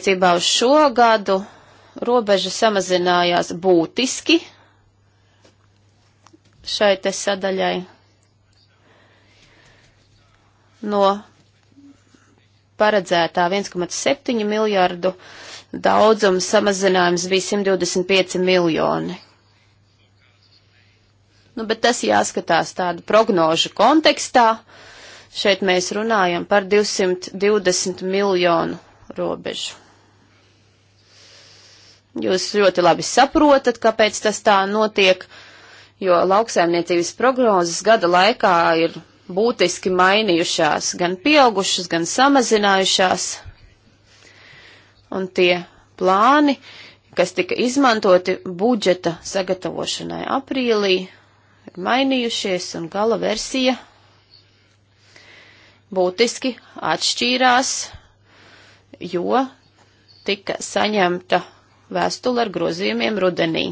Attiecībā uz šo gadu robeža samazinājās būtiski šai te sadaļai no paredzētā 1,7 miljārdu daudzuma samazinājums bija 125 miljoni. Nu, bet tas jāskatās tādu prognožu kontekstā. Šeit mēs runājam par 220 miljonu robežu. Jūs ļoti labi saprotat, kāpēc tas tā notiek, jo lauksaimniecības prognozes gada laikā ir būtiski mainījušās, gan pieaugušas, gan samazinājušās. Un tie plāni, kas tika izmantoti budžeta sagatavošanai aprīlī, ir mainījušies un gala versija būtiski atšķīrās, jo tika saņemta vēstuli ar grozījumiem rudenī.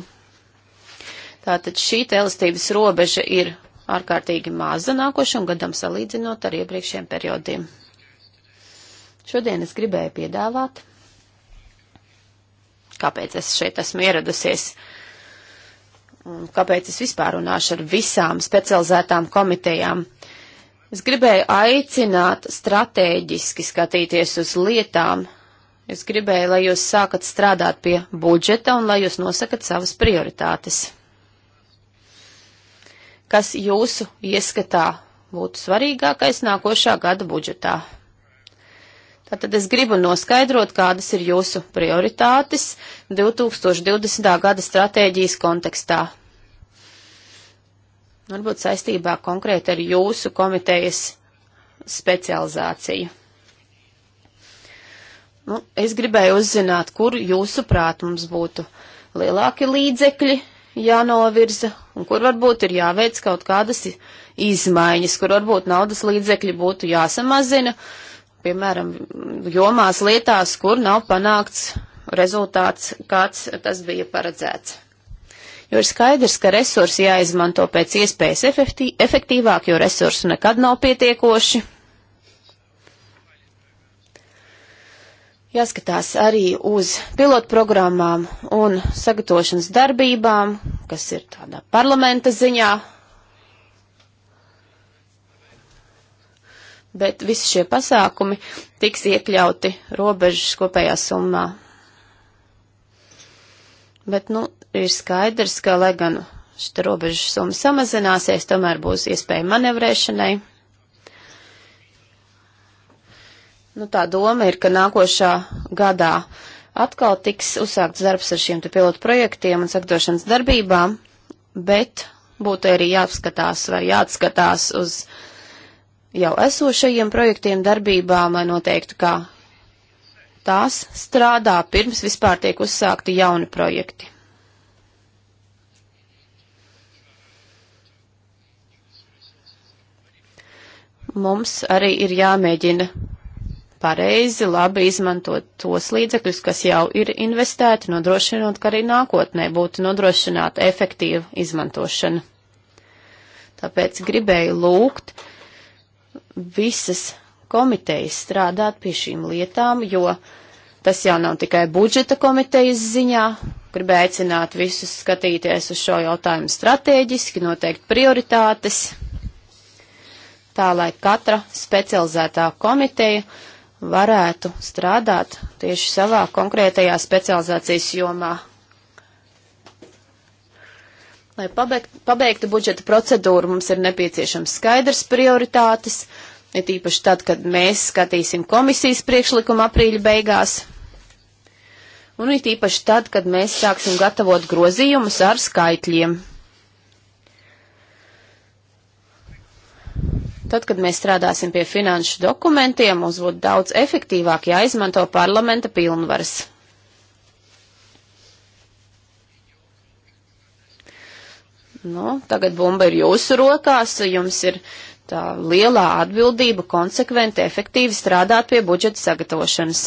Tātad šī elastības robeža ir ārkārtīgi maza nākošam gadam salīdzinot ar iepriekšējiem periodiem. Šodien es gribēju piedāvāt, kāpēc es šeit esmu ieradusies un kāpēc es vispār runāšu ar visām specializētām komitejām. Es gribēju aicināt strateģiski skatīties uz lietām, Es gribēju, lai jūs sākat strādāt pie budžeta un lai jūs nosakat savas prioritātes. Kas jūsu ieskatā būtu svarīgākais nākošā gada budžetā? Tātad es gribu noskaidrot, kādas ir jūsu prioritātes 2020. gada stratēģijas kontekstā. Varbūt saistībā konkrēti ar jūsu komitejas specializāciju. Nu, es gribēju uzzināt, kur jūsuprāt mums būtu lielāki līdzekļi jānovirza un kur varbūt ir jāveic kaut kādas izmaiņas, kur varbūt naudas līdzekļi būtu jāsamazina, piemēram, jomās lietās, kur nav panākts rezultāts, kāds tas bija paredzēts. Jo ir skaidrs, ka resursi jāizmanto pēc iespējas efektīvāk, jo resursu nekad nav pietiekoši, jāskatās arī uz pilotprogrammām un sagatavošanas darbībām, kas ir tādā parlamenta ziņā. Bet visi šie pasākumi tiks iekļauti robežas kopējā summā. Bet, nu, ir skaidrs, ka, lai gan šita robežas summa samazināsies, tomēr būs iespēja manevrēšanai. Nu, tā doma ir, ka nākošā gadā atkal tiks uzsākts darbs ar šiem pilotu projektiem un sakdošanas darbībām, bet būtu arī jāapskatās vai jāatskatās uz jau esošajiem projektiem darbībām, lai noteiktu, kā tās strādā pirms vispār tiek uzsākti jauni projekti. Mums arī ir jāmēģina pareizi, labi izmantot tos līdzekļus, kas jau ir investēti, nodrošinot, ka arī nākotnē būtu nodrošināta efektīva izmantošana. Tāpēc gribēju lūgt visas komitejas strādāt pie šīm lietām, jo tas jau nav tikai budžeta komitejas ziņā. Gribēju aicināt visus skatīties uz šo jautājumu strateģiski, noteikt prioritātes, tā lai katra specializētā komiteja varētu strādāt tieši savā konkrētajā specializācijas jomā. Lai pabeigt, pabeigtu budžeta procedūru, mums ir nepieciešams skaidrs prioritātes, ir tīpaši tad, kad mēs skatīsim komisijas priekšlikumu aprīļa beigās. Un ir tīpaši tad, kad mēs sāksim gatavot grozījumus ar skaitļiem. Tad, kad mēs strādāsim pie finanšu dokumentiem, mums būtu daudz efektīvāk jāizmanto parlamenta pilnvaras. Nu, tagad bumba ir jūsu rokās, jums ir tā lielā atbildība konsekventi, efektīvi strādāt pie budžeta sagatavošanas.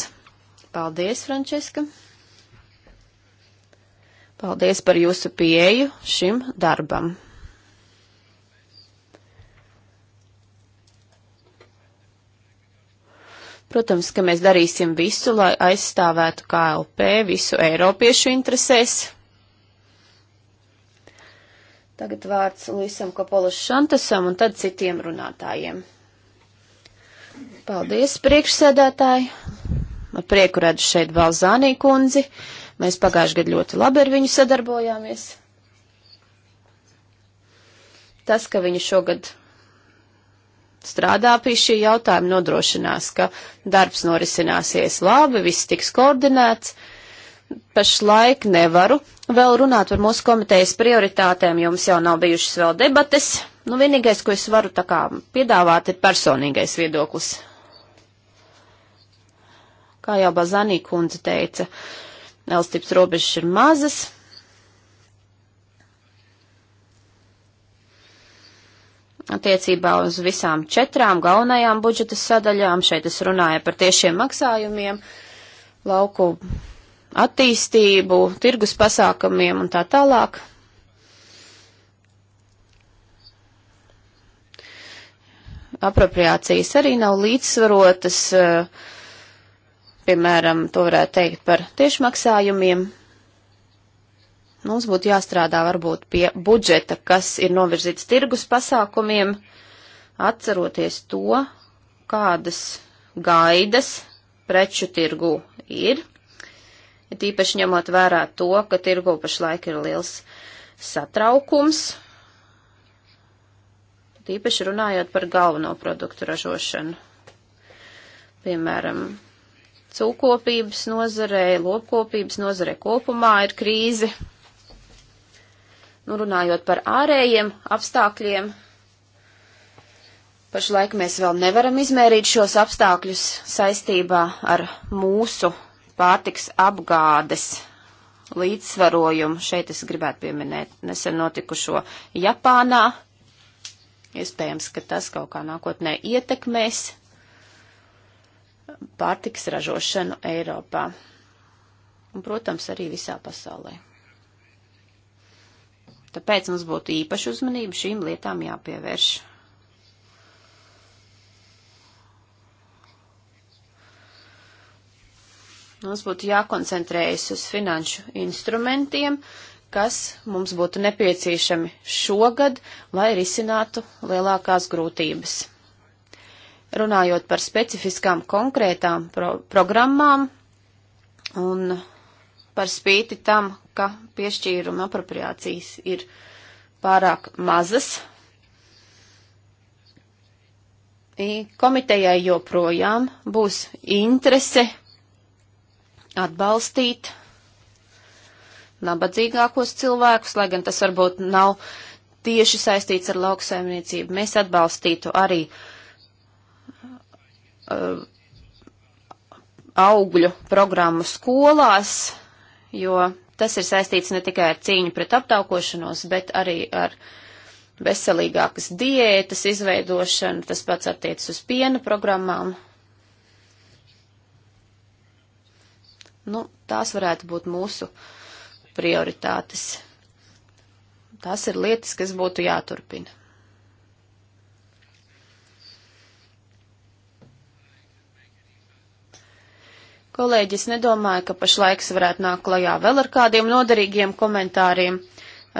Paldies, Frančiska! Paldies par jūsu pieeju šim darbam! Protams, ka mēs darīsim visu, lai aizstāvētu KLP visu Eiropiešu interesēs. Tagad vārds Luisam Kopolas Šantasam un tad citiem runātājiem. Paldies, priekšsēdētāji! Ar prieku redzu šeit Balzānī kundzi. Mēs pagājuši gadu ļoti labi ar viņu sadarbojāmies. Tas, ka viņa šogad strādā pie šī jautājuma, nodrošinās, ka darbs norisināsies labi, viss tiks koordinēts. Pašlaik nevaru vēl runāt par mūsu komitejas prioritātēm, jo mums jau nav bijušas vēl debates. Nu, vienīgais, ko es varu tā kā piedāvāt, ir personīgais viedoklis. Kā jau Bazanī kundze teica, elstības robežas ir mazas, attiecībā uz visām četrām galvenajām budžeta sadaļām. Šeit es runāju par tiešiem maksājumiem, lauku attīstību, tirgus pasākumiem un tā tālāk. Apropriācijas arī nav līdzsvarotas, eh, piemēram, to varētu teikt par tiešmaksājumiem. Mums būtu jāstrādā varbūt pie budžeta, kas ir novirzīts tirgus pasākumiem, atceroties to, kādas gaidas preču tirgu ir, ir tīpaši ņemot vērā to, ka tirgu pašlaik ir liels satraukums, tīpaši runājot par galveno produktu ražošanu. Piemēram, cūkopības nozarei, lopkopības nozarei kopumā ir krīze, Nu, runājot par ārējiem apstākļiem, pašlaik mēs vēl nevaram izmērīt šos apstākļus saistībā ar mūsu pārtiks apgādes līdzsvarojumu. Šeit es gribētu pieminēt nesen notikušo Japānā. Iespējams, ka tas kaut kā nākotnē ietekmēs pārtiks ražošanu Eiropā. Un, protams, arī visā pasaulē. Tāpēc mums būtu īpaši uzmanība šīm lietām jāpievērš. Mums būtu jākoncentrējas uz finanšu instrumentiem, kas mums būtu nepieciešami šogad, lai risinātu lielākās grūtības. Runājot par specifiskām konkrētām pro programmām un par spīti tam, ka piešķīruma apropriācijas ir pārāk mazas. Komitejai joprojām būs interese atbalstīt nabadzīgākos cilvēkus, lai gan tas varbūt nav tieši saistīts ar lauksaimniecību. Mēs atbalstītu arī uh, augļu programmu skolās, jo Tas ir saistīts ne tikai ar cīņu pret aptaukošanos, bet arī ar veselīgākas diētas izveidošanu. Tas pats attiecas uz piena programmām. Nu, tās varētu būt mūsu prioritātes. Tās ir lietas, kas būtu jāturpina. Kolēģis nedomāja, ka pašlaik varētu nākt klajā vēl ar kādiem noderīgiem komentāriem.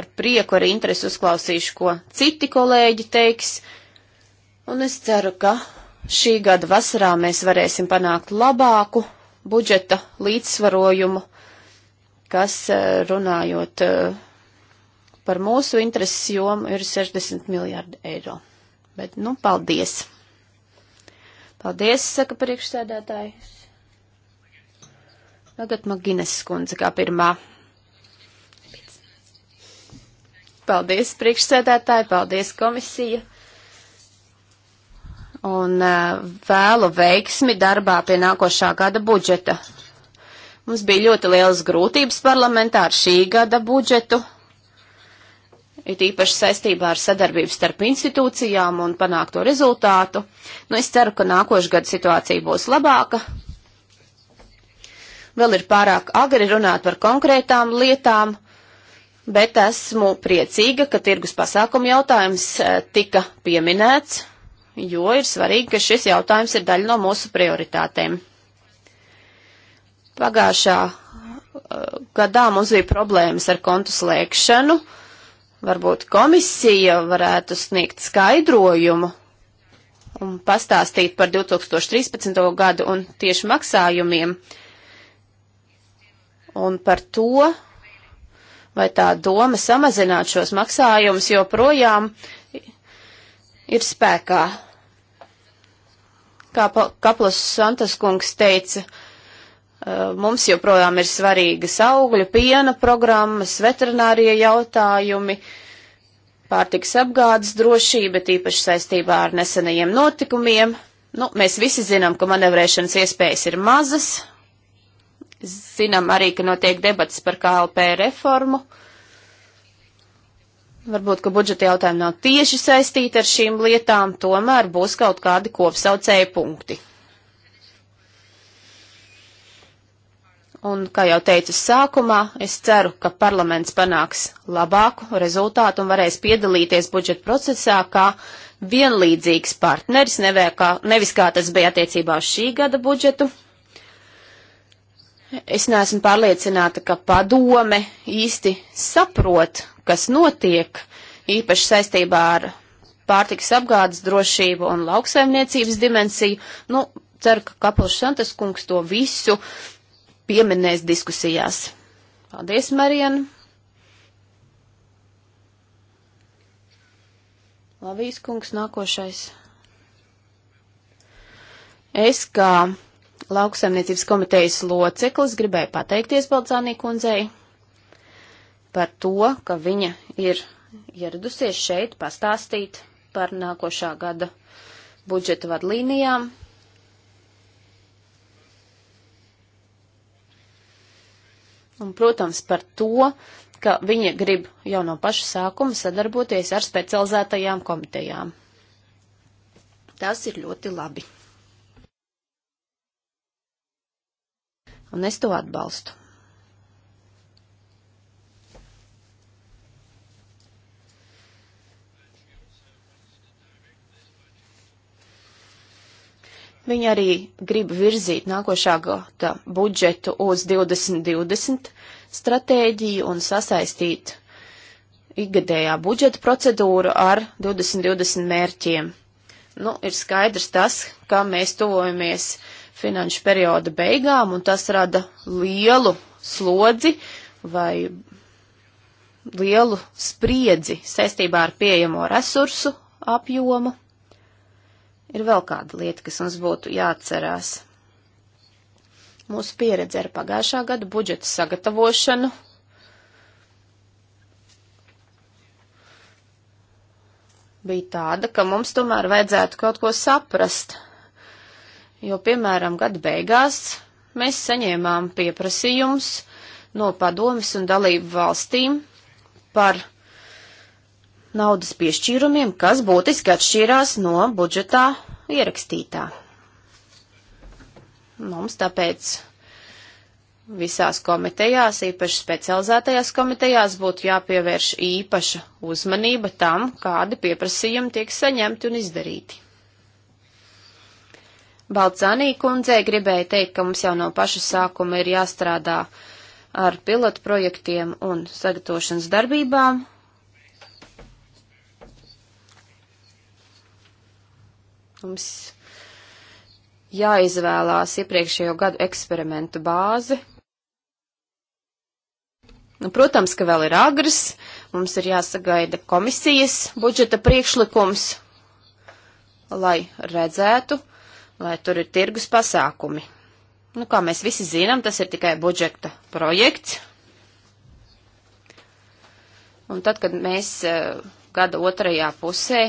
Ar prieku arī interesi uzklausīšu, ko citi kolēģi teiks. Un es ceru, ka šī gada vasarā mēs varēsim panākt labāku budžeta līdzsvarojumu, kas eh, runājot eh, par mūsu intereses jomu ir 60 miljārdi eiro. Bet, nu, paldies! Paldies, saka priekšsēdētājs. Tagad Magines skundze kā pirmā. Paldies, priekšsēdētāji, paldies, komisija. Un uh, vēlu veiksmi darbā pie nākošā gada budžeta. Mums bija ļoti lielas grūtības parlamentā ar šī gada budžetu, it īpaši saistībā ar sadarbību starp institūcijām un panākto rezultātu. Nu, es ceru, ka nākošais gada situācija būs labāka, Vēl ir pārāk agri runāt par konkrētām lietām, bet esmu priecīga, ka tirgus pasākumu jautājums eh, tika pieminēts, jo ir svarīgi, ka šis jautājums ir daļa no mūsu prioritātēm. Pagājušā eh, gadā mums bija problēmas ar kontu slēgšanu. Varbūt komisija varētu sniegt skaidrojumu un pastāstīt par 2013. gadu un tieši maksājumiem. Un par to, vai tā doma samazināt šos maksājumus joprojām ir spēkā. Kā Kaplas Santas kungs teica, mums joprojām ir svarīgas augļu, piena programmas, veterinārie jautājumi, pārtiks apgādes drošība, tīpaši saistībā ar nesenajiem notikumiem. Nu, mēs visi zinām, ka manevrēšanas iespējas ir mazas, Zinām arī, ka notiek debats par KLP reformu. Varbūt, ka budžeta jautājumi nav tieši saistīti ar šīm lietām, tomēr būs kaut kādi kopsaucēja punkti. Un, kā jau teicu sākumā, es ceru, ka parlaments panāks labāku rezultātu un varēs piedalīties budžeta procesā kā vienlīdzīgs partneris, nevēr, kā, nevis kā tas bija attiecībā uz šī gada budžetu. Es neesmu pārliecināta, ka padome īsti saprot, kas notiek, īpaši saistībā ar pārtikas apgādes drošību un lauksaimniecības dimensiju. Nu, ceru, ka Kapels Šantas kungs to visu pieminēs diskusijās. Paldies, Marian! Lavijas kungs nākošais. Es kā lauksaimniecības komitejas loceklis, gribēju pateikties Balcānī kundzei par to, ka viņa ir ieradusies šeit pastāstīt par nākošā gada budžeta vadlīnijām. Un, protams, par to, ka viņa grib jau no paša sākuma sadarboties ar specializētajām komitejām. Tas ir ļoti labi. un es to atbalstu. Viņi arī grib virzīt nākošā gada budžetu uz 2020 stratēģiju un sasaistīt ikgadējā budžeta procedūru ar 2020 mērķiem. Nu, ir skaidrs tas, ka mēs tuvojamies finanšu perioda beigām, un tas rada lielu slodzi vai lielu spriedzi saistībā ar pieejamo resursu apjomu. Ir vēl kāda lieta, kas mums būtu jāatcerās. Mūsu pieredze ar pagājušā gada budžeta sagatavošanu bija tāda, ka mums tomēr vajadzētu kaut ko saprast jo, piemēram, gada beigās mēs saņēmām pieprasījums no padomis un dalību valstīm par naudas piešķīrumiem, kas būtiski atšķīrās no budžetā ierakstītā. Mums tāpēc visās komitejās, īpaši specializētajās komitejās, būtu jāpievērš īpaša uzmanība tam, kādi pieprasījumi tiek saņemti un izdarīti. Balcānī kundzei gribēju teikt, ka mums jau no paša sākuma ir jāstrādā ar pilotu projektiem un sagatavošanas darbībām. Mums jāizvēlās iepriekšējo gadu eksperimentu bāzi. Nu, protams, ka vēl ir agrs, mums ir jāsagaida komisijas budžeta priekšlikums, lai redzētu, lai tur ir tirgus pasākumi. Nu, kā mēs visi zinām, tas ir tikai budžeta projekts. Un tad, kad mēs eh, gada otrajā pusē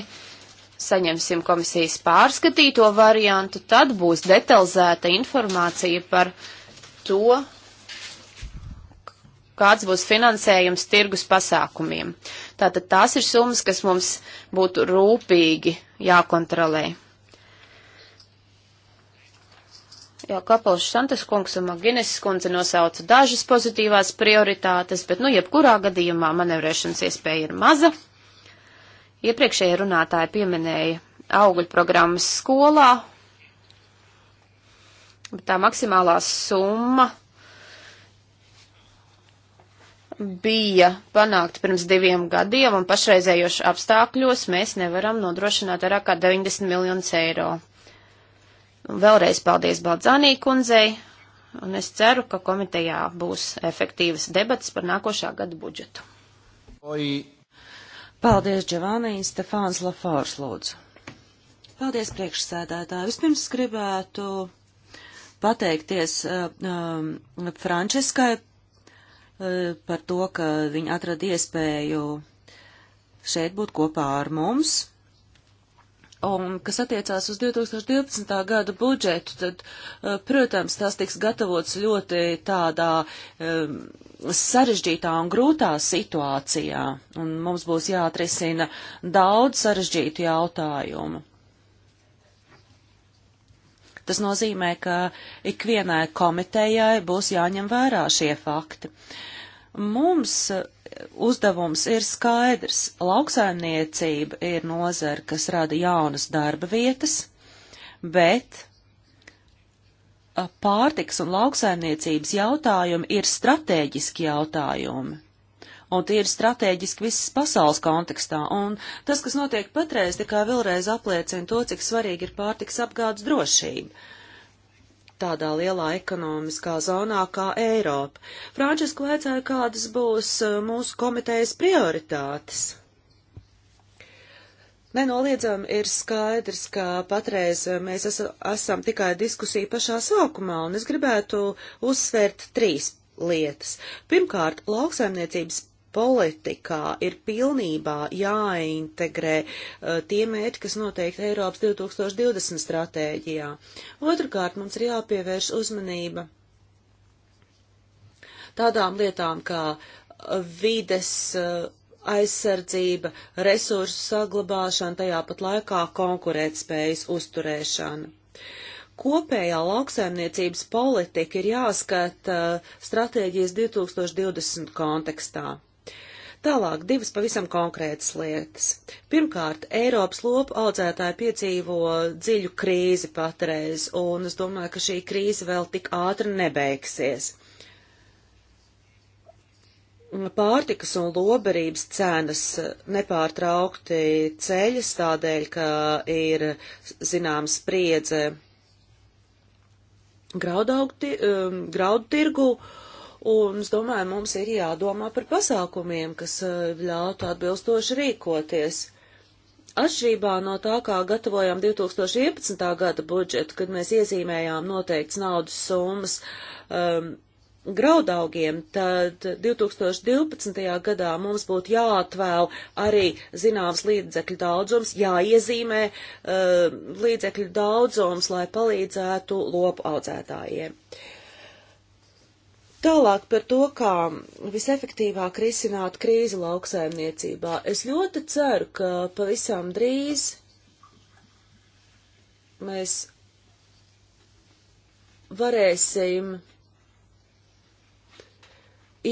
saņemsim komisijas pārskatīto variantu, tad būs detalizēta informācija par to, kāds būs finansējums tirgus pasākumiem. Tātad tās ir summas, kas mums būtu rūpīgi jākontrolē. jau Kapols Šantas kungs un Maginis kundze nosauca dažas pozitīvās prioritātes, bet, nu, jebkurā gadījumā manevrēšanas iespēja ir maza. Iepriekšējie runātāji pieminēja augļu programmas skolā, bet tā maksimālā summa bija panākta pirms diviem gadiem, un pašreizējoši apstākļos mēs nevaram nodrošināt vairāk kā 90 miljonus eiro. Vēlreiz paldies Baldzānī kundzei, un es ceru, ka komitejā būs efektīvas debatas par nākošā gada budžetu. Oi. Paldies, Džavānī, Stefāns Lafārs, lūdzu. Paldies, priekšsēdētāji. Vispirms gribētu pateikties uh, um, Frančiskai uh, par to, ka viņa atrada iespēju šeit būt kopā ar mums. Un, kas attiecās uz 2012. gada budžetu, tad, eh, protams, tas tiks gatavots ļoti tādā um, sarežģītā un grūtā situācijā, un mums būs jāatrisina daudz sarežģītu jautājumu. Tas nozīmē, ka ikvienai komitejai būs jāņem vērā šie fakti. Mums uzdevums ir skaidrs. Lauksaimniecība ir nozara, kas rada jaunas darba vietas, bet pārtiks un lauksaimniecības jautājumi ir strateģiski jautājumi. Un tie ir strateģiski visas pasaules kontekstā. Un tas, kas notiek patreiz, tikai vēlreiz apliecina to, cik svarīgi ir pārtiks apgādes drošība. Uh, tādā lielā ekonomiskā zonā kā Eiropa. Frančisku vajadzēja, kādas būs e, mūsu komitejas prioritātes. Nenoliedzami ir skaidrs, ka patreiz e, mēs esam tikai diskusija pašā sākumā, un es gribētu uzsvērt trīs lietas. Pirmkārt, lauksaimniecības politikā ir pilnībā jāintegrē uh, tie mērķi, kas noteikti Eiropas 2020 stratēģijā. Otrkārt, mums ir jāpievērš uzmanība tādām lietām kā uh, vides uh, aizsardzība, resursu saglabāšana, tajā pat laikā konkurētspējas uzturēšana. Kopējā lauksaimniecības politika ir jāskata uh, stratēģijas 2020 kontekstā. Tālāk divas pavisam konkrētas lietas. Pirmkārt, Eiropas lopu audzētāji piedzīvo dziļu krīzi patreiz, un es domāju, ka šī krīze vēl tik ātri nebeigsies. Pārtikas un loberības cenas nepārtraukti ceļas tādēļ, ka ir zināms spriedze um, graudu tirgu. Um, Un es domāju, mums ir jādomā par pasākumiem, kas eh, ļautu atbilstoši rīkoties. Atšķirībā no tā, kā gatavojām 2011. gada budžetu, kad mēs iezīmējām noteikts naudas summas um, graudaugiem, tad 2012. gadā mums būtu jāatvēl arī zināms līdzekļu daudzums, jāiezīmē uh, līdzekļu daudzums, lai palīdzētu lopu audzētājiem. Uh, Tālāk par to, kā visefektīvāk risināt krīzi lauksaimniecībā. Es ļoti ceru, ka pavisam drīz mēs varēsim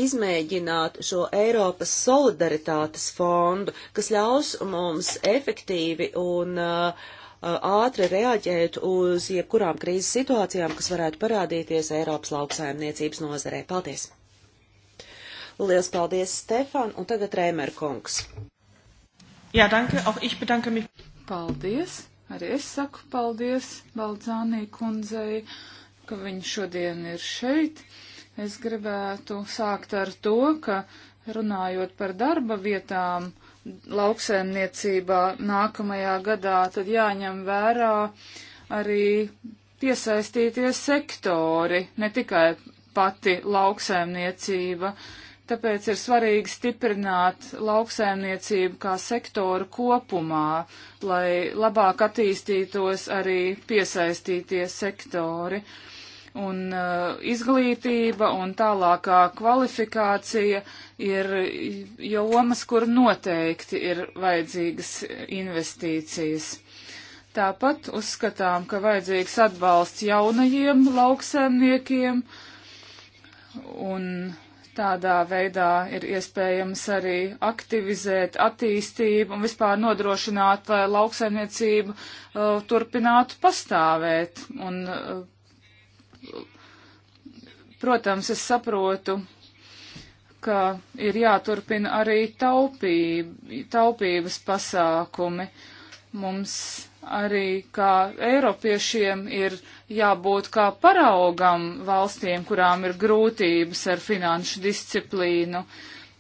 izmēģināt šo Eiropas solidaritātes fondu, kas ļaus mums efektīvi un uh, ātri reaģēt uz jebkurām krīzes situācijām, kas varētu parādīties Eiropas lauksaimniecības nozarē. Paldies! Lielas paldies, Stefan, un tagad Rēmer kungs. Jā, danke, auch ich bedanke mich. Paldies, arī es saku paldies Baldzānī kundzei, ka viņa šodien ir šeit. Es gribētu sākt ar to, ka runājot par darba vietām, lauksēmniecībā nākamajā gadā, tad jāņem vērā arī piesaistīties sektori, ne tikai pati lauksēmniecība. Tāpēc ir svarīgi stiprināt lauksēmniecību kā sektoru kopumā, lai labāk attīstītos arī piesaistītie sektori. Uh, un uh, izglītība un tālākā kvalifikācija ir jomas, kur noteikti ir vajadzīgas investīcijas. Tāpat uzskatām, ka vajadzīgs atbalsts jaunajiem lauksaimniekiem un tādā veidā ir iespējams arī aktivizēt attīstību un vispār nodrošināt, lai lauksaimniecība uh, turpinātu pastāvēt un uh, Protams, es saprotu, ka ir jāturpina arī taupība, taupības pasākumi. Mums arī kā Eiropiešiem ir jābūt kā paraugam valstīm, kurām ir grūtības ar finanšu disciplīnu.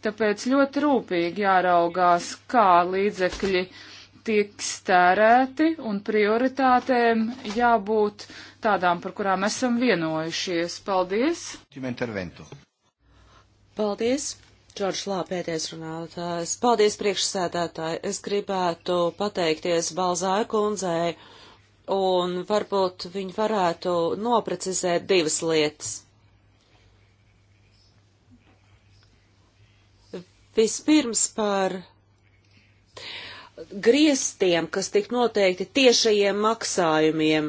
Tāpēc ļoti rūpīgi jāraugās, kā līdzekļi uh, tiek stērēti un prioritātēm jābūt tādām, par kurām esam vienojušies. Paldies! Paldies! Čorš Lā, pēdējais runātājs. Paldies, priekšsēdētāji. Es gribētu pateikties Balzāja kundzei, un varbūt viņi varētu noprecizēt divas lietas. Vispirms par griestiem, kas tik noteikti tiešajiem maksājumiem,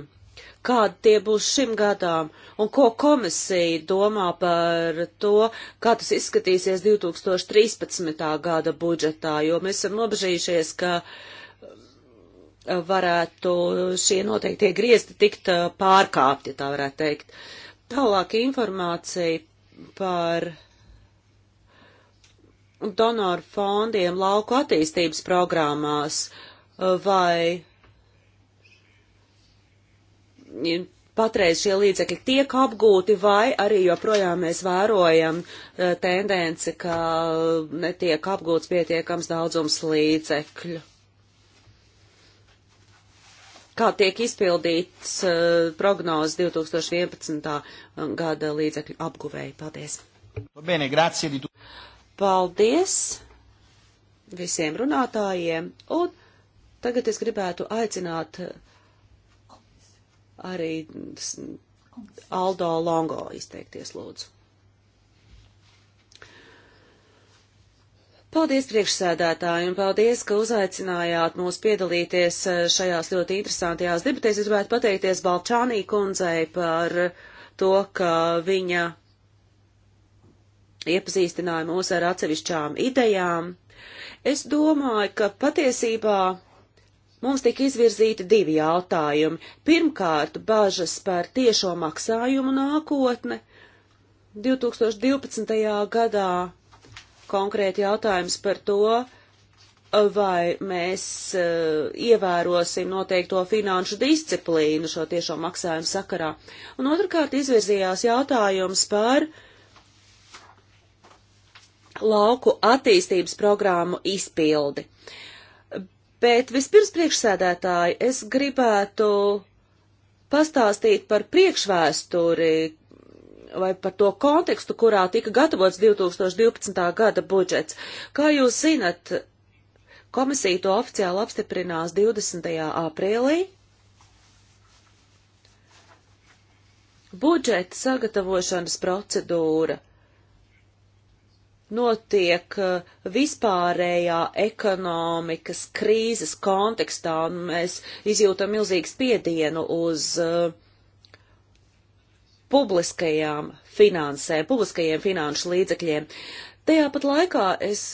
kādi tie būs šim gadām, un ko komisija domā par to, kā tas izskatīsies 2013. gada budžetā, jo mēs esam nobežījušies, ka eh, varētu šie noteiktie griezti tikt eh, pārkāpti, tā varētu teikt. Tālāk informācija par donoru fondiem lauku attīstības programmās uh, vai patreiz šie līdzekļi tiek apgūti, vai arī joprojām mēs vērojam uh, tendenci, ka netiek apgūts pietiekams daudzums līdzekļu. Kā tiek izpildīts uh, prognozes 2011. gada līdzekļu apguvēji? Paldies! Bene, grazie di tutto. Paldies visiem runātājiem, un tagad es gribētu aicināt arī Aldo Longo izteikties, lūdzu. Paldies priekšsēdētāji un paldies, ka uzaicinājāt mūs piedalīties šajās ļoti interesantajās debatēs. Es gribētu pateikties Balčānī kundzei par to, ka viņa iepazīstināja mūs ar atsevišķām idejām. Es domāju, ka patiesībā mums tika izvirzīti divi jautājumi. Pirmkārt, bažas par tiešo maksājumu nākotne. 2012. gadā konkrēti jautājums par to, vai mēs uh, ievērosim noteikto finanšu disciplīnu šo tiešo maksājumu sakarā. Un otrkārt izvirzījās jautājums par uh, lauku attīstības programmu izpildi. Bet vispirms priekšsēdētāji, es gribētu pastāstīt par priekšvēsturi vai par to kontekstu, kurā tika gatavots 2012. gada budžets. Kā jūs zinat, komisija to oficiāli apstiprinās 20. aprīlī. Budžeta sagatavošanas procedūra notiek uh, vispārējā ekonomikas krīzes kontekstā, un mēs izjūtam milzīgu spiedienu uz uh, publiskajām finansēm, publiskajiem finanšu līdzekļiem. Tajā pat laikā es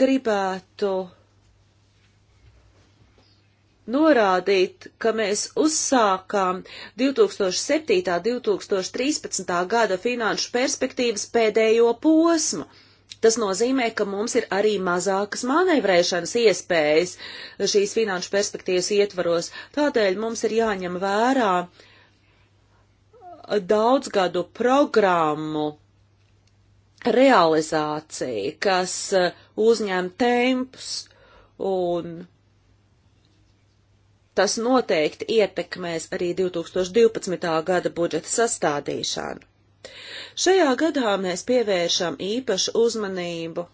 gribētu norādīt, ka mēs uzsākām 2007.-2013. gada finanšu perspektīvas pēdējo posmu. Tas nozīmē, ka mums ir arī mazākas manevrēšanas iespējas šīs finanšu perspektīvas ietvaros. Tādēļ mums ir jāņem vērā daudzgadu programmu realizācija, kas uzņem tempus un Tas noteikti ietekmēs arī 2012. gada budžeta sastādīšanu. Šajā gadā mēs pievēršam īpašu uzmanību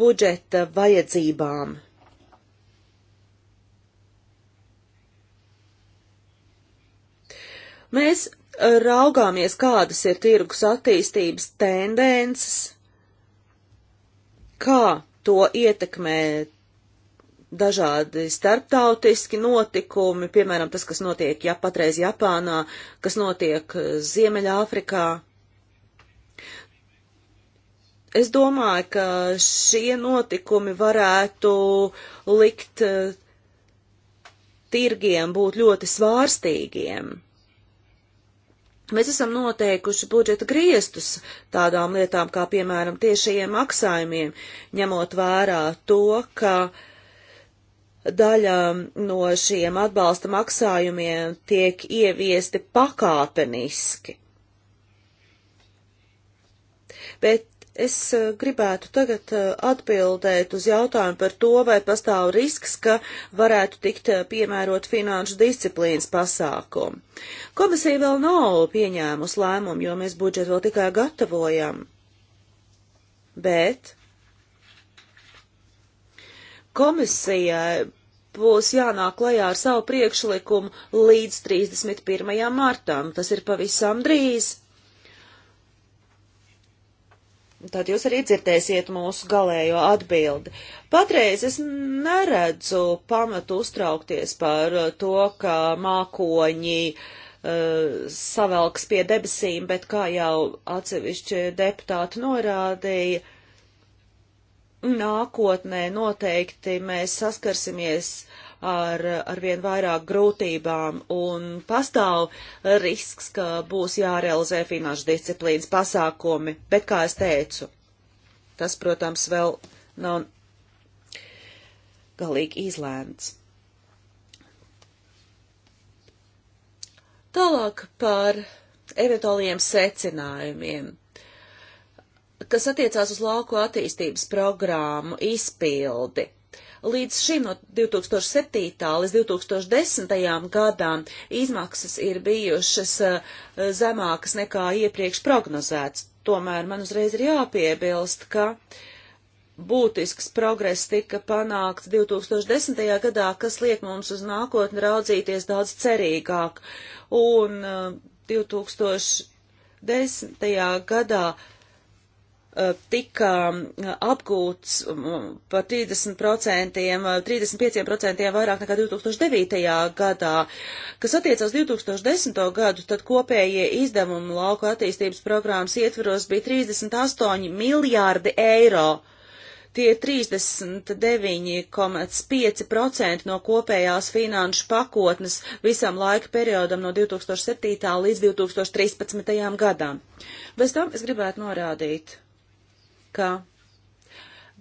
budžeta vajadzībām. Mēs raugāmies, kādas ir tirgus attīstības tendences, kā to ietekmē dažādi starptautiski notikumi, piemēram, tas, kas notiek ja, patreiz Japānā, kas notiek eh, Ziemeļāfrikā. Es domāju, ka šie notikumi varētu likt eh, tirgiem būt ļoti svārstīgiem. Mēs esam noteikuši budžeta griestus tādām lietām kā, piemēram, tiešajiem maksājumiem, ņemot vērā to, ka uh, daļa no šiem atbalsta maksājumiem tiek ieviesti pakāpeniski. Bet es eh, gribētu tagad eh, atbildēt uz jautājumu par to, vai pastāv risks, ka varētu tikt eh, piemērot finanšu disciplīnas pasākumu. Komisija vēl nav pieņēmusi lēmumu, jo mēs budžetu vēl tikai gatavojam. Bet Komisijai būs jānāk klajā ar savu priekšlikumu līdz 31. martam. Nu, tas ir pavisam drīz. Tad jūs arī dzirdēsiet mūsu galējo atbildi. Patreiz es neredzu pamatu uztraukties par to, ka mākoņi uh, savelks pie debesīm, bet kā jau atsevišķi deputāti norādīja, nākotnē noteikti mēs saskarsimies ar, ar vien vairāk grūtībām un pastāv risks, ka būs jārealizē finanšu disciplīnas pasākumi. Bet, kā es teicu, tas, protams, vēl nav galīgi izlēmts. Tālāk par eventuāliem secinājumiem kas attiecās uz lauku attīstības programmu izpildi. Līdz šim no 2007. līdz 2010. gadām izmaksas ir bijušas eh, zemākas nekā iepriekš prognozēts. Tomēr man uzreiz ir jāpiebilst, ka būtisks progress tika panākts 2010. gadā, kas liek mums uz nākotni raudzīties daudz cerīgāk. Un 2010. Eh, gadā Eh, tika eh, apgūts par 30%, 35% vairāk nekā 2009. gadā. Kas attiecās 2010. gadu, tad kopējie izdevumi lauku attīstības programmas ietveros bija 38 miljārdi eiro. Tie 39,5% no kopējās finanšu pakotnes visam laika periodam no 2007. līdz 2013. gadam. Bez tam es gribētu norādīt ka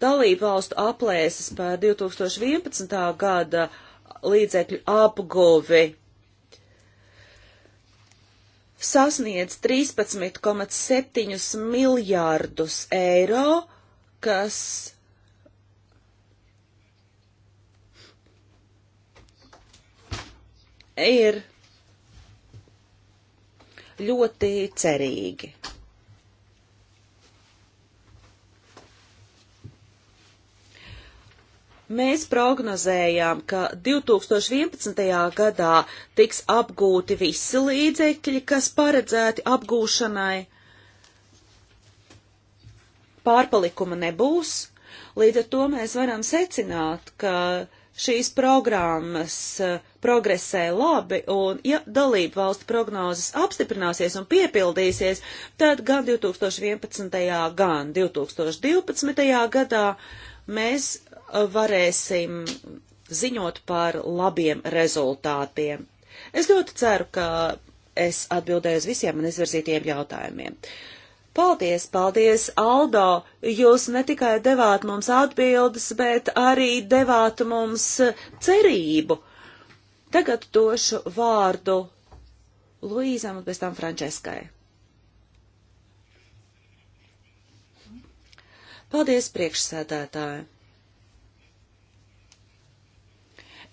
dalību valstu aplēses par 2011. gada līdzekļu apguvi sasniedz 13,7 miljārdus eiro, kas ir ļoti cerīgi. Mēs prognozējām, ka 2011. gadā tiks apgūti visi līdzekļi, kas paredzēti apgūšanai. Pārpalikuma nebūs, līdz ar to mēs varam secināt, ka šīs programmas eh, progresē labi, un ja dalību valstu prognozes apstiprināsies un piepildīsies, tad gan 2011. gan 2012. gadā mēs varēsim ziņot par labiem rezultātiem. Es ļoti ceru, ka es atbildēju uz visiem man izvirzītiem jautājumiem. Paldies, paldies, Aldo! Jūs ne tikai devāt mums atbildes, bet arī devāt mums cerību. Tagad došu vārdu Luīzam un pēc tam Franceskai. Paldies, priekšsēdētāji!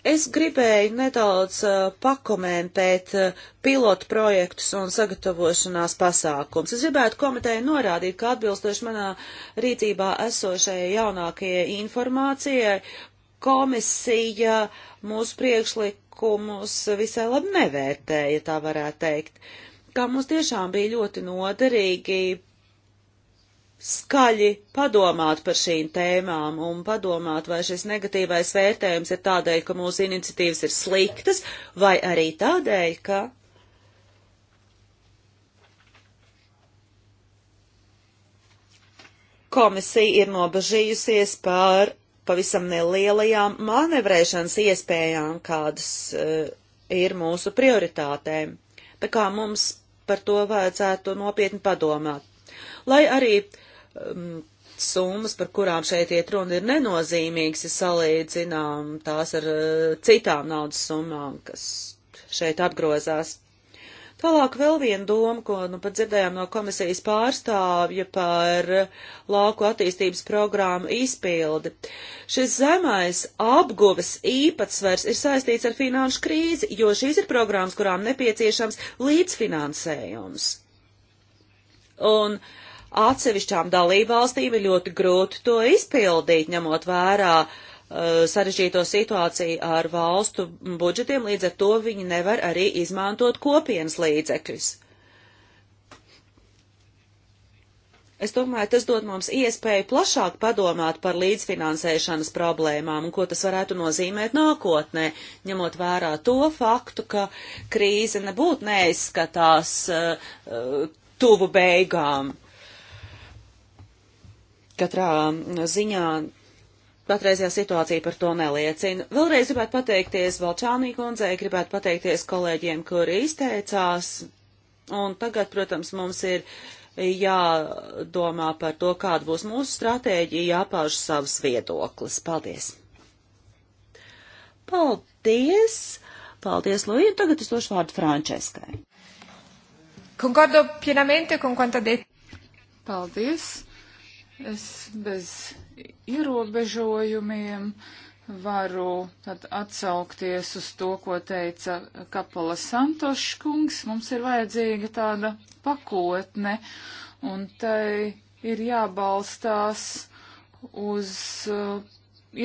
Es gribēju nedaudz uh, pakomentēt uh, pilotu projektus un sagatavošanās pasākums. Es gribētu komiteju norādīt, ka atbilstoši manā rīcībā esošajai jaunākajai informācijai komisija mūsu priekšlikumus visai labi nevērtēja, tā varētu teikt. Kā mums tiešām bija ļoti noderīgi skaļi padomāt par šīm tēmām un padomāt, vai šis negatīvais vērtējums ir tādēļ, ka mūsu iniciatīvas ir sliktas, vai arī tādēļ, ka. Komisija ir nobežījusies par pavisam nelielajām manevrēšanas iespējām, kādas uh, ir mūsu prioritātēm. Tā kā mums par to vajadzētu nopietni padomāt. Lai arī uh, um, summas, par kurām šeit iet runa, ir nenozīmīgas, ja salīdzinām tās ar uh, citām naudas summām, kas šeit apgrozās. Tālāk vēl viena doma, ko nu pat dzirdējām no komisijas pārstāvja par uh, lauku attīstības programmu izpildi. Šis zemais apguves īpatsvers ir saistīts ar finanšu krīzi, jo šīs ir programmas, kurām nepieciešams līdzfinansējums. Un uh, atsevišķām dalībvalstīm ir ļoti grūti to izpildīt, ņemot vērā uh, sarežģīto situāciju ar valstu budžetiem, līdz ar to viņi nevar arī izmantot kopienas līdzekļus. Es domāju, tas dod mums iespēju plašāk padomāt par līdzfinansēšanas problēmām un ko tas varētu nozīmēt nākotnē, ņemot vērā to faktu, ka krīze nebūtu neizskatās uh, uh, tuvu beigām. Uh, Katrā mm, ziņā patreizajā situācija par to neliecina. Vēlreiz gribētu pateikties Valčānī kundzei, gribētu pateikties kolēģiem, kuri izteicās. Un tagad, protams, mums ir jādomā par to, kāda būs mūsu stratēģija, jāpauž savas viedoklis. Paldies! Paldies! Paldies, Lūija! Tagad es došu vārdu Frančeskai. Concordo pienamente con quanto detto. Paldies! es bez ierobežojumiem varu tad atsaukties uz to, ko teica Kapala Santoškungs. Mums ir vajadzīga tāda pakotne, un tai ir jābalstās uz uh,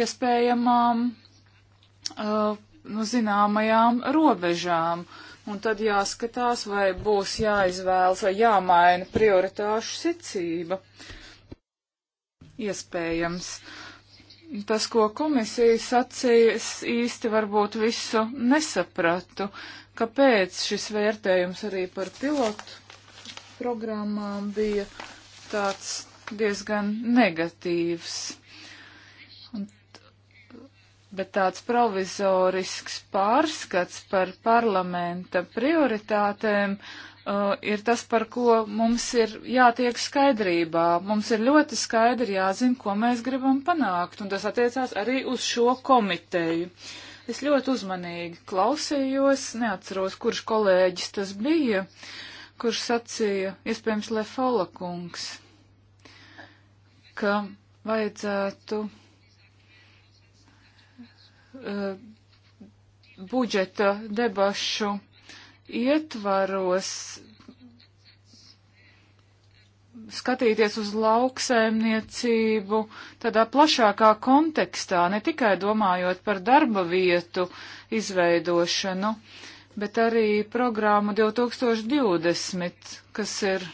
iespējamām, uh, nu, zināmajām robežām. Un tad jāskatās, vai būs jāizvēlas vai jāmaina prioritāšu secība. Uh, iespējams. Tas, ko komisija sacīja, es īsti varbūt visu nesapratu. Kāpēc šis vērtējums arī par pilotu programmām bija tāds diezgan negatīvs? Un, bet tāds provizorisks pārskats par parlamenta prioritātēm uh, ir tas, par ko mums ir jātiek skaidrībā. Mums ir ļoti skaidri jāzina, ko mēs gribam panākt, un tas attiecās arī uz šo komiteju. Es ļoti uzmanīgi klausījos, neatceros, kurš kolēģis tas bija, kurš sacīja, iespējams, Lefola kungs, ka vajadzētu uh, budžeta debašu ietvaros skatīties uz lauksaimniecību tādā plašākā kontekstā, ne tikai domājot par darba vietu izveidošanu, bet arī programmu 2020, kas ir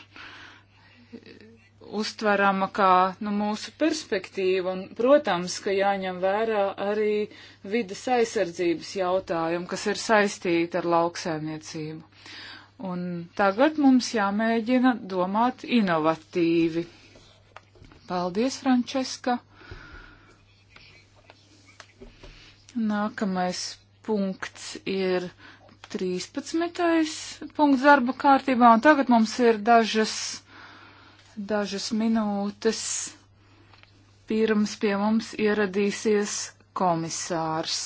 uztverama kā nu, mūsu perspektīva, un, protams, ka jāņem vērā arī vidas aizsardzības jautājumi, kas ir saistīti ar lauksaimniecību. Un tagad mums jāmēģina domāt inovatīvi. Paldies, Frančeska! Nākamais punkts ir 13. punkts darba kārtībā, un tagad mums ir dažas dažas minūtes pirms pie mums ieradīsies komisārs.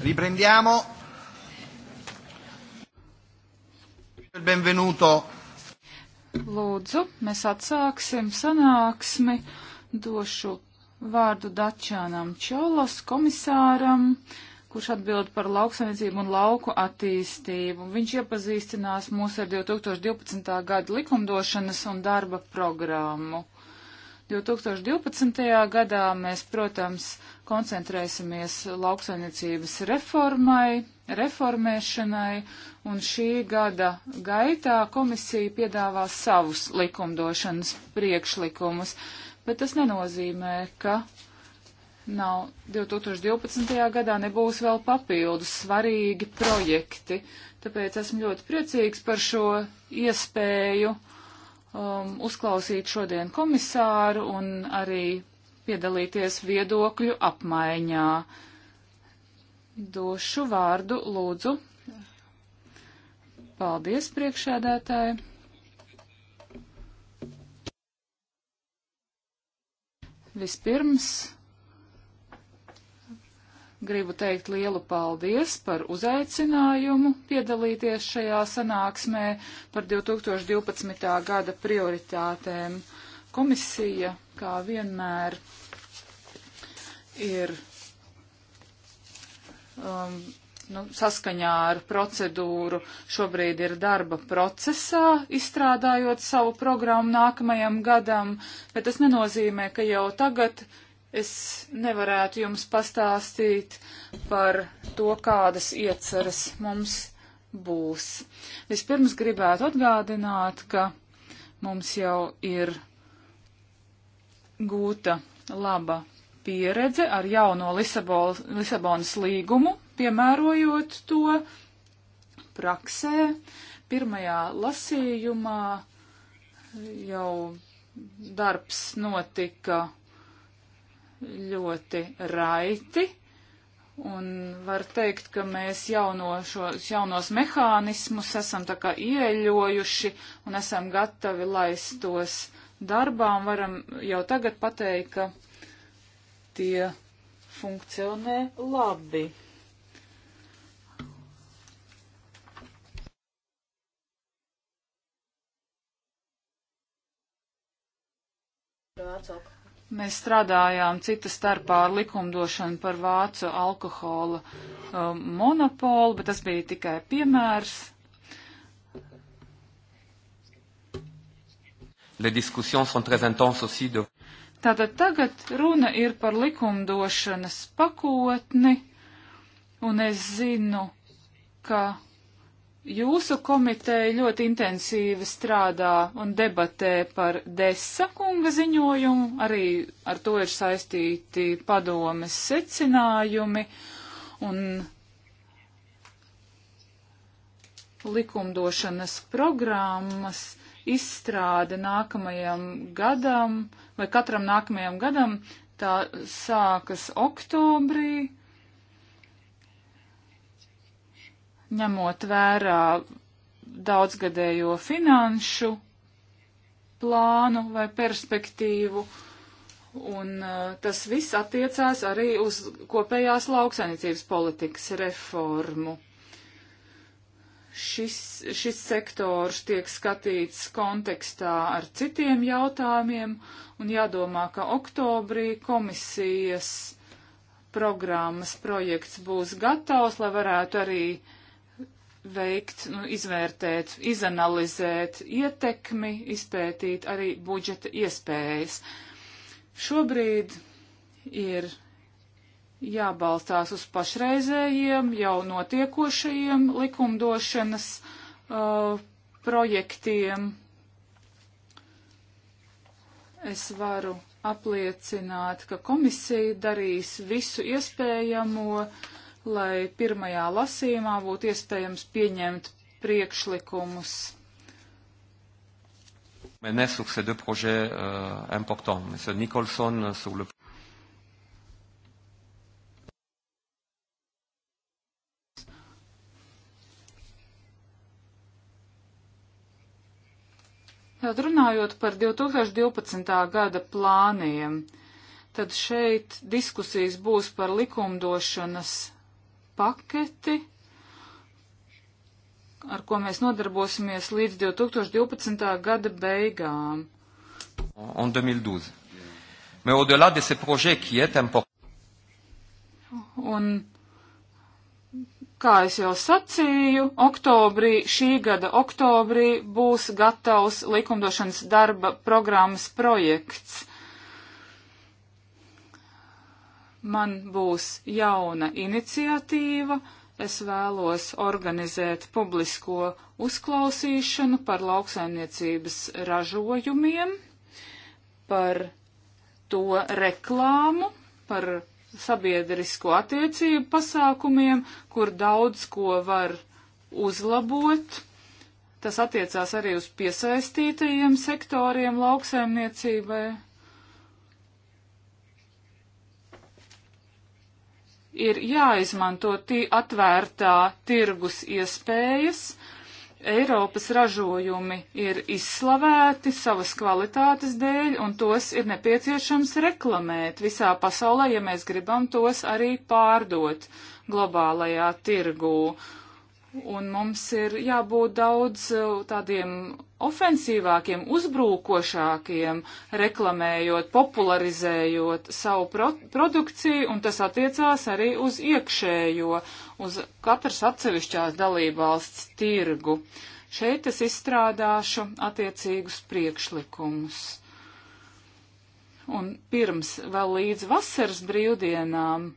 Riprendiamo. Il benvenuto. Lūdzu, mēs atsāksim sanāksmi. Došu vārdu Dačānam Čolas komisāram, kurš atbild par lauksaimniecību un lauku attīstību. Viņš iepazīstinās mūs ar 2012. gada likumdošanas un darba programmu. 2012. gadā mēs, protams, koncentrēsimies lauksainiecības reformai, reformēšanai, un šī gada gaitā komisija piedāvās savus likumdošanas priekšlikumus, bet tas nenozīmē, ka nav 2012. gadā nebūs vēl papildus svarīgi projekti, tāpēc esmu ļoti priecīgs par šo iespēju um, uzklausīt šodien komisāru un arī piedalīties viedokļu apmaiņā. Došu vārdu, lūdzu. Paldies, priekšēdētāji. Vispirms gribu teikt lielu paldies par uzaicinājumu piedalīties šajā sanāksmē par 2012. gada prioritātēm. Komisija kā vienmēr ir um, nu, saskaņā ar procedūru šobrīd ir darba procesā, izstrādājot savu programmu nākamajam gadam, bet tas nenozīmē, ka jau tagad es nevarētu jums pastāstīt par to, kādas ieceras mums būs. Vispirms gribētu atgādināt, ka mums jau ir gūta laba pieredze ar jauno Lisabol, Lisabonas līgumu, piemērojot to praksē. Pirmajā lasījumā jau darbs notika ļoti raiti, un var teikt, ka mēs jauno šos jaunos mehānismus esam tā kā ieļojuši un esam gatavi laist tos darbā un varam jau tagad pateikt, ka tie funkcionē labi. Mēs strādājām cita starpā ar likumdošanu par vācu alkohola um, monopolu, bet tas bija tikai piemērs. Les diskussions sont très intenses aussi de. Tātad tagad runa ir par likumdošanas pakotni, un es zinu, ka jūsu komiteja ļoti intensīvi strādā un debatē par desa kunga ziņojumu, arī ar to ir saistīti padomes secinājumi, un likumdošanas programmas izstrāde nākamajam gadam, vai katram nākamajam gadam, tā sākas oktobrī, ņemot vērā daudzgadējo finanšu plānu vai perspektīvu. Un uh, tas viss attiecās arī uz kopējās lauksainiecības politikas reformu šis, šis sektors tiek skatīts kontekstā ar citiem jautājumiem un jādomā, ka oktobrī komisijas programmas projekts būs gatavs, lai varētu arī veikt, nu, izvērtēt, izanalizēt ietekmi, izpētīt arī budžeta iespējas. Šobrīd ir jābalstās uz pašreizējiem, jau notiekošajiem likumdošanas uh, projektiem. Es varu apliecināt, ka komisija darīs visu iespējamo, lai pirmajā lasījumā būtu iespējams pieņemt priekšlikumus. Mais naissent sur ces deux projets euh, importants. M. Nicholson euh, sur le Tad runājot par 2012. gada plāniem, tad šeit diskusijas būs par likumdošanas paketi, ar ko mēs nodarbosimies līdz 2012. gada beigām. En 2012. Mais au-delà de ce projet qui est important. Un Kā es jau sacīju, oktobrī, šī gada oktobrī būs gatavs likumdošanas darba programmas projekts. Man būs jauna iniciatīva. Es vēlos organizēt publisko uzklausīšanu par lauksaimniecības ražojumiem, par to reklāmu, par sabiedrisko attiecību pasākumiem, kur daudz ko var uzlabot. Tas attiecās arī uz piesaistītajiem sektoriem lauksaimniecībai. Ir jāizmanto tī atvērtā tirgus iespējas, Eiropas ražojumi ir izslavēti savas kvalitātes dēļ, un tos ir nepieciešams reklamēt visā pasaulē, ja mēs gribam tos arī pārdot globālajā tirgū. Un mums ir jābūt daudz e, tādiem ofensīvākiem, uzbrūkošākiem, reklamējot, popularizējot savu pro produkciju, un tas attiecās arī uz iekšējo uz katras atsevišķās dalībvalsts tirgu. Šeit es izstrādāšu attiecīgus priekšlikumus. Un pirms vēl līdz vasaras brīvdienām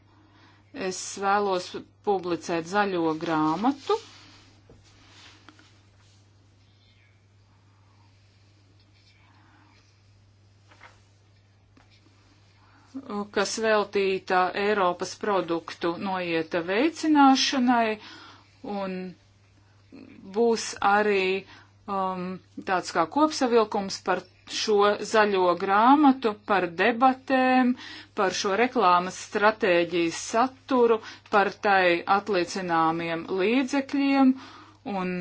es vēlos publicēt zaļo grāmatu kas veltīta Eiropas produktu noieta veicināšanai un būs arī um, tāds kā kopsavilkums par šo zaļo grāmatu, par debatēm, par šo reklāmas stratēģijas saturu, par tai atliecināmiem līdzekļiem un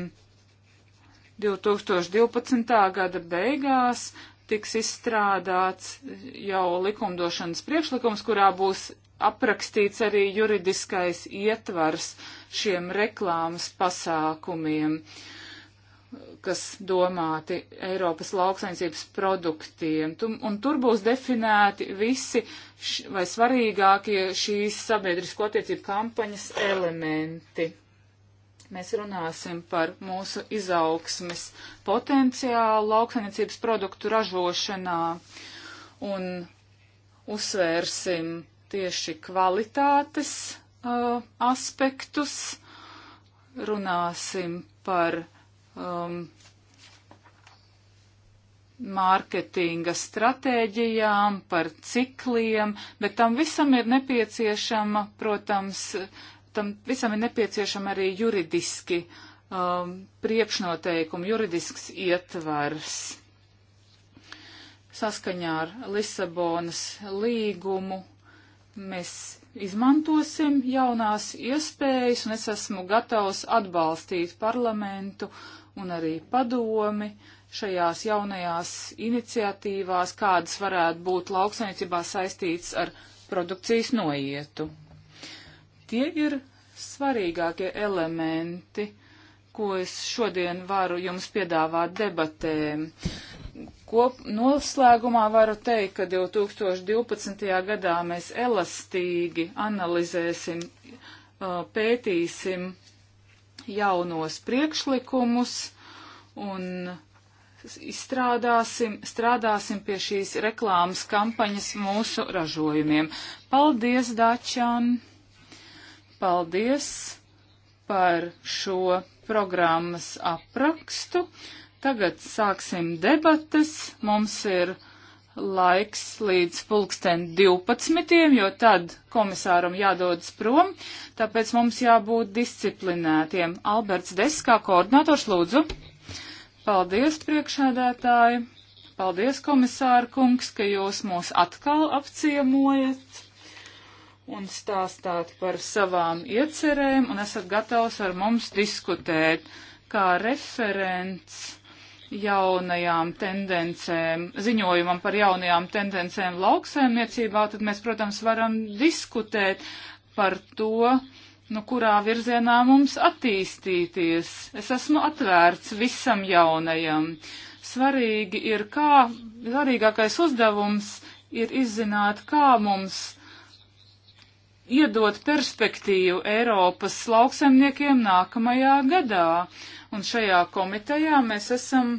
2012. gada beigās tiks izstrādāts jau likumdošanas priekšlikums, kurā būs aprakstīts arī juridiskais ietvars šiem reklāmas pasākumiem, kas domāti Eiropas lauksainicības produktiem. Un tur būs definēti visi š, vai svarīgākie šīs sabiedrisko attiecību kampaņas elementi mēs runāsim par mūsu izaugsmes potenciālu lauksainicības produktu ražošanā un uzsvērsim tieši kvalitātes uh, aspektus, runāsim par um, mārketinga stratēģijām, par cikliem, bet tam visam ir nepieciešama, protams, tam visam ir nepieciešama arī juridiski um, priekšnoteikumi, juridisks ietvars. Saskaņā ar Lisabonas līgumu mēs izmantosim jaunās iespējas, un es esmu gatavs atbalstīt parlamentu un arī padomi šajās jaunajās iniciatīvās, kādas varētu būt lauksaimniecībā saistītas ar produkcijas noietu. Tie ir svarīgākie elementi, ko es šodien varu jums piedāvāt debatēm. Kop noslēgumā varu teikt, ka 2012. gadā mēs elastīgi analizēsim, pētīsim jaunos priekšlikumus un izstrādāsim, strādāsim pie šīs reklāmas kampaņas mūsu ražojumiem. Paldies, Dāčāni! Paldies par šo programmas aprakstu. Tagad sāksim debates. Mums ir laiks līdz pulksten 12, jo tad komisāram jādodas prom, tāpēc mums jābūt disciplinētiem. Alberts Deskā, koordinators, lūdzu. Paldies, priekšēdētāji. Paldies, komisāra kungs, ka jūs mūs atkal apciemojat un stāstāt par savām iecerēm, un esat gatavs ar mums diskutēt kā referents jaunajām tendencēm, ziņojumam par jaunajām tendencēm lauksaimniecībā, tad mēs, protams, varam diskutēt par to, nu, kurā virzienā mums attīstīties. Es esmu atvērts visam jaunajam. Svarīgi ir, kā, svarīgākais uzdevums ir izzināt, kā mums iedot perspektīvu Eiropas lauksaimniekiem nākamajā gadā. Un šajā komitejā mēs esam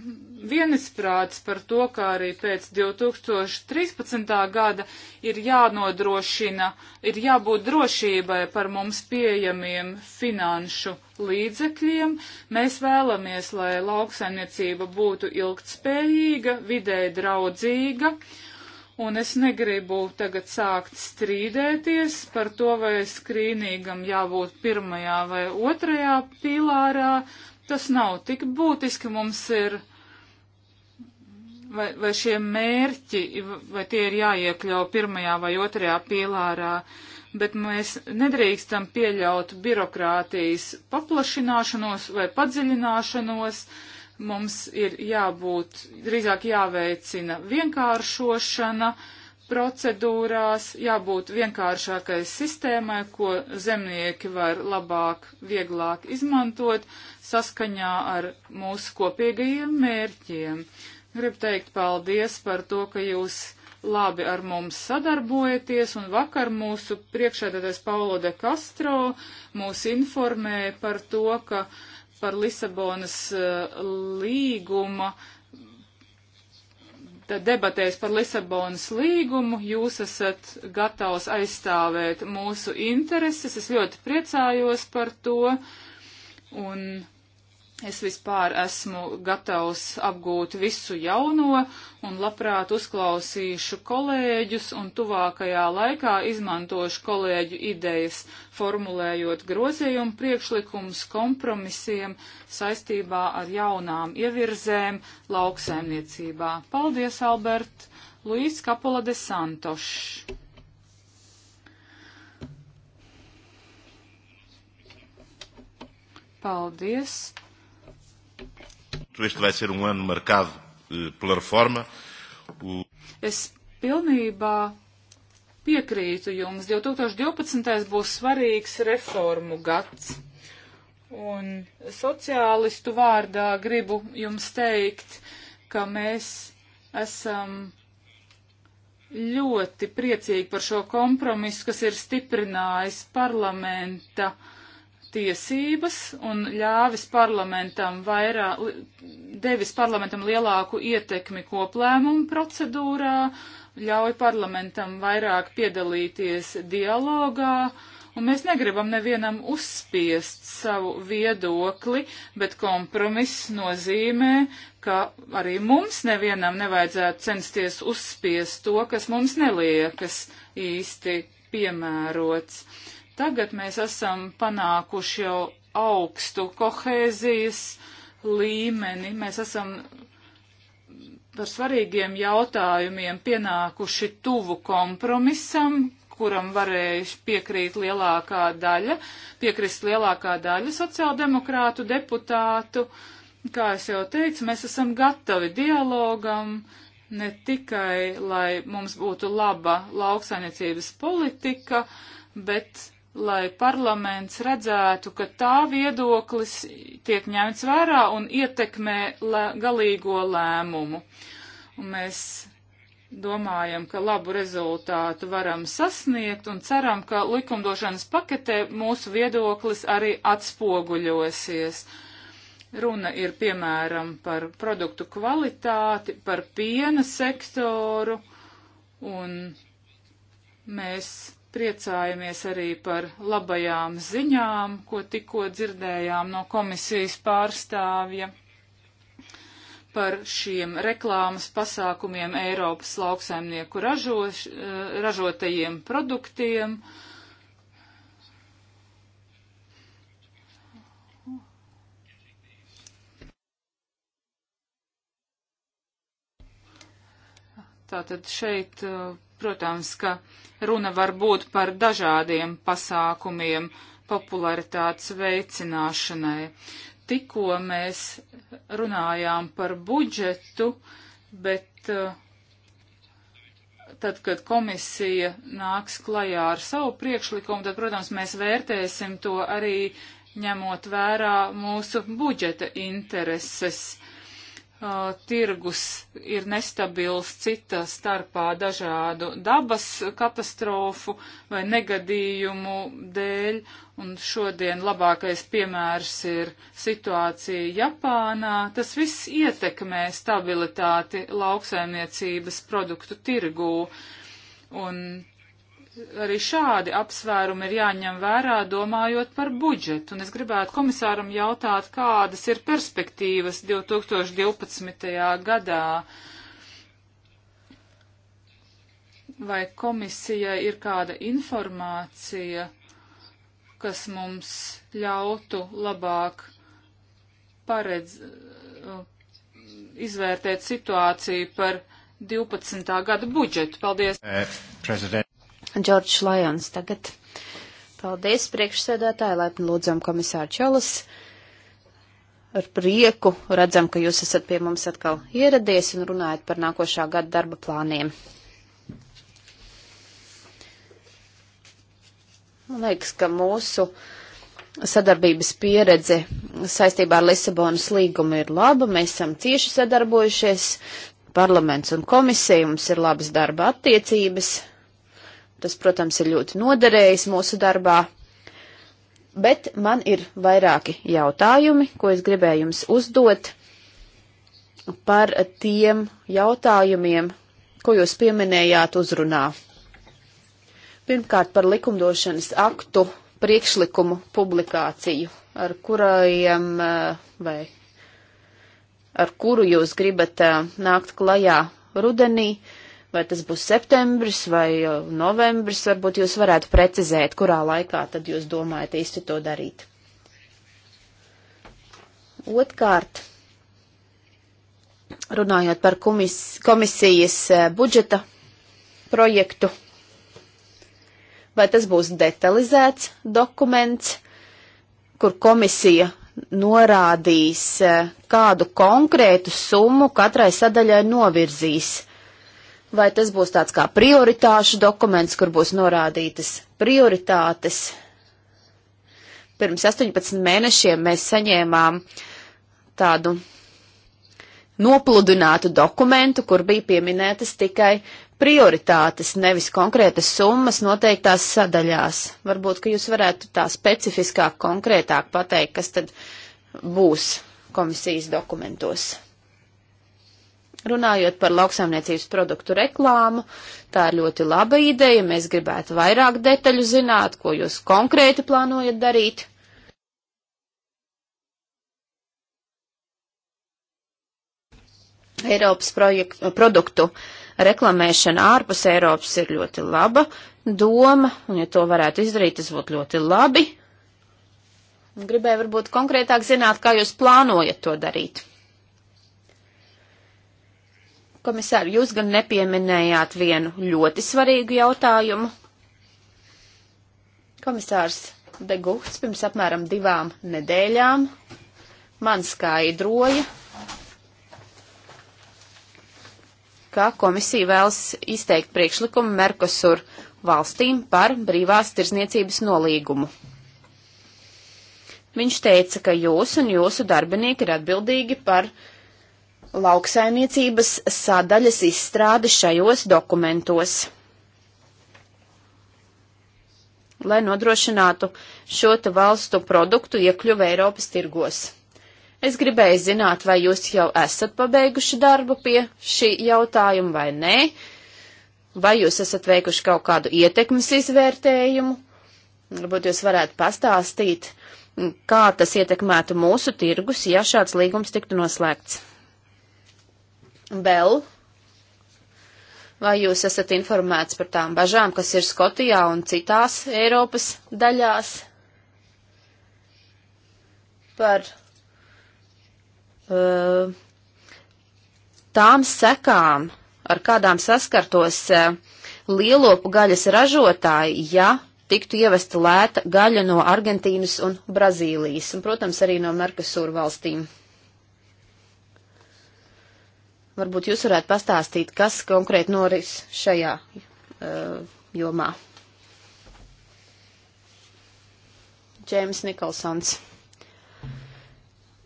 vienisprāts par to, kā arī pēc 2013. gada ir jānodrošina, ir jābūt drošībai par mums pieejamiem finanšu līdzekļiem. Mēs vēlamies, lai lauksaimniecība būtu ilgtspējīga, vidē draudzīga un es negribu tagad sākt strīdēties par to, vai skrīnīgam jābūt pirmajā vai otrajā pīlārā. Tas nav tik būtiski mums ir, vai, vai šie mērķi, vai tie ir jāiekļau pirmajā vai otrajā pīlārā. Bet mēs nedrīkstam pieļaut birokrātijas paplašināšanos vai padziļināšanos, uh, Mums ir jābūt, drīzāk jāveicina vienkāršošana procedūrās, jābūt vienkāršākai sistēmai, ko zemnieki var labāk, vieglāk izmantot saskaņā ar mūsu kopīgajiem mērķiem. Gribu teikt paldies par to, ka jūs labi ar mums sadarbojaties, un vakar mūsu priekšēdētais Paulo de Castro mūs informēja par to, ka uh, par Lisabonas uh, līguma, tad debatēs par Lisabonas līgumu, jūs esat gatavs aizstāvēt mūsu intereses, es ļoti priecājos par to, un Es vispār esmu gatavs apgūt visu jauno un labprāt uzklausīšu kolēģus un tuvākajā laikā izmantošu kolēģu idejas, formulējot grozījumu priekšlikumus kompromisiem saistībā ar jaunām ievirzēm lauksaimniecībā. Paldies, Albert! Luis Kapola de Santoš. Paldies! Este vai ser um ano marcado eh, pela reforma. O... Es pilnībā piekrītu jums. 2012. būs svarīgs reformu gads. Un sociālistu vārdā gribu jums teikt, ka mēs esam ļoti priecīgi par šo kompromisu, kas ir stiprinājis parlamenta uh, tiesības un ļāvis parlamentam vairāk, devis parlamentam lielāku ietekmi koplēmumu procedūrā, ļauj parlamentam vairāk piedalīties dialogā, un mēs negribam nevienam uzspiest savu viedokli, bet kompromiss nozīmē, ka arī mums nevienam nevajadzētu censties uzspiest to, kas mums neliekas īsti piemērots Tagad mēs esam panākuši jau augstu kohēzijas līmeni. Mēs esam par svarīgiem jautājumiem pienākuši tuvu kompromisam, kuram varēja piekrīt lielākā daļa, piekrist lielākā daļa sociāldemokrātu deputātu. Kā es jau teicu, mēs esam gatavi dialogam, ne tikai, lai mums būtu laba lauksainiecības politika, bet lai parlaments redzētu, ka tā viedoklis tiek ņemts vērā un ietekmē lē, galīgo lēmumu. Un mēs domājam, ka labu rezultātu varam sasniegt un ceram, ka likumdošanas paketē mūsu viedoklis arī atspoguļosies. Runa ir piemēram par produktu kvalitāti, par piena sektoru un mēs Priecājamies arī par labajām ziņām, ko tikko dzirdējām no komisijas pārstāvja par šiem reklāmas pasākumiem Eiropas lauksaimnieku ražoš, eh, ražotajiem produktiem. Tātad šeit eh, Protams, ka runa var būt par dažādiem pasākumiem popularitātes veicināšanai. Tikko mēs runājām par budžetu, bet eh, tad, kad komisija nāks klajā ar savu priekšlikumu, tad, protams, mēs vērtēsim to arī ņemot vērā mūsu budžeta intereses Uh, tirgus ir nestabils cita starpā dažādu dabas katastrofu vai negadījumu dēļ, un šodien labākais piemērs ir situācija Japānā. Tas viss ietekmē stabilitāti lauksaimniecības produktu tirgū, un arī šādi apsvērumi ir jāņem vērā, domājot par budžetu. Un es gribētu komisāram jautāt, kādas ir perspektīvas 2012. gadā. Vai komisija ir kāda informācija, kas mums ļautu labāk paredz, izvērtēt situāciju par 12. gada budžetu? Paldies! Uh, Džordžs Lajons tagad. Paldies priekšsēdētāji, laipni lūdzam komisāru Čolas. Ar prieku redzam, ka jūs esat pie mums atkal ieradies un runājat par nākošā gada darba plāniem. Man liekas, ka mūsu sadarbības pieredze saistībā ar Lisabonas līgumu ir laba. Mēs esam cieši sadarbojušies. Parlaments un komisija mums ir labas darba attiecības Tas, protams, ir ļoti noderējis mūsu darbā. Bet man ir vairāki jautājumi, ko es gribēju jums uzdot par tiem jautājumiem, ko jūs pieminējāt uzrunā. Pirmkārt, par likumdošanas aktu priekšlikumu publikāciju, ar kurajiem vai ar kuru jūs gribat nākt klajā rudenī. Uh, vai tas būs septembris vai uh, novembris, varbūt jūs varētu precizēt, kurā laikā tad jūs domājat īsti to darīt. Otkārt, runājot par komis, komisijas uh, budžeta projektu, vai tas būs detalizēts dokuments, kur komisija norādīs, uh, kādu konkrētu summu katrai sadaļai novirzīs Vai tas būs tāds kā prioritāšu dokuments, kur būs norādītas prioritātes? Pirms 18 mēnešiem mēs saņēmām tādu nopludinātu dokumentu, kur bija pieminētas tikai prioritātes, nevis konkrētas summas noteiktās sadaļās. Varbūt, ka jūs varētu tā specifiskāk, konkrētāk pateikt, kas tad būs komisijas dokumentos. Runājot par lauksaimniecības produktu reklāmu, tā ir ļoti laba ideja. Mēs gribētu vairāk detaļu zināt, ko jūs konkrēti plānojat darīt. Eiropas projektu, produktu reklamēšana ārpus Eiropas ir ļoti laba doma, un ja to varētu izdarīt, tas būtu ļoti labi. Gribēju varbūt konkrētāk zināt, kā jūs plānojat to darīt. Komisāri, jūs gan nepieminējāt vienu ļoti svarīgu jautājumu. Komisārs Degūts pirms apmēram divām nedēļām man skaidroja, ka komisija vēlas izteikt priekšlikumu Merkosur valstīm par brīvās tirzniecības nolīgumu. Viņš teica, ka jūs un jūsu darbinieki ir atbildīgi par uh, lauksaimniecības sadaļas izstrādi šajos dokumentos, lai nodrošinātu šo valstu produktu iekļuvu Eiropas tirgos. Es gribēju zināt, vai jūs jau esat pabeiguši darbu pie šī jautājuma vai nē, vai jūs esat veikuši kaut kādu ietekmes izvērtējumu, varbūt jūs varētu pastāstīt, kā tas ietekmētu mūsu tirgus, ja šāds līgums tiktu noslēgts. Bell, vai jūs esat informēts par tām bažām, kas ir Skotijā un citās Eiropas daļās par uh, tām sekām, ar kādām saskartos uh, lielopu gaļas ražotāji, ja tiktu ievesta lēta gaļa no Argentīnas un Brazīlijas, un, protams, arī no Merkasūra valstīm. Varbūt jūs varētu pastāstīt, kas konkrēti noris šajā uh, jomā. Džēms Nikolsons.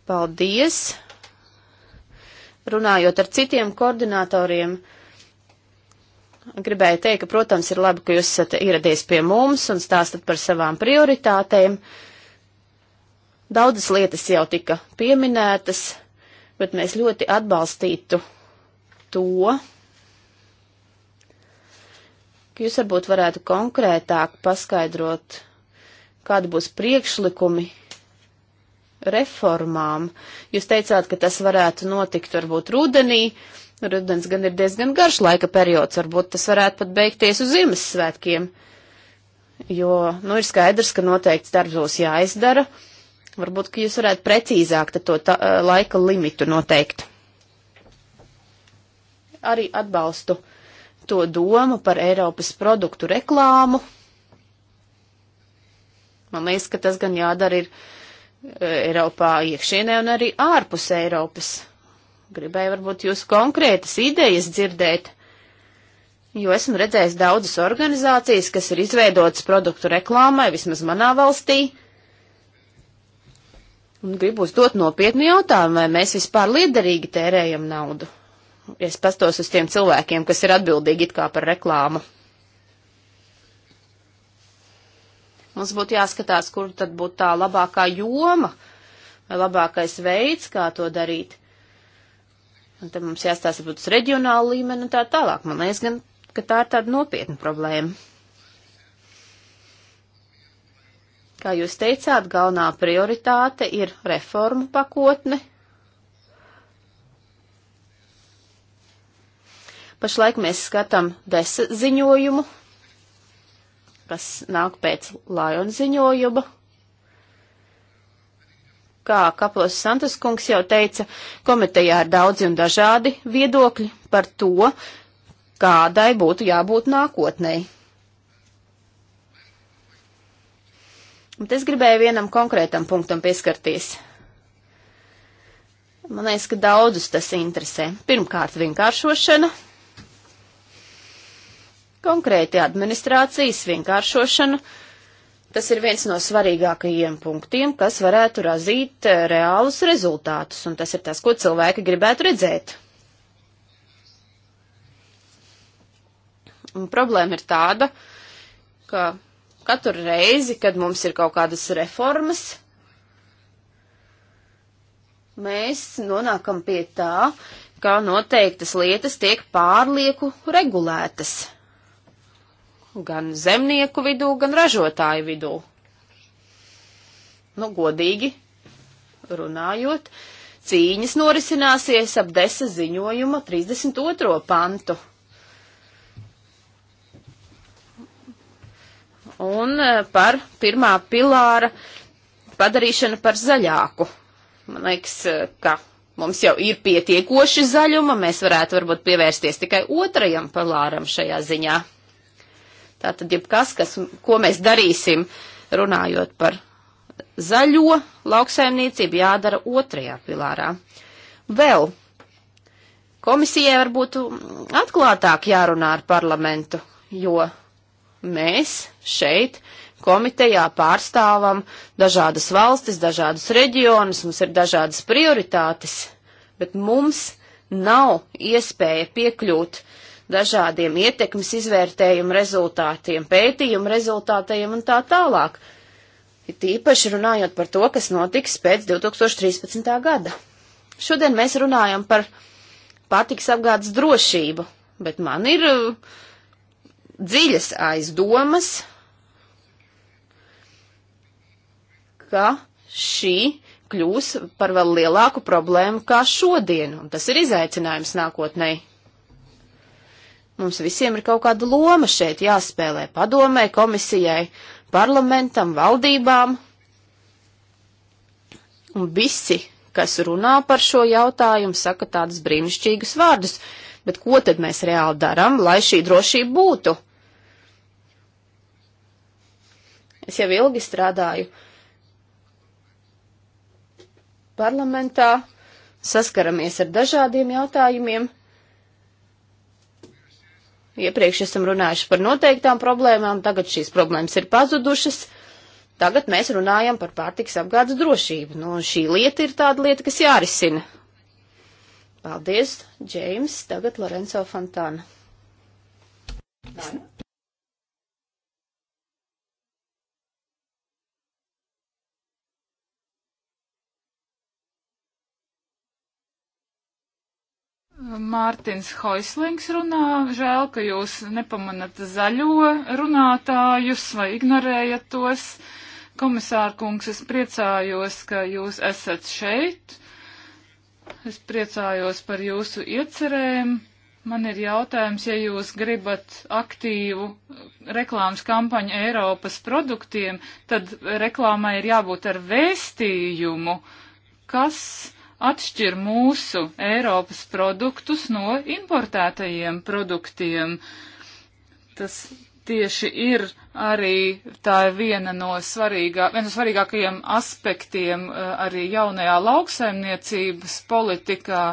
Paldies! Runājot ar citiem koordinatoriem, gribēju teikt, ka, protams, ir labi, ka jūs esat ieradies pie mums un stāstat par savām prioritātēm. Daudzas lietas jau tika pieminētas, bet mēs ļoti atbalstītu to, ka jūs varbūt varētu konkrētāk paskaidrot, kādi būs priekšlikumi reformām. Jūs teicāt, ka tas varētu notikt varbūt rudenī. Rudens gan ir diezgan garš laika periods, varbūt tas varētu pat beigties uz Ziemassvētkiem. Jo, nu, ir skaidrs, ka noteikts darbs būs jāizdara. Varbūt, ka jūs varētu precīzāk to tā, laika limitu noteikt arī atbalstu to domu par Eiropas produktu reklāmu. Man liekas, ka tas gan jādara ir e, Eiropā iekšienē un arī ārpus Eiropas. Gribēju varbūt jūsu konkrētas idejas dzirdēt, jo esmu redzējis daudzas organizācijas, kas ir izveidotas produktu reklāmai, vismaz manā valstī. Un gribu uzdot nopietnu jautājumu, vai mēs vispār liederīgi tērējam naudu es pastos uz tiem cilvēkiem, kas ir atbildīgi it kā par reklāmu. Mums būtu jāskatās, kur tad būtu tā labākā joma vai labākais veids, kā to darīt. Un tad mums jāstāsta, varbūt, uz reģionālu līmeni un tā tālāk. Man liekas, gan, ka tā ir tāda nopietna problēma. Kā jūs teicāt, galvenā prioritāte ir reformu pakotne, Pašlaik mēs skatām desa ziņojumu, kas nāk pēc Lion ziņojuma. Kā Kaplos Santos kungs jau teica, komitejā ir daudzi un dažādi viedokļi par to, kādai būtu jābūt nākotnēji. Bet es gribēju vienam konkrētam punktam pieskarties. Man liekas, ka daudzus tas interesē. Pirmkārt, vienkāršošana, konkrēti administrācijas vienkāršošana. Tas ir viens no svarīgākajiem punktiem, kas varētu razīt eh, reālus rezultātus, un tas ir tas, ko cilvēki gribētu redzēt. Un problēma ir tāda, ka katru reizi, kad mums ir kaut kādas reformas, mēs nonākam pie tā, ka noteiktas lietas tiek pārlieku regulētas gan zemnieku vidū, gan ražotāju vidū. Nu, godīgi runājot, cīņas norisināsies ap desa ziņojuma 32. pantu. Un eh, par pirmā pilāra padarīšanu par zaļāku. Man liekas, eh, ka mums jau ir pietiekoši zaļuma, mēs varētu varbūt pievērsties tikai otrajam pilāram šajā ziņā. Tātad, jebkas, kas, ko mēs darīsim, runājot par zaļo lauksaimniecību, jādara otrajā pilārā. Vēl komisijai varbūt atklātāk jārunā ar parlamentu, jo mēs šeit komitejā pārstāvam dažādas valstis, dažādus reģionus, mums ir dažādas prioritātes, bet mums nav iespēja piekļūt dažādiem ietekmes izvērtējumu rezultātiem, pētījumu rezultātiem un tā tālāk. Tīpaši runājot par to, kas notiks pēc 2013. gada. Šodien mēs runājam par patiks apgādes drošību, bet man ir uh, dziļas aizdomas, ka šī kļūs par vēl lielāku problēmu kā šodien, un tas ir izaicinājums nākotnēji. Mums visiem ir kaut kāda loma šeit jāspēlē padomē, komisijai, parlamentam, valdībām. Un visi, kas runā par šo jautājumu, saka tādus brīnišķīgus vārdus. Bet ko tad mēs reāli darām, lai šī drošība būtu? Es jau ilgi strādāju parlamentā, saskaramies ar dažādiem jautājumiem. Iepriekš esam runājuši par noteiktām problēmām, tagad šīs problēmas ir pazudušas. Tagad mēs runājam par pārtiks apgādes drošību. Nu, šī lieta ir tāda lieta, kas jārisina. Paldies, Džeims, tagad Lorenzo Fontāna. Mārtiņš Hoislings runā. Žēl, ka jūs nepamanat zaļo runātājus vai ignorējat tos. Komisārkungs, es priecājos, ka jūs esat šeit. Es priecājos par jūsu iecerēm. Man ir jautājums, ja jūs gribat aktīvu reklāmas kampaņu Eiropas produktiem, tad reklāmai ir jābūt ar vēstījumu, kas atšķir mūsu Eiropas produktus no importētajiem produktiem. Tas tieši ir arī tā viena no, svarīgā, viena no svarīgākajiem aspektiem eh, arī jaunajā lauksaimniecības politikā,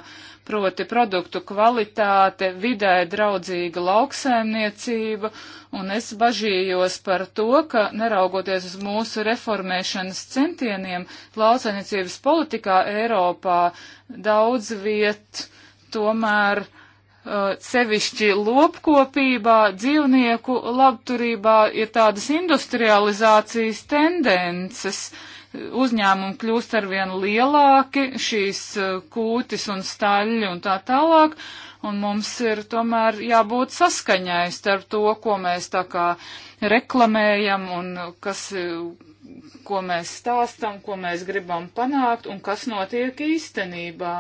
proti produktu kvalitāte, vidē draudzīga lauksaimniecība, un es bažījos par to, ka neraugoties uz mūsu reformēšanas centieniem, lauksaimniecības politikā Eiropā daudz viet tomēr Uh, sevišķi lopkopībā, dzīvnieku labturībā ir tādas industrializācijas tendences. Uzņēmumi kļūst arvien lielāki, šīs uh, kūtis un staļļi un tā tālāk, un mums ir tomēr jābūt saskaņai starp to, ko mēs tā kā reklamējam un kas, uh, ko mēs stāstam, ko mēs gribam panākt un kas notiek īstenībā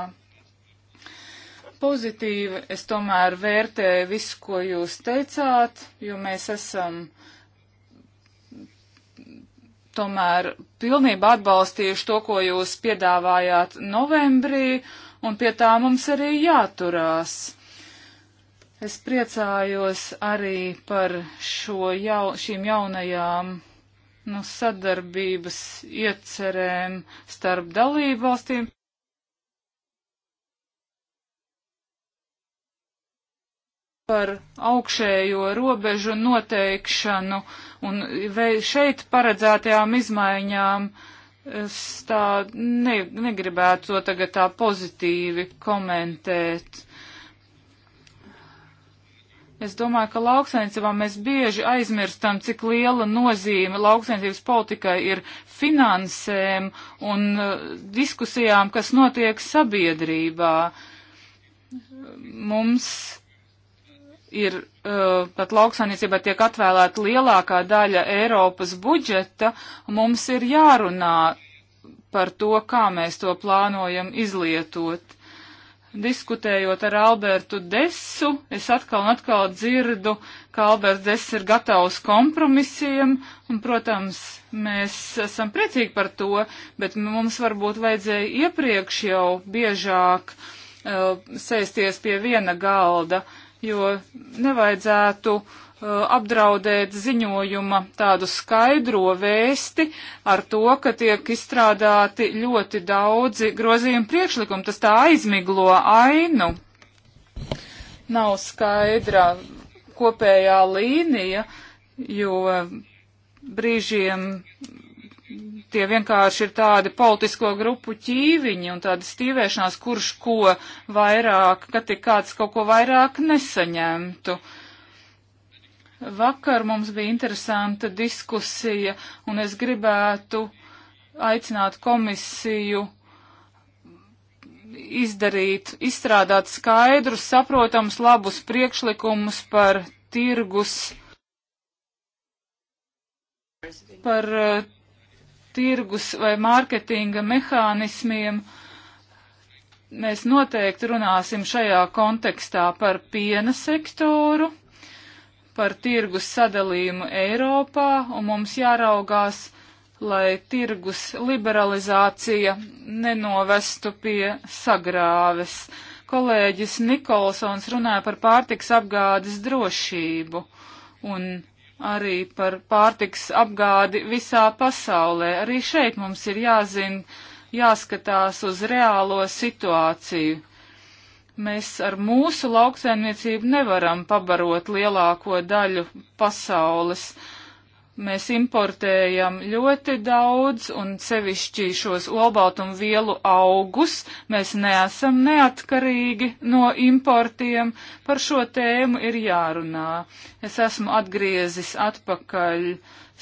pozitīvi. Es tomēr vērtēju visu, ko jūs teicāt, jo mēs esam tomēr pilnībā atbalstījuši to, ko jūs piedāvājāt novembrī, un pie tā mums arī jāturās. Es priecājos arī par šo jau, šīm jaunajām nu, sadarbības iecerēm starp dalību valstīm. par augšējo robežu noteikšanu un šeit paredzētajām izmaiņām. Es tā ne, negribētu to tagad tā pozitīvi komentēt. Es domāju, ka lauksainicībā mēs bieži aizmirstam, cik liela nozīme lauksainicības politikai ir finansēm un uh, diskusijām, kas notiek sabiedrībā. Mums ir uh, pat lauksainiecībā tiek atvēlēta lielākā daļa Eiropas budžeta, mums ir jārunā par to, kā mēs to plānojam izlietot. Diskutējot ar Albertu Desu, es atkal un atkal dzirdu, ka Alberts Dess ir gatavs kompromisiem, un, protams, mēs esam priecīgi par to, bet mums varbūt vajadzēja iepriekš jau biežāk uh, sēsties pie viena galda, uh, jo nevajadzētu uh, apdraudēt ziņojuma tādu skaidro vēsti ar to, ka tiek izstrādāti ļoti daudzi grozījumi priekšlikumi. Tas tā aizmiglo ainu. Nav skaidra kopējā līnija, jo brīžiem tie vienkārši ir tādi politisko grupu ķīviņi un tāda stīvēšanās, kurš ko vairāk, ka tik kāds kaut ko vairāk nesaņemtu. Vakar mums bija interesanta diskusija, un es gribētu aicināt komisiju izdarīt, izstrādāt skaidrus, saprotams, labus priekšlikumus par tirgus par tirgus vai mārketinga mehānismiem. Mēs noteikti runāsim šajā kontekstā par piena sektoru, par tirgus sadalījumu Eiropā, un mums jāraugās, lai tirgus liberalizācija nenovestu pie sagrāves. Kolēģis Nikolsons runāja par pārtiks apgādes drošību, un arī par pārtiks apgādi visā pasaulē. Arī šeit mums ir jāzina, jāskatās uz reālo situāciju. Mēs ar mūsu lauksaimniecību nevaram pabarot lielāko daļu pasaules uh, Mēs importējam ļoti daudz un sevišķi šos olbaltumu vielu augus. Mēs neesam neatkarīgi no importiem. Par šo tēmu ir jārunā. Es esmu atgriezis atpakaļ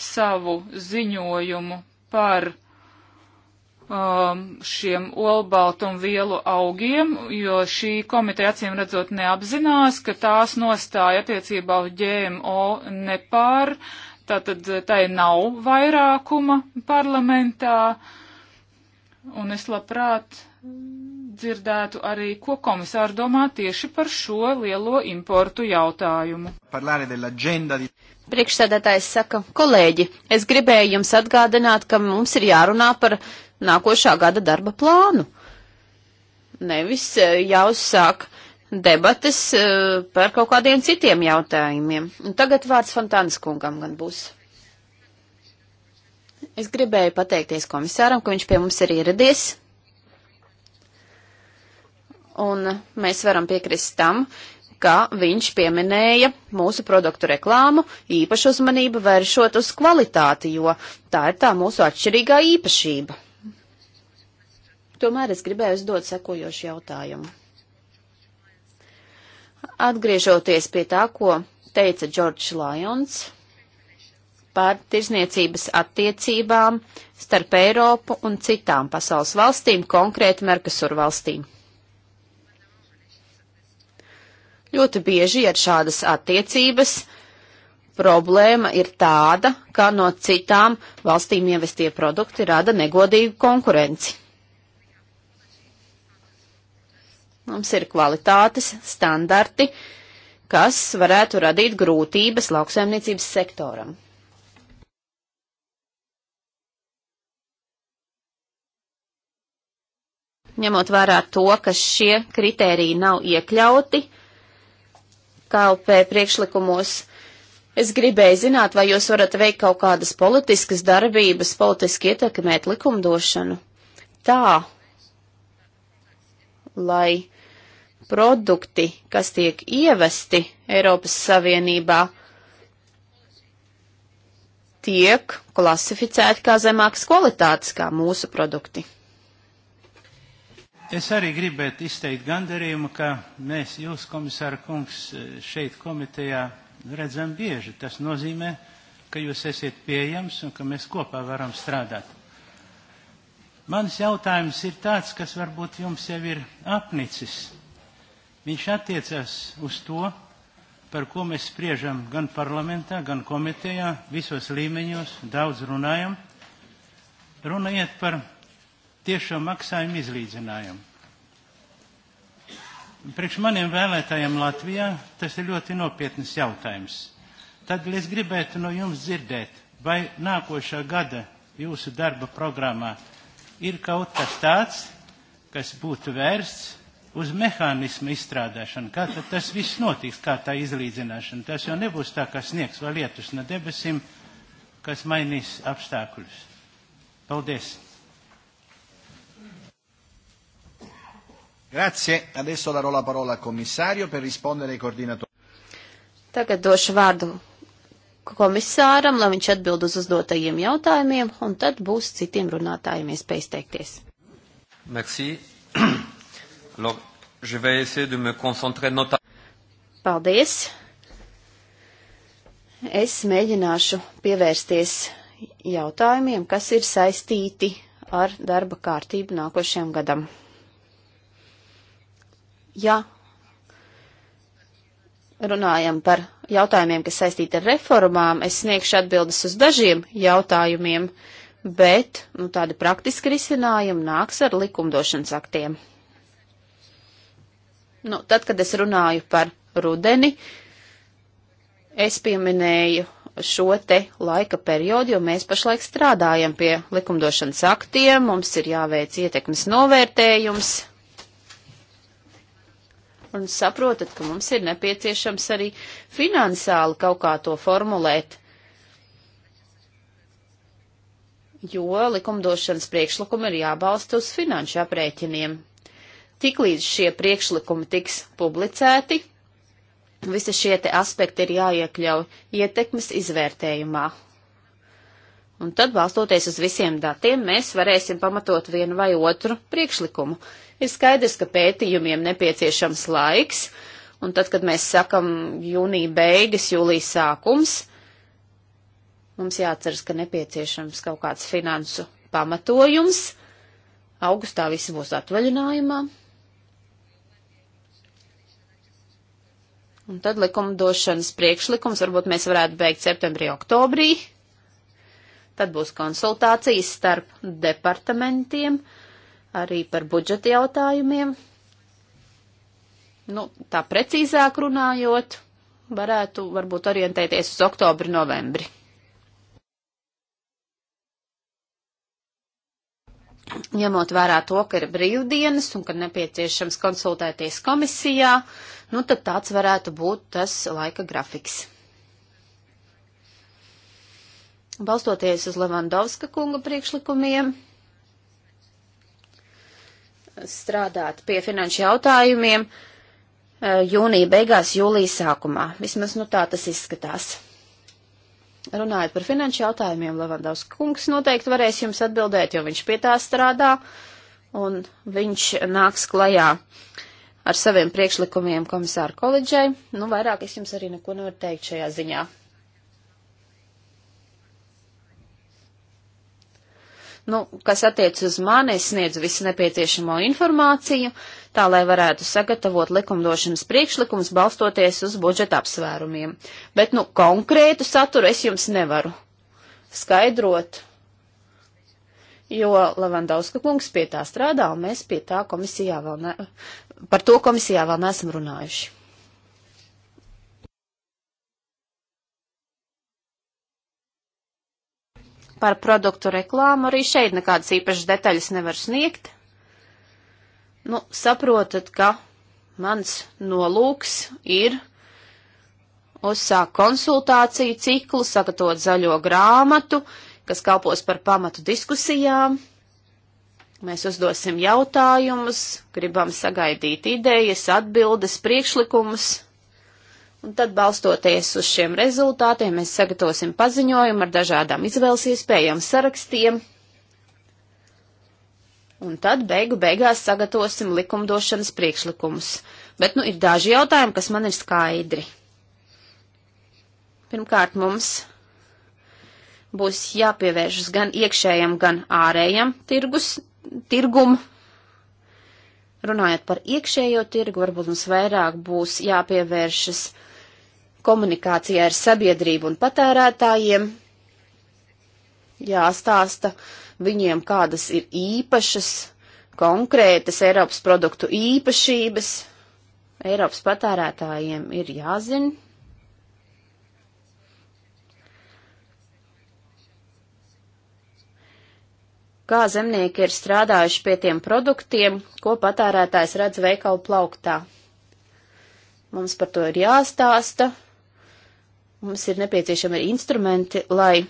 savu ziņojumu par um, šiem olbaltumvielu augiem, jo šī komiteja acīm redzot neapzinās, ka tās nostāja attiecībā uz ģēmo nepār Tātad eh, tai nav vairākuma parlamentā, un es labprāt dzirdētu arī, ko komisāri domā tieši par šo lielo importu jautājumu. Priekšsēdētājs saka, kolēģi, es gribēju jums atgādināt, ka mums ir jārunā par nākošā gada darba plānu. Nevis eh, jāuzsāk debates eh, par kaut kādiem citiem jautājumiem. Un tagad vārds Fontānas kungam gan būs. Es gribēju pateikties komisāram, ka viņš pie mums ir ieradies. Un mēs varam piekrist tam, ka viņš pieminēja mūsu produktu reklāmu, īpašu uzmanību vēršot uz kvalitāti, jo tā ir tā mūsu atšķirīgā īpašība. Tomēr es gribēju uzdot sekojošu jautājumu. Atgriežoties pie tā, ko teica Džordžs Lajons par tirzniecības attiecībām starp Eiropu un citām pasaules valstīm, konkrēti Merkusur valstīm. Ļoti bieži ar šādas attiecības problēma ir tāda, ka no citām valstīm ievestie produkti rada negodīgu konkurenci. Mums ir kvalitātes standarti, kas varētu radīt grūtības lauksaimniecības sektoram. Ņemot vērā to, ka šie kritēriji nav iekļauti KLP priekšlikumos, es gribēju zināt, vai jūs varat veikt kaut kādas politiskas darbības, politiski ietekmēt likumdošanu tā, lai produkti, kas tiek ievesti Eiropas Savienībā, tiek klasificēti kā zemākas kvalitātes, kā mūsu produkti. Es arī gribētu izteikt gandarījumu, ka mēs jūs, komisāra kungs, šeit komitejā redzam bieži. Tas nozīmē, ka jūs esat pieejams un ka mēs kopā varam strādāt. Mans jautājums ir tāds, kas varbūt jums jau ir apnicis Viņš attiecas uz to, par ko mēs spriežam gan parlamentā, gan komitejā, visos līmeņos, daudz runājam. Runa iet par tiešo maksājumu izlīdzinājumu. Priekš maniem vēlētājiem Latvijā tas ir ļoti nopietnas jautājums. Tad es gribētu no jums dzirdēt, vai nākošā gada jūsu darba programmā ir kaut kas tāds, kas būtu vērsts uz mehānismu izstrādāšanu, kā tad tas viss notiks, kā tā izlīdzināšana. Tas jau nebūs tā, kā sniegs vai lietus no debesīm, kas mainīs apstākļus. Paldies! Grazie. Adesso darò la parola al commissario per rispondere ai coordinatori. Tagad došu vārdu komisāram, lai viņš atbild uz uzdotajiem jautājumiem, un tad būs citiem runātājiem iespēja izteikties. Merci. Alors, je vais essayer de me concentrer notamment. Paldies! Es mēģināšu pievērsties jautājumiem, kas ir saistīti ar darba kārtību nākošajam gadam. Ja runājam par jautājumiem, kas saistīti ar reformām, es sniegšu atbildes uz dažiem jautājumiem, bet nu, tādi praktiski risinājumi nāks ar likumdošanas aktiem. Nu, tad, kad es runāju par rudeni, es pieminēju šo te laika periodu, jo mēs pašlaik strādājam pie likumdošanas aktiem, mums ir jāveic ietekmes novērtējums. Un saprotat, ka mums ir nepieciešams arī finansiāli kaut kā to formulēt, jo likumdošanas priekšlikumi ir jābalsta uz finanšu aprēķiniem. Tiklīdz šie priekšlikumi tiks publicēti, visi šie te aspekti ir jāiekļauj ietekmes izvērtējumā. Un tad, balstoties uz visiem datiem, mēs varēsim pamatot vienu vai otru priekšlikumu. Ir skaidrs, ka pētījumiem nepieciešams laiks, un tad, kad mēs sakam jūnija beigas, jūlijas sākums, mums jāatceras, ka nepieciešams kaut kāds finansu pamatojums. Augustā visi būs atvaļinājumā, Un tad likumdošanas priekšlikums varbūt mēs varētu beigt septembrī, oktobrī. Tad būs konsultācijas starp departamentiem, arī par budžeta jautājumiem. Nu, tā precīzāk runājot, varētu varbūt orientēties uz oktobri, novembri. ņemot vērā to, ka ir brīvdienas un ka nepieciešams konsultēties komisijā, nu tad tāds varētu būt tas laika grafiks. Balstoties uz Levandovska kunga priekšlikumiem, strādāt pie finanšu jautājumiem eh, jūnija beigās, jūlija sākumā. Vismaz nu tā tas izskatās. Runājot par finanšu jautājumiem, Levandovs kungs noteikti varēs jums atbildēt, jo viņš pie tā strādā un viņš nāks klajā ar saviem priekšlikumiem komisāru koledžai. Nu, vairāk es jums arī neko nevaru teikt šajā ziņā. Nu, kas attiec uz mani, es sniedzu visu nepieciešamo informāciju. Uh, tā lai varētu sagatavot likumdošanas priekšlikums balstoties uz budžeta apsvērumiem. Bet, nu, konkrētu saturu es jums nevaru skaidrot, jo Levandauska kungs pie tā strādā, un mēs pie tā komisijā vēl ne, par to komisijā vēl neesam runājuši. Par produktu reklāmu arī šeit nekādas īpašas detaļas nevar sniegt. Nu, saprotat, ka mans nolūks ir uzsākt konsultāciju ciklu, sagatavot zaļo grāmatu, kas kalpos par pamatu diskusijām. Mēs uzdosim jautājumus, gribam sagaidīt idejas, atbildes, priekšlikumus, un tad balstoties uz šiem rezultātiem mēs sagatavosim paziņojumu ar dažādām izvēles iespējām sarakstiem Un tad beigu beigās sagatavosim likumdošanas priekšlikumus. Bet nu ir daži jautājumi, kas man ir skaidri. Pirmkārt, mums būs jāpievēršas gan iekšējam, gan ārējam tirgus, tirgum. Runājot par iekšējo tirgu, varbūt mums vairāk būs jāpievēršas komunikācijai ar sabiedrību un patērētājiem, jāstāsta, uh, viņiem kādas ir īpašas, konkrētas Eiropas produktu īpašības. Eiropas patērētājiem ir jāzina. Kā zemnieki ir strādājuši pie tiem produktiem, ko patērētājs redz veikalu plauktā. Mums par to ir jāstāsta, mums ir nepieciešami arī instrumenti, lai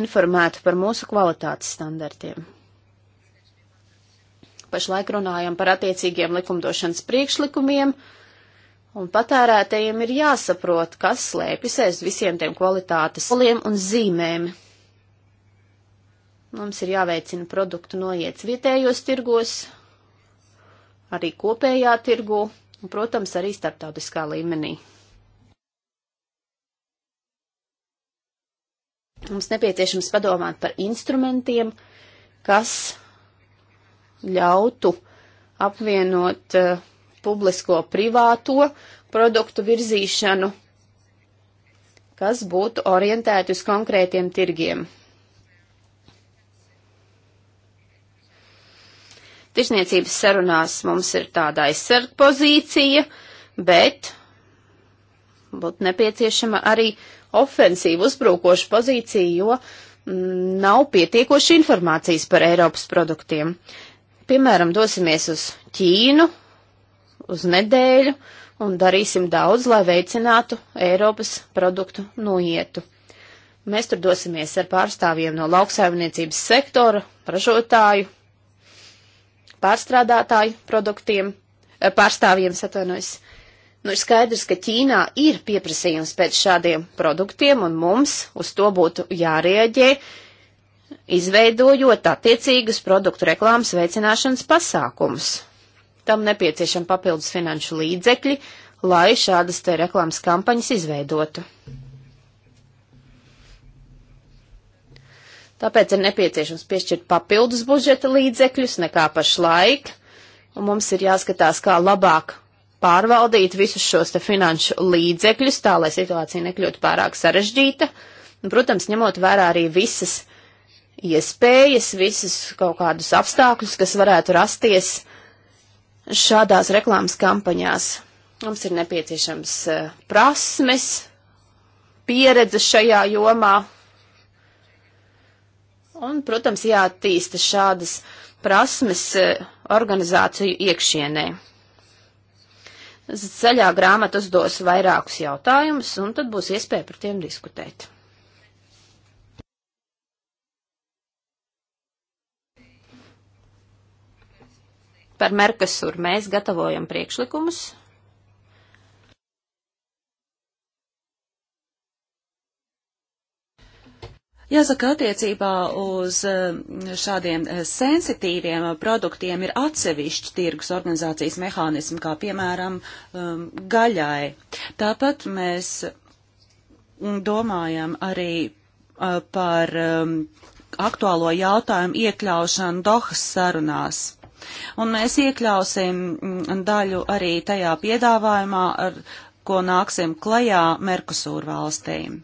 informētu par mūsu kvalitātes standartiem. Pašlaik runājam par attiecīgiem likumdošanas priekšlikumiem, un patērētējiem ir jāsaprot, kas slēpjas aiz visiem tiem kvalitātes soliem un zīmēm. Mums ir jāveicina produktu noiets vietējos tirgos, arī kopējā tirgu un, protams, arī starptautiskā līmenī. Mums nepieciešams padomāt par instrumentiem, kas ļautu apvienot uh, publisko privāto produktu virzīšanu, kas būtu orientēti uz konkrētiem tirgiem. Tirzniecības sarunās mums ir tāda aizsarg pozīcija, bet būtu nepieciešama arī ofensīvu, uzbrukošu pozīciju, jo mm, nav pietiekoši informācijas par Eiropas produktiem. Piemēram, dosimies uz Ķīnu uz nedēļu un darīsim daudz, lai veicinātu Eiropas produktu noietu. Mēs tur dosimies ar pārstāvjiem no lauksaimniecības sektora, ražotāju, pārstrādātāju produktiem, eh, pārstāvjiem, satvainojas, Nu, ir skaidrs, ka Ķīnā ir pieprasījums pēc šādiem produktiem, un mums uz to būtu jārieģē, izveidojot attiecīgus produktu reklāmas veicināšanas pasākumus. Tam nepieciešama papildus finanšu līdzekļi, lai šādas te reklāmas kampaņas izveidotu. Tāpēc ir nepieciešams piešķirt papildus budžeta līdzekļus nekā pašlaik, un mums ir jāskatās, kā labāk pārvaldīt visus šos te finanšu līdzekļus, tā lai situācija nekļūtu pārāk sarežģīta. Un, protams, ņemot vērā arī visas iespējas, visas kaut kādus apstākļus, kas varētu rasties šādās reklāmas kampaņās. Mums ir nepieciešams e, prasmes, pieredze šajā jomā. Un, protams, jāattīsta šādas prasmes e, organizāciju iekšienē. Zaļā grāmata uzdos vairākus jautājumus, un tad būs iespēja par tiem diskutēt. Par Merkasur mēs gatavojam priekšlikumus, Jāsaka, attiecībā uz eh, šādiem eh, sensitīviem eh, produktiem ir atsevišķi tirgus organizācijas mehānismi, kā piemēram ehm, gaļai. Tāpat mēs mm, domājam arī par ehm, aktuālo jautājumu iekļaušanu Dohas sarunās. Un mēs iekļausim mm, daļu arī tajā piedāvājumā, ar ko nāksim klajā Merkusūra valstīm.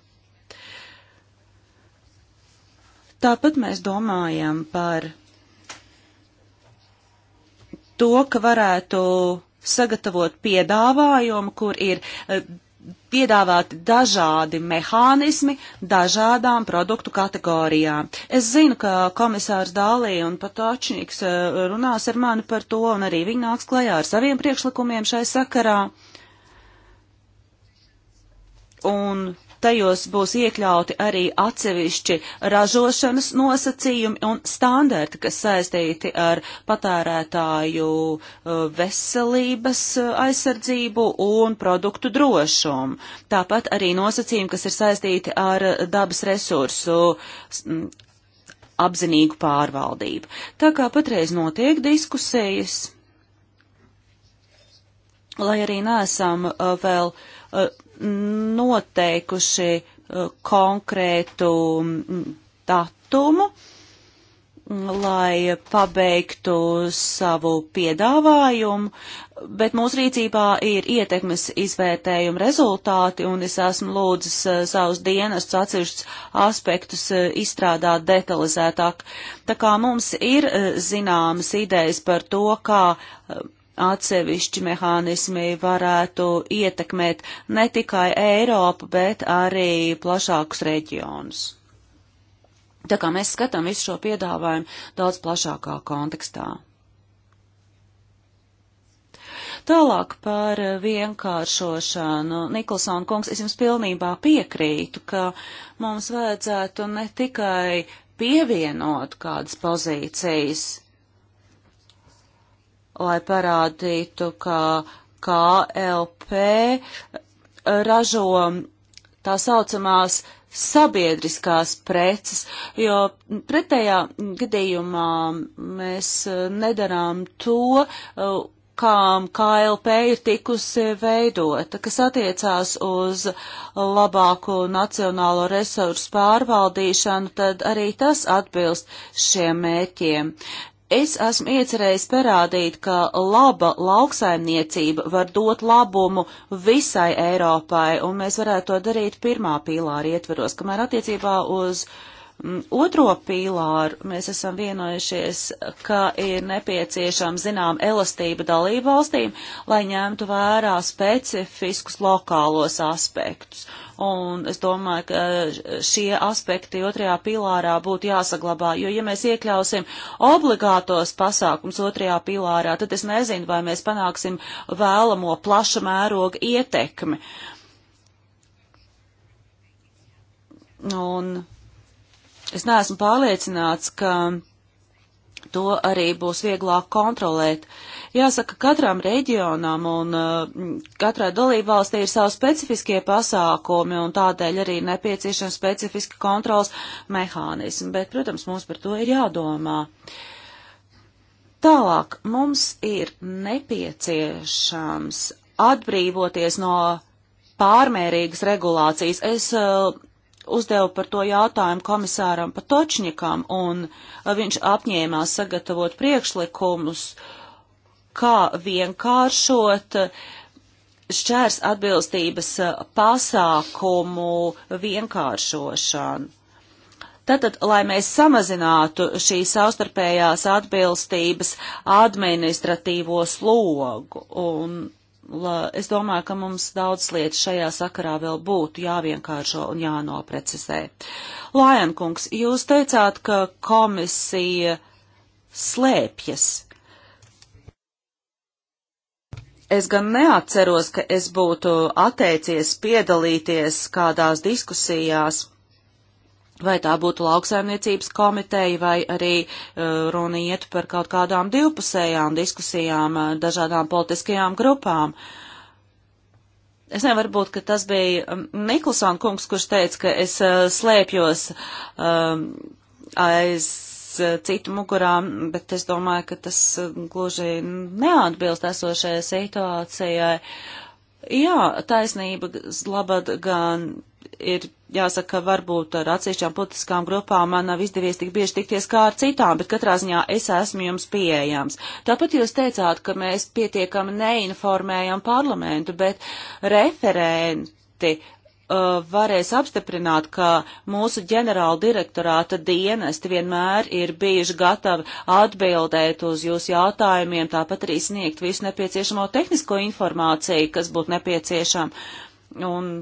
Tāpat mēs domājam par to, ka varētu sagatavot piedāvājumu, kur ir e, piedāvāti dažādi mehānismi dažādām produktu kategorijām. Es zinu, ka komisārs Dālī un Patočņiks e, runās ar mani par to, un arī viņi nāks klajā ar saviem priekšlikumiem šai sakarā. Un tajos būs iekļauti arī atsevišķi ražošanas nosacījumi un standarti, kas saistīti ar patērētāju uh, veselības uh, aizsardzību un produktu drošumu. Tāpat arī nosacījumi, kas ir saistīti ar dabas resursu apzinīgu pārvaldību. Tā kā patreiz notiek diskusējas, lai arī nesam uh, vēl noteikuši eh, konkrētu mm, datumu, mm, lai pabeigtu savu piedāvājumu, bet mūsu rīcībā ir ietekmes izvērtējuma rezultāti, un es esmu lūdzis eh, savus dienestus atsevišķus aspektus eh, izstrādāt detalizētāk. Tā kā mums ir zināmas idejas par to, kā atsevišķi mehānismi varētu ietekmēt ne tikai Eiropu, bet arī plašākus reģionus. Tā kā mēs skatām visu šo piedāvājumu daudz plašākā kontekstā. Tālāk par vienkāršošanu. Nikolsona kungs, es jums pilnībā piekrītu, ka mums vajadzētu ne tikai pievienot kādas pozīcijas lai parādītu, ka KLP ražo tā saucamās sabiedriskās preces, jo pretējā gadījumā mēs e, nedarām to, e, kām KLP ir tikusi veidota, kas attiecās uz labāku nacionālo resursu pārvaldīšanu, tad arī tas atbilst šiem mēķiem. Es esmu iecerējis parādīt, ka laba lauksaimniecība var dot labumu visai Eiropai, un mēs varētu to darīt pirmā pīlāra ietveros, kamēr attiecībā uz m, mm, otro pīlāru mēs esam vienojušies, ka ir nepieciešama zinām elastība dalību valstīm, lai ņemtu vērā specifiskus lokālos aspektus un es domāju, ka šie aspekti otrajā pilārā būtu jāsaglabā, jo ja mēs iekļausim obligātos pasākums otrajā pilārā, tad es nezinu, vai mēs panāksim vēlamo plaša mēroga ietekmi. Un es neesmu pārliecināts, ka to arī būs vieglāk kontrolēt. Uh, Jāsaka, katram reģionam un mm, katrai dalībvalstī ir savi specifiskie pasākumi un tādēļ arī nepieciešams specifiski kontrols mehānismi, bet, protams, mums par to ir jādomā. Tālāk mums ir nepieciešams atbrīvoties no pārmērīgas regulācijas. Es uh, uzdevu par to jautājumu komisāram Patočņikam, un eh, viņš apņēmās sagatavot priekšlikumus, uh, kā vienkāršot šķērs atbilstības eh, pasākumu vienkāršošanu. Tātad, lai mēs samazinātu šīs savstarpējās atbilstības administratīvo slogu, un la, es domāju, ka mums daudz lietas šajā sakarā vēl būtu jāvienkāršo un jānoprecizē. Lajankungs, jūs teicāt, ka komisija slēpjas Es gan neatceros, ka es būtu atteicies piedalīties kādās diskusijās, vai tā būtu lauksaimniecības komiteja, vai arī uh, runa iet par kaut kādām divpusējām diskusijām uh, dažādām politiskajām grupām. Es nevaru būt, ka tas bija Niklsona um, kungs, kurš teica, ka es uh, slēpjos um, aiz Eh, citu mugurā, bet es domāju, ka tas eh, gluži neatbilst esošajai situācijai. Jā, taisnība labad gan ir jāsaka, varbūt ar atsevišķām politiskām grupām man nav izdevies tik bieži tikties kā ar citām, bet katrā ziņā es esmu jums pieejams. Tāpat jūs teicāt, ka mēs pietiekami neinformējam parlamentu, bet referenti Uh, varēs apstiprināt, ka mūsu ģenerāla direktorāta dienesti vienmēr ir bijuši gatavi atbildēt uz jūsu jautājumiem, tāpat arī sniegt visu nepieciešamo tehnisko informāciju, kas būtu nepieciešama. Un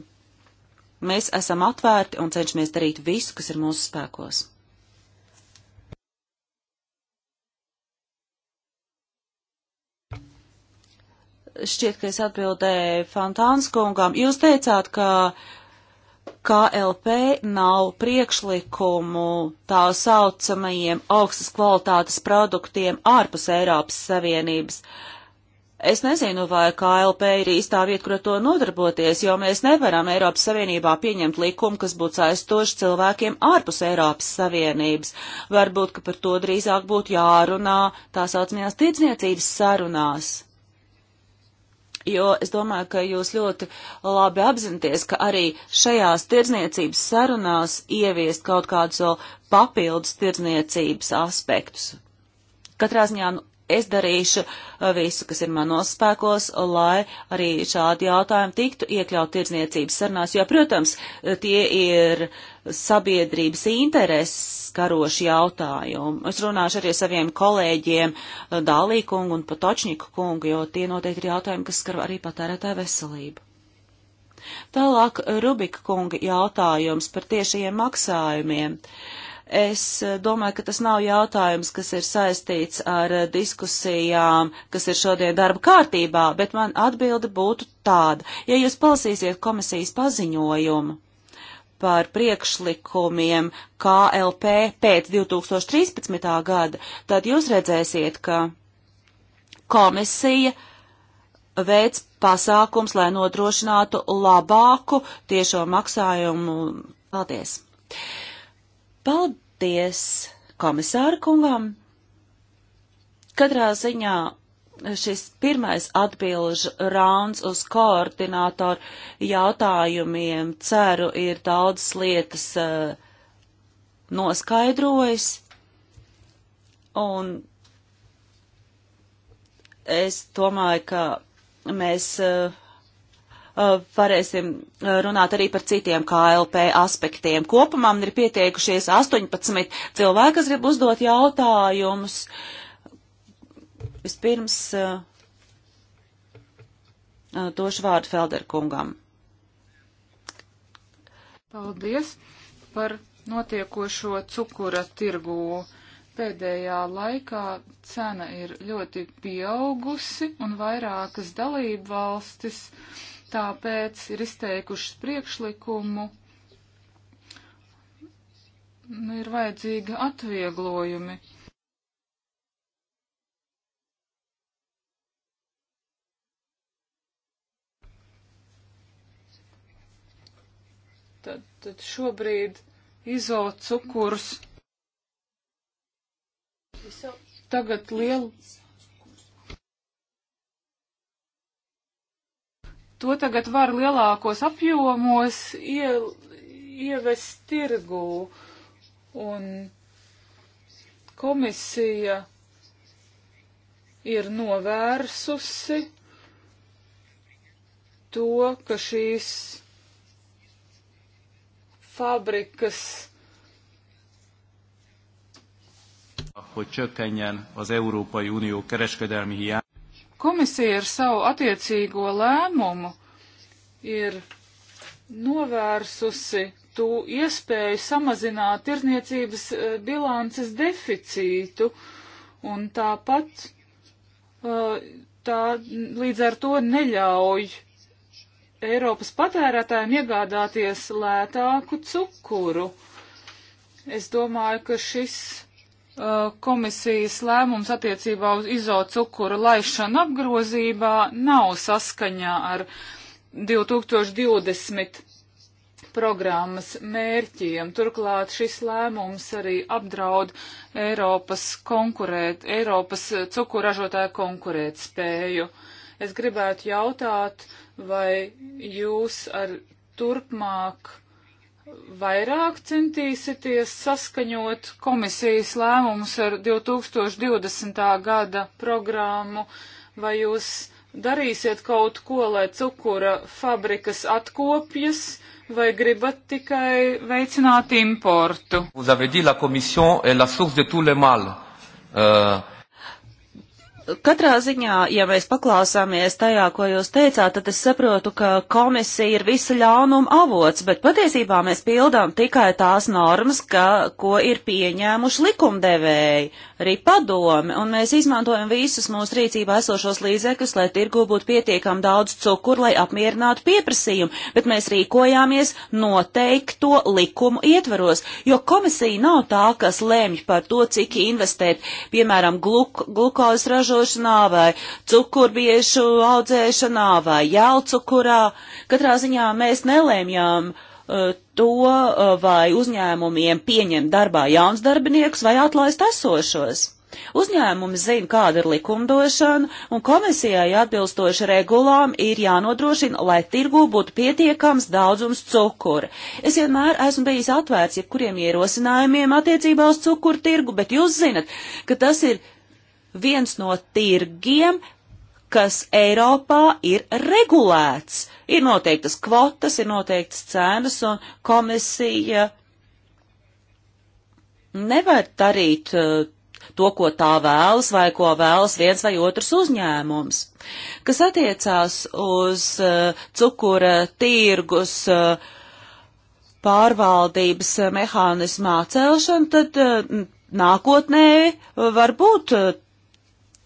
mēs esam atvērti un cenšamies darīt visu, kas ir mūsu spēkos. šķiet, ka es atbildēju Fantāns kungām. Jūs teicāt, ka KLP nav priekšlikumu tā saucamajiem augstas kvalitātes produktiem ārpus Eiropas Savienības. Es nezinu, vai KLP ir īstā vieta, kur ar to nodarboties, jo mēs nevaram Eiropas Savienībā pieņemt likumu, kas būtu saistoši cilvēkiem ārpus Eiropas Savienības. Varbūt, ka par to drīzāk būtu jārunā tā saucamajās tirdzniecības sarunās jo es domāju, ka jūs ļoti labi apzināties, ka arī šajās tirdzniecības sarunās ieviest kaut kādus vēl papildus tirdzniecības aspektus. Katrā ziņā nu, es darīšu uh, visu, kas ir manos spēkos, lai arī šādi jautājumi tiktu iekļaut tirdzniecības sarunās, jo, protams, tie ir uh, sabiedrības intereses karoši jautājumi. Es runāšu arī saviem kolēģiem eh, Dālī kungu un Patočņiku kungu, jo tie noteikti ir jautājumi, kas skar arī patērētāju veselību. Tālāk eh, Rubika kunga jautājums par tiešajiem maksājumiem. Es eh, domāju, ka tas nav jautājums, kas ir saistīts ar diskusijām, kas ir šodien darba kārtībā, bet man atbilde būtu tāda. Ja jūs palasīsiet komisijas paziņojumu, par priekšlikumiem KLP pēc 2013. gada, tad jūs redzēsiet, ka komisija veids pasākums, lai nodrošinātu labāku tiešo maksājumu. Paldies! Paldies komisāra kungam! Katrā ziņā šis pirmais atbilžu rauns uz koordinātoru jautājumiem, ceru, ir daudz lietas uh, noskaidrojis. Un es domāju, ka mēs uh, varēsim runāt arī par citiem KLP aspektiem. Kopumā man ir pieteikušies 18 cilvēki, kas grib uzdot jautājumus. Uh, Vispirms eh, eh, došu vārdu Felderkungam. Paldies par notiekošo cukura tirgū. Pēdējā laikā cena ir ļoti pieaugusi un vairākas dalību valstis tāpēc ir izteikušas priekšlikumu. Nu, ir vajadzīgi atvieglojumi Tad šobrīd izo cukurs tagad lielu. To tagad var lielākos apjomos ie, ievest tirgū, un komisija ir novērsusi to, ka šīs fabrikas. hogy csökkenjen az Európai Unió kereskedelmi hiány. Komisija ar savu attiecīgo lēmumu ir novērsusi tu iespēju samazināt tirzniecības eh, bilances deficītu un tāpat eh, tā līdz ar to neļauj Eiropas patērētājiem iegādāties lētāku cukuru. Es domāju, ka šis uh, komisijas lēmums attiecībā uz izocukura laišanu apgrozībā nav saskaņā ar 2020 programmas mērķiem. Turklāt šis lēmums arī apdraud Eiropas, konkurēt, Eiropas cukuražotāju konkurētspēju. Es gribētu jautāt, uh, vai jūs ar turpmāk vairāk centīsieties saskaņot komisijas lēmumus ar 2020. gada programmu, vai jūs darīsiet kaut ko, lai cukura fabrikas atkopjas, vai gribat tikai veicināt importu? Vous avez dit la commission est la source de tous les mals. Euh, Katrā ziņā, ja mēs paklausāmies tajā, ko jūs teicāt, tad es saprotu, ka komisija ir visa ļaunuma avots, bet patiesībā mēs pildām tikai tās normas, ka, ko ir pieņēmuši likumdevēji, arī padomi, un mēs izmantojam visus mūsu rīcībā esošos līdzekļus, lai tirgu būtu pietiekam daudz cukuru, lai apmierinātu pieprasījumu, bet mēs rīkojāmies noteikto likumu ietveros, jo komisija nav tā, kas lēmj par to, cik investēt, piemēram, gluk glukozes ražošanu, ražošanā vai cukurbiešu audzēšanā vai jaucukurā. Katrā ziņā mēs nelēmjām uh, to, uh, vai uzņēmumiem pieņem darbā jauns darbiniekus vai atlaist esošos. Uzņēmumi zina, kāda ir likumdošana, un komisijai atbilstoši regulām ir jānodrošina, lai tirgū būtu pietiekams daudzums cukura. Es vienmēr esmu bijis atvērts jebkuriem ierosinājumiem attiecībā uz cukuru tirgu, bet jūs zinat, ka tas ir viens no tirgiem, kas Eiropā ir regulēts. Ir noteiktas kvotas, ir noteiktas cenas, un komisija nevar darīt uh, to, ko tā vēlas vai ko vēlas viens vai otrs uzņēmums. Kas attiecās uz uh, cukura tirgus uh, pārvaldības mehānismā celšanu, tad nākotnē varbūt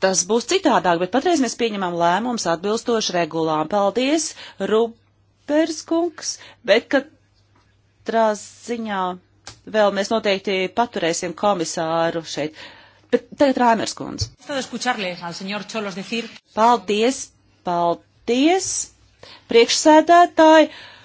tas būs citādāk, bet patreiz mēs pieņemam lēmumus atbilstoši regulām. Paldies, Ruperskungs, bet katrā ziņā vēl mēs noteikti paturēsim komisāru šeit. Bet tagad Rāmers kundze. Paldies, paldies, priekšsēdētāji. Uh,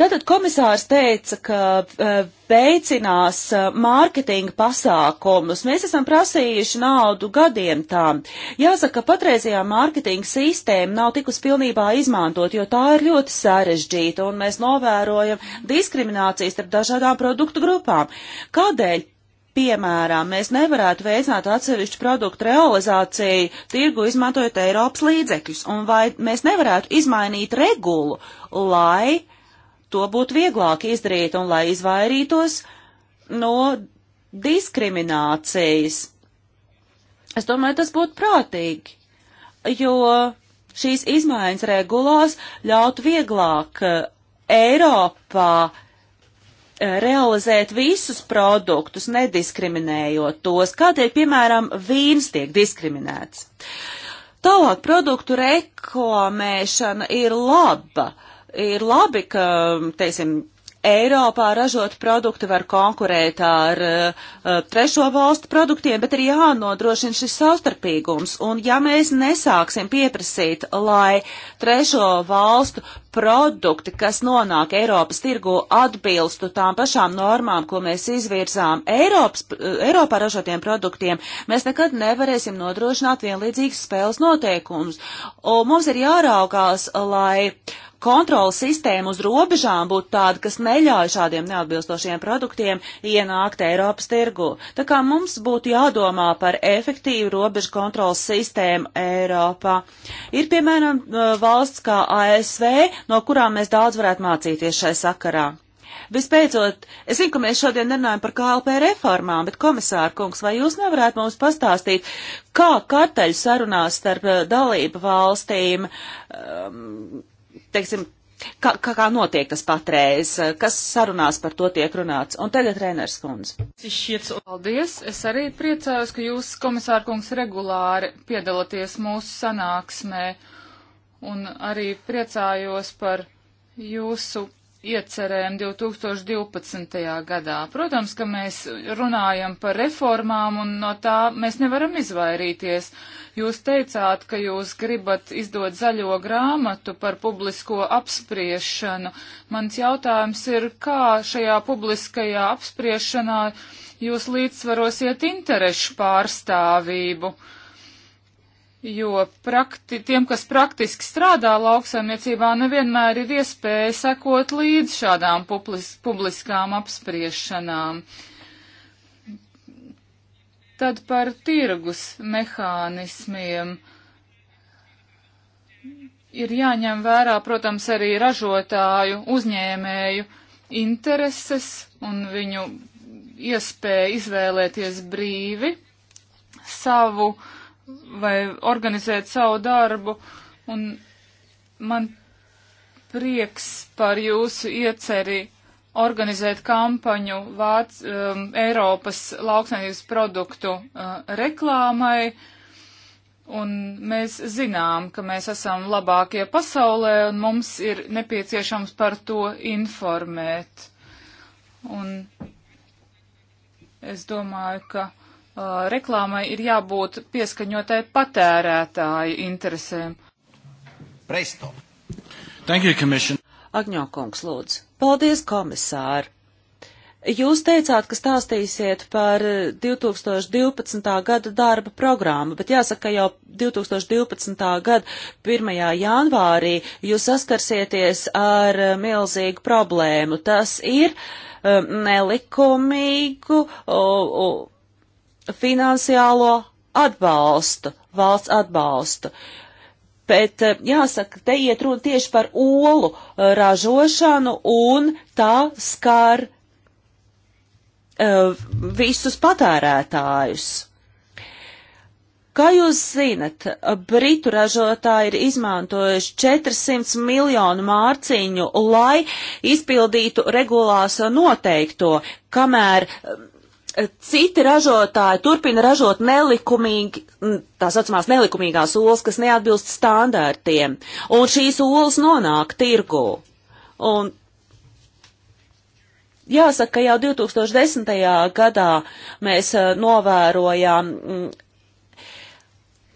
Tātad komisārs teica, ka e, veicinās e, mārketinga pasākumus. Mēs esam prasījuši naudu gadiem tām. Jāsaka, ka patreizajā mārketinga sistēma nav tikus pilnībā izmantot, jo tā ir ļoti sarežģīta un mēs novērojam diskriminācijas starp dažādām produktu grupām. Kādēļ Piemēram, mēs nevarētu veicināt atsevišķu produktu realizāciju tirgu izmantojot Eiropas līdzekļus, un vai mēs nevarētu izmainīt regulu, lai to būtu vieglāk izdarīt un lai izvairītos no diskriminācijas. Es domāju, tas būtu prātīgi, jo šīs izmaiņas regulās ļautu vieglāk eh, Eiropā eh, realizēt visus produktus, nediskriminējot tos, kādēļ, piemēram, vīns tiek diskriminēts. Tālāk produktu reklamēšana ir laba. Uh, ir labi, ka, teiksim, Eiropā ražot produkti var konkurēt ar uh, trešo valstu produktiem, bet ir jānodrošina šis savstarpīgums. Un ja mēs nesāksim pieprasīt, lai trešo valstu produkti, kas nonāk Eiropas tirgu, atbilstu tām pašām normām, ko mēs izvirzām Eiropas, Eiropā ražotiem produktiem, mēs nekad nevarēsim nodrošināt vienlīdzīgas spēles noteikumus. Un mums ir jāraugās, lai uh, kontrolas sistēma uz robežām būtu tāda, kas neļauj šādiem neatbilstošiem produktiem ienākt Eiropas tirgu. Tā kā mums būtu jādomā par efektīvu robežu kontrolas sistēmu Eiropā. Ir, piemēram, eh, valsts kā ASV, no kurām mēs daudz varētu mācīties šai sakarā. Vispēcot, es zinu, ka mēs šodien nerunājam par KLP reformām, bet komisāra kungs, vai jūs nevarētu mums pastāstīt, kā kartaļu sarunās starp eh, dalību valstīm um, teiksim, kā, kā, kā notiek tas patreiz, kas sarunās par to tiek runāts. Un tagad Rēners Kunds. Paldies! Es arī priecājos, ka jūs, komisārkungs, regulāri piedalaties mūsu sanāksmē un arī priecājos par jūsu iecerēm 2012. gadā. Protams, ka mēs runājam par reformām un no tā mēs nevaram izvairīties. Jūs teicāt, ka jūs gribat izdot zaļo grāmatu par publisko apspriešanu. Mans jautājums ir, kā šajā publiskajā apspriešanā jūs līdzsvarosiet interešu pārstāvību? Uh, jo prakti, tiem, kas praktiski strādā lauksaimniecībā, nevienmēr ir iespēja sekot līdz šādām publis, publiskām apspriešanām. Tad par tirgus mehānismiem ir jāņem vērā, protams, arī ražotāju, uzņēmēju intereses un viņu iespēja izvēlēties brīvi savu uh, vai organizēt savu darbu, un man prieks par jūsu ieceri organizēt kampaņu Vāc, um, Eiropas lauksainības produktu uh, reklāmai, un mēs zinām, ka mēs esam labākie pasaulē, un mums ir nepieciešams par to informēt. Un es domāju, ka uh, reklāmai ir jābūt pieskaņotai patērētāju interesēm. Presto. Thank you, Commission. Agņokungs, lūdzu. Paldies, komisāri. Jūs teicāt, ka stāstīsiet par 2012. gada darba programmu, bet jāsaka, jau 2012. gada 1. janvārī jūs saskarsieties ar eh, milzīgu problēmu. Tas ir um, nelikumīgu. Uh, uh, finansiālo atbalstu, valsts atbalstu. Bet eh, jāsaka, te iet runa tieši par olu eh, ražošanu un tā skar uh, visus patērētājus. Kā jūs zinat, britu ražotāji ir izmantojuši 400 miljonu mārciņu, lai izpildītu regulās noteikto, kamēr uh, citi ražotāji turpina ražot nelikumīgi, mm, tā saucamās nelikumīgās olas, kas neatbilst standārtiem, un šīs olas nonāk tirgu. Un Jāsaka, ka jau 2010. gadā mēs eh, novērojām mm,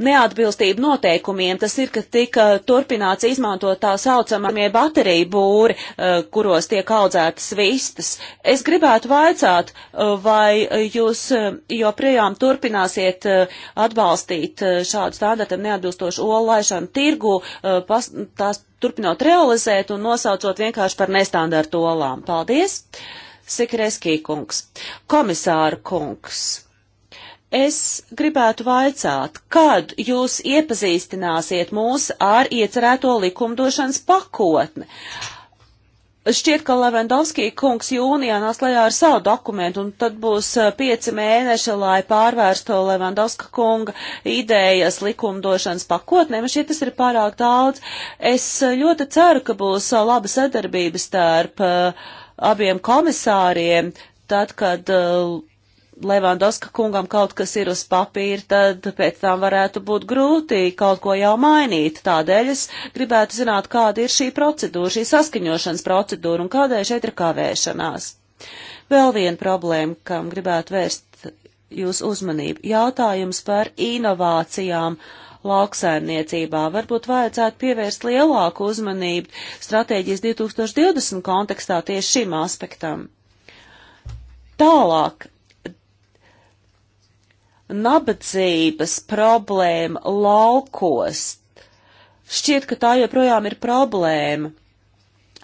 neatbilstību noteikumiem tas ir, ka tika turpināts izmantot tā saucamie bateriju būri, eh, kuros tiek audzētas vistas. Es gribētu vaicāt, eh, vai jūs eh, joprojām turpināsiet atbalstīt šādu standartam neatbilstošu olu laišanu tirgu, pas, tās turpinot realizēt un nosaucot vienkārši par nestandartu olām. Paldies! Sikreskī kungs, komisāra kungs. Es gribētu vaicāt, kad jūs iepazīstināsiet mūs ar iecerēto likumdošanas pakotni? Šķiet, ka Levendovskī kungs jūnijā nāks lejā ar savu dokumentu, un tad būs pieci mēneši, lai pārvērstu Levendovska kunga idejas likumdošanas pakotnē. Man šķiet, tas ir pārāk daudz. Es ļoti ceru, ka būs laba sadarbība starp abiem komisāriem, tad, kad uh, Levandoska kungam kaut kas ir uz papīra, tad pēc tam varētu būt grūti kaut ko jau mainīt. Tādēļ es gribētu zināt, kāda ir šī procedūra, šī saskaņošanas procedūra un kādēļ šeit ir kavēšanās. Vēl viena problēma, kam gribētu vērst jūsu uzmanību - jautājums par inovācijām lauksaimniecībā. Varbūt vajadzētu pievērst lielāku uzmanību stratēģijas 2020 kontekstā tieši šim aspektam. Tālāk nabadzības problēma laukos. Šķiet, ka tā joprojām ir problēma.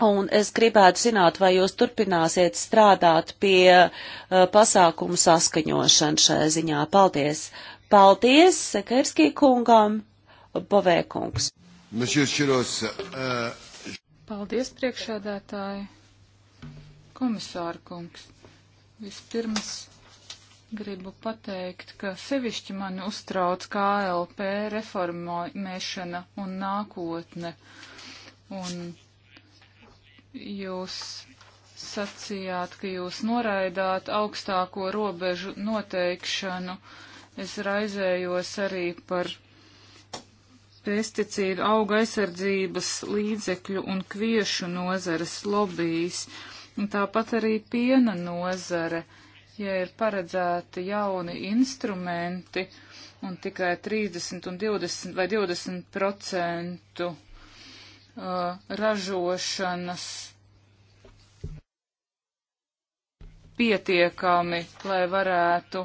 Un es gribētu zināt, vai jūs turpināsiet strādāt pie uh, pasākumu saskaņošana šajā ziņā. Paldies! Paldies Sekerskī kungam, Bovē kungs! Uh, Paldies, priekšādātāji! Komisāra kungs! Vispirms gribu pateikt, ka sevišķi mani uztrauc KLP reformēšana un nākotne. Un jūs sacījāt, ka jūs noraidāt augstāko robežu noteikšanu. Es raizējos arī par pesticīdu auga aizsardzības līdzekļu un kviešu nozares lobijas, un tāpat arī piena nozare. Uh, ja ir paredzēti jauni instrumenti un tikai 30 un 20 vai 20 procentu uh, ražošanas pietiekami, lai varētu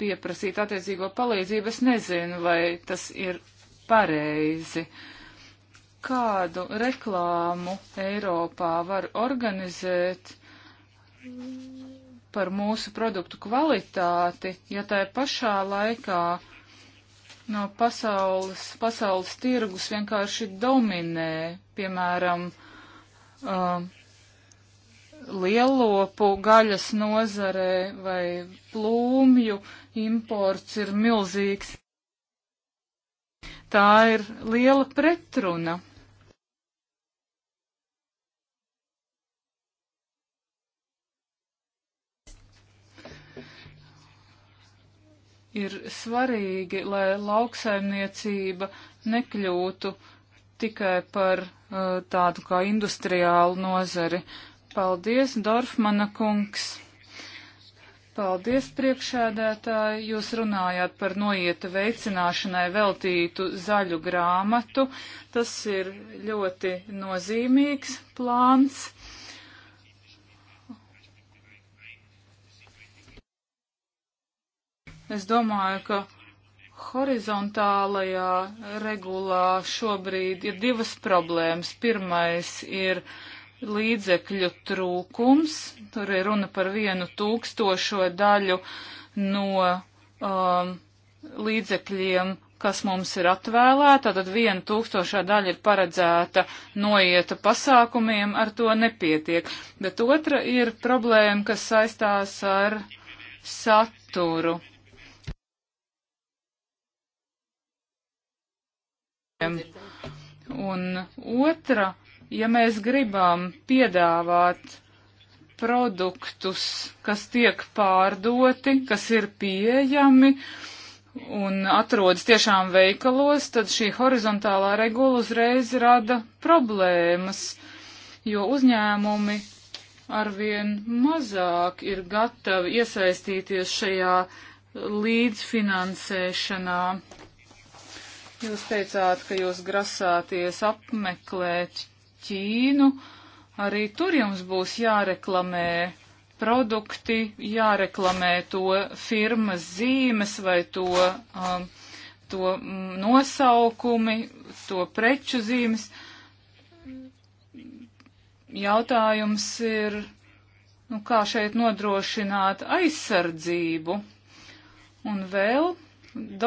pieprasīt attiecīgo palīdzību. Es nezinu, vai tas ir pareizi. Kādu reklāmu Eiropā var organizēt? par mūsu produktu kvalitāti, ja tā ir pašā laikā no pasaules, pasaules tirgus vienkārši dominē, piemēram, uh, lielopu gaļas nozarē vai plūmju imports ir milzīgs. Tā ir liela pretruna. ir svarīgi, lai lauksaimniecība nekļūtu tikai par uh, tādu kā industriālu nozari. Paldies, Dorfmana kungs! Paldies, priekšēdētāji! Jūs runājāt par noieta veicināšanai veltītu zaļu grāmatu. Tas ir ļoti nozīmīgs plāns. Es domāju, ka horizontālajā regulā šobrīd ir divas problēmas. Pirmais ir līdzekļu trūkums. Tur ir runa par vienu tūkstošo daļu no um, līdzekļiem, kas mums ir atvēlēta. Tad viena tūkstošā daļa ir paredzēta noieta pasākumiem, ar to nepietiek. Bet otra ir problēma, kas saistās ar saturu Un otra, ja mēs gribam piedāvāt produktus, kas tiek pārdoti, kas ir pieejami un atrodas tiešām veikalos, tad šī horizontālā regula uzreiz rada problēmas, jo uzņēmumi arvien mazāk ir gatavi iesaistīties šajā līdzfinansēšanā. Jūs teicāt, ka jūs grasāties apmeklēt Ķīnu. Arī tur jums būs jāreklamē produkti, jāreklamē to firmas zīmes vai to, um, to nosaukumi, to preču zīmes. Jautājums ir, nu, kā šeit nodrošināt aizsardzību. Un vēl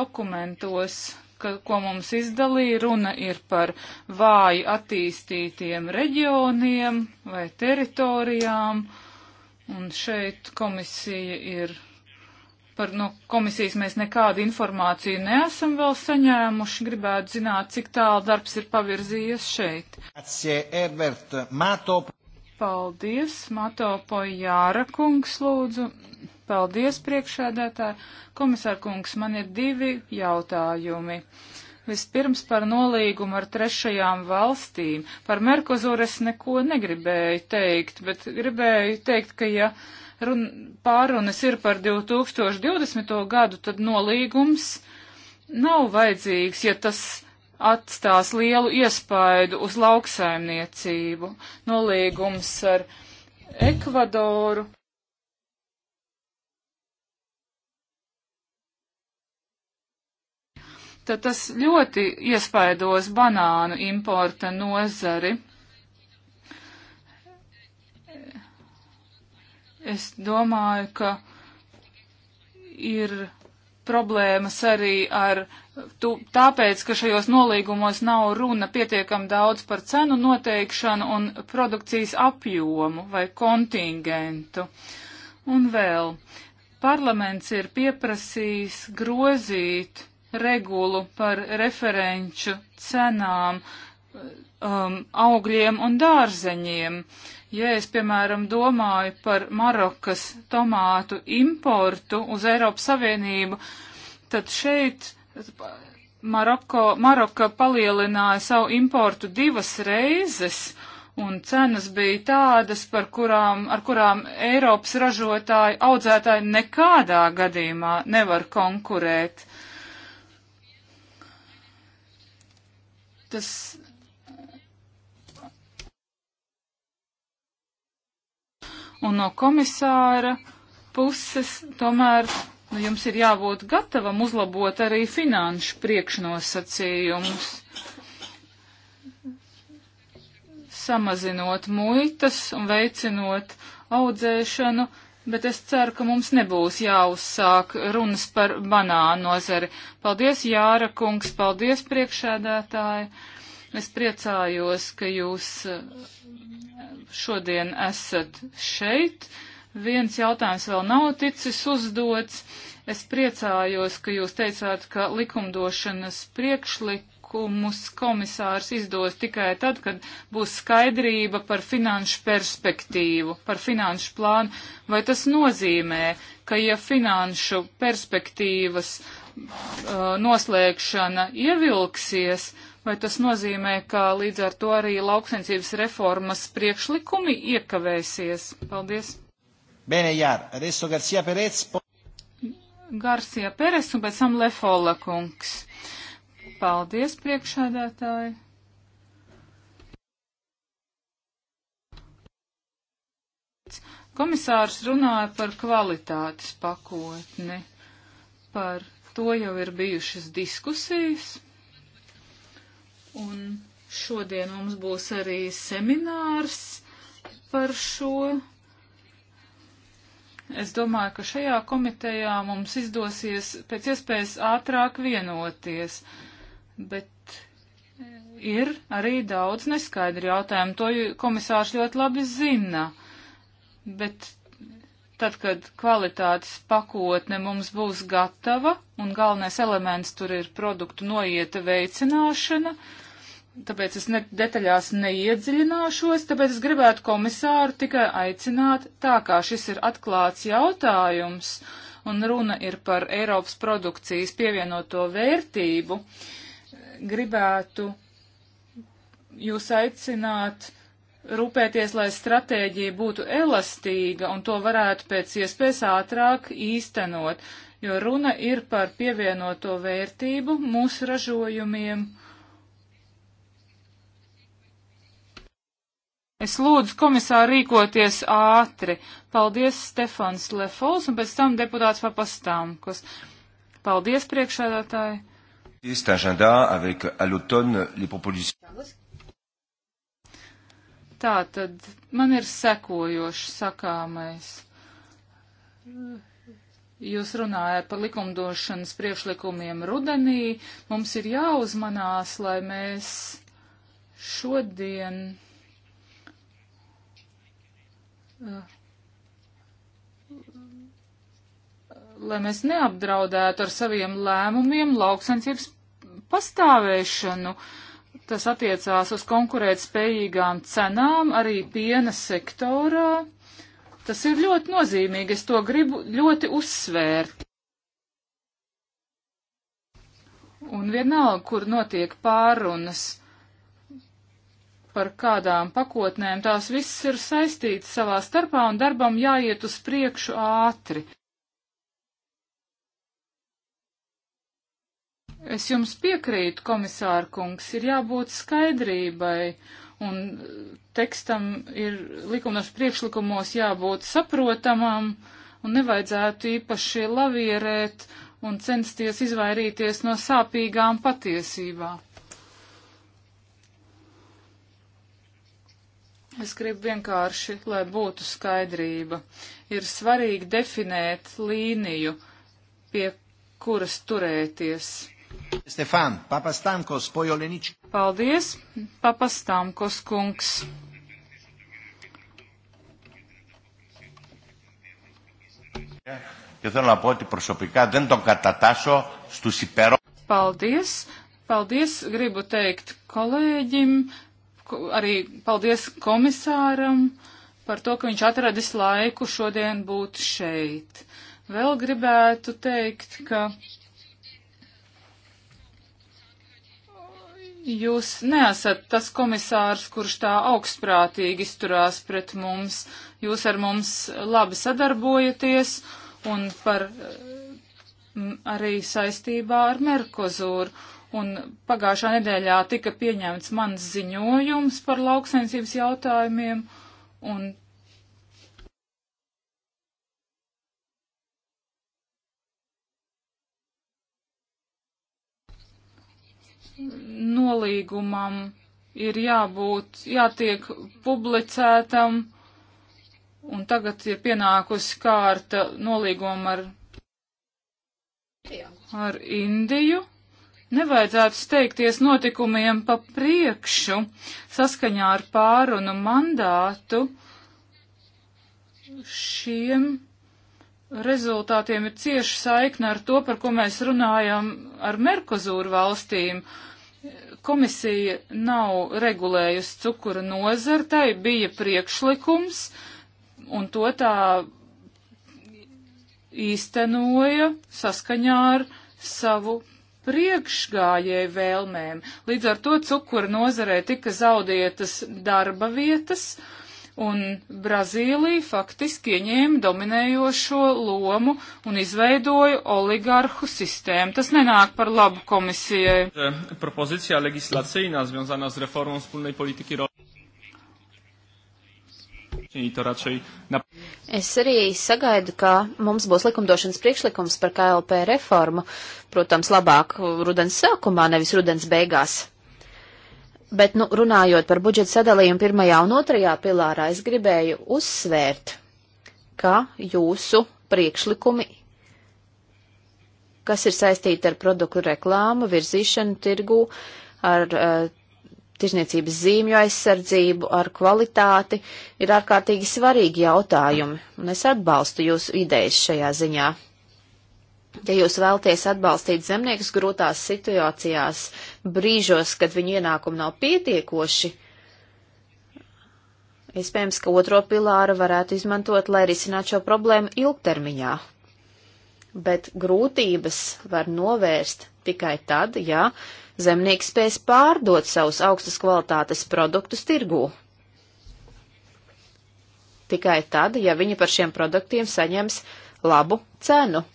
dokumentos ka, ko mums izdalīja, runa ir par vāji attīstītiem reģioniem vai teritorijām, un šeit komisija ir. Par no nu, komisijas mēs nekādu informāciju neesam vēl saņēmuši. Gribētu zināt, cik tālu darbs ir pavirzījies šeit. Paldies, Mato Pojāra kungs, lūdzu. Paldies, priekšēdētāji. Komisār kungs, man ir divi jautājumi. Vispirms par nolīgumu ar trešajām valstīm. Par Merkozūru es neko negribēju teikt, bet gribēju teikt, ka ja run, pārunas ir par 2020. gadu, tad nolīgums nav vajadzīgs, ja tas atstās lielu iespaidu uz lauksaimniecību. Nolīgums ar Ekvadoru. tad tas ļoti iespaidos banānu importa nozari. Es domāju, ka ir problēmas arī ar tu, tāpēc, ka šajos nolīgumos nav runa pietiekam daudz par cenu noteikšanu un produkcijas apjomu vai kontingentu. Un vēl, parlaments ir pieprasījis grozīt regulu par referenču cenām um, augļiem un dārzeņiem. Ja es, piemēram, domāju par Marokas tomātu importu uz Eiropas Savienību, tad šeit Maroko, Maroka palielināja savu importu divas reizes, un cenas bija tādas, par kurām, ar kurām Eiropas ražotāji, audzētāji nekādā gadījumā nevar konkurēt. tas un no komisāra puses tomēr nu, jums ir jābūt gatavam uzlabot arī finanšu priekšnosacījumus, samazinot muitas un veicinot audzēšanu bet es ceru, ka mums nebūs jāuzsāk runas par banānu nozari. Paldies, Jāra kungs, paldies, priekšēdētāji. Es priecājos, ka jūs eh, šodien esat šeit. Viens jautājums vēl nav ticis uzdots. Es priecājos, ka jūs teicāt, ka likumdošanas priekšlikums priekšlikumus komisārs izdos tikai tad, kad būs skaidrība par finanšu perspektīvu, par finanšu plānu. Vai tas nozīmē, ka ja finanšu perspektīvas uh, noslēgšana ievilksies, vai tas nozīmē, ka līdz ar to arī lauksensības reformas priekšlikumi iekavēsies? Paldies! Bene, Jār, adesso Garcia Perez. Garcia Perez un pēc tam Lefola kungs. Paldies, priekšādātāji! Komisārs runāja par kvalitātes pakotni. Par to jau ir bijušas diskusijas. Un šodien mums būs arī seminārs par šo. Es domāju, ka šajā komitejā mums izdosies pēc iespējas ātrāk vienoties. Uh, bet ir arī daudz neskaidri jautājumu. To komisārs ļoti labi zina, bet tad, kad kvalitātes pakotne mums būs gatava un galvenais elements tur ir produktu noieta veicināšana, tāpēc es ne, detaļās neiedziļināšos, tāpēc es gribētu komisāru tikai aicināt, tā kā šis ir atklāts jautājums un runa ir par Eiropas produkcijas pievienoto vērtību. Uh, gribētu jūs aicināt rūpēties, lai stratēģija būtu elastīga un to varētu pēc iespējas ātrāk īstenot, jo runa ir par pievienoto vērtību mūsu ražojumiem. Es lūdzu komisāru rīkoties ātri. Paldies, Stefans Lefos, un pēc tam deputāts papastām, kas. Paldies, priekšādātāji! cet agenda avec à l'automne les propositions. Tā tad man ir sekojoši sakāmais. Jūs runājat par likumdošanas priekšlikumiem rudenī. Mums ir jāuzmanās, lai mēs šodien eh, lai mēs neapdraudētu ar saviem lēmumiem lauksaimniecības pastāvēšanu. Tas attiecās uz konkurētspējīgām cenām arī piena sektorā. Tas ir ļoti nozīmīgi, es to gribu ļoti uzsvērt. Un vienalga, kur notiek pārunas par kādām pakotnēm, tās viss ir saistīts savā starpā un darbam jāiet uz priekšu ātri. Es jums piekrītu, komisāra kungs, ir jābūt skaidrībai un tekstam ir likumdošu priekšlikumos jābūt saprotamam un nevajadzētu īpaši lavierēt un censties izvairīties no sāpīgām patiesībām. Es gribu vienkārši, lai būtu skaidrība. Ir svarīgi definēt līniju, pie kuras turēties Stefan, Papastamkos, Pojolenič. Paldies, Papastamkos kungs. Και θέλω να πω ότι προσωπικά δεν τον κατατάσω στους υπερό... Paldies, paldies, gribu teikt kolēģim, arī paldies komisāram par to, ka viņš atradis laiku šodien būt šeit. Vēl gribētu teikt, ka Jūs neesat tas komisārs, kurš tā augstprātīgi izturās pret mums. Jūs ar mums labi sadarbojaties un par arī saistībā ar Merkozūru. Un pagājušā nedēļā tika pieņemts mans ziņojums par lauksainsības jautājumiem, un nolīgumam ir jābūt, jātiek publicētam, un tagad ir pienākusi kārta nolīguma ar, ar Indiju. Nevajadzētu steigties notikumiem pa priekšu saskaņā ar pārunu mandātu šiem rezultātiem ir cieši saikna ar to, par ko mēs runājam ar Merkozūru valstīm. Komisija nav regulējusi cukura nozartai, bija priekšlikums, un to tā īstenoja saskaņā ar savu priekšgājēju vēlmēm. Līdz ar to cukura nozarē tika zaudētas darba vietas, uh, un Brazīlija faktiski ieņēma dominējošo lomu un izveidoja oligarhu sistēmu. Tas nenāk par labu komisijai. Propozīcijā legislacyjna związana z reformą wspólnej polityki Es arī sagaidu, ka mums būs likumdošanas priekšlikums par KLP reformu, protams, labāk rudens sākumā, nevis rudens beigās. Bet, nu, runājot par budžeta sadalījumu pirmajā un otrajā pilārā, es gribēju uzsvērt, ka jūsu priekšlikumi, kas ir saistīti ar produktu reklāmu, virzīšanu tirgu, ar uh, tirzniecības zīmju aizsardzību, ar kvalitāti, ir ārkārtīgi svarīgi jautājumi, un es atbalstu jūsu idejas šajā ziņā. Ja jūs vēlties atbalstīt zemniekus grūtās situācijās, brīžos, kad viņu ienākumi nav pietiekoši, iespējams, ka otro pilāru varētu izmantot, lai risinātu šo problēmu ilgtermiņā. Bet grūtības var novērst tikai tad, ja zemnieks spēs pārdot savus augstas kvalitātes produktus tirgū. Tikai tad, ja viņi par šiem produktiem saņems labu cenu.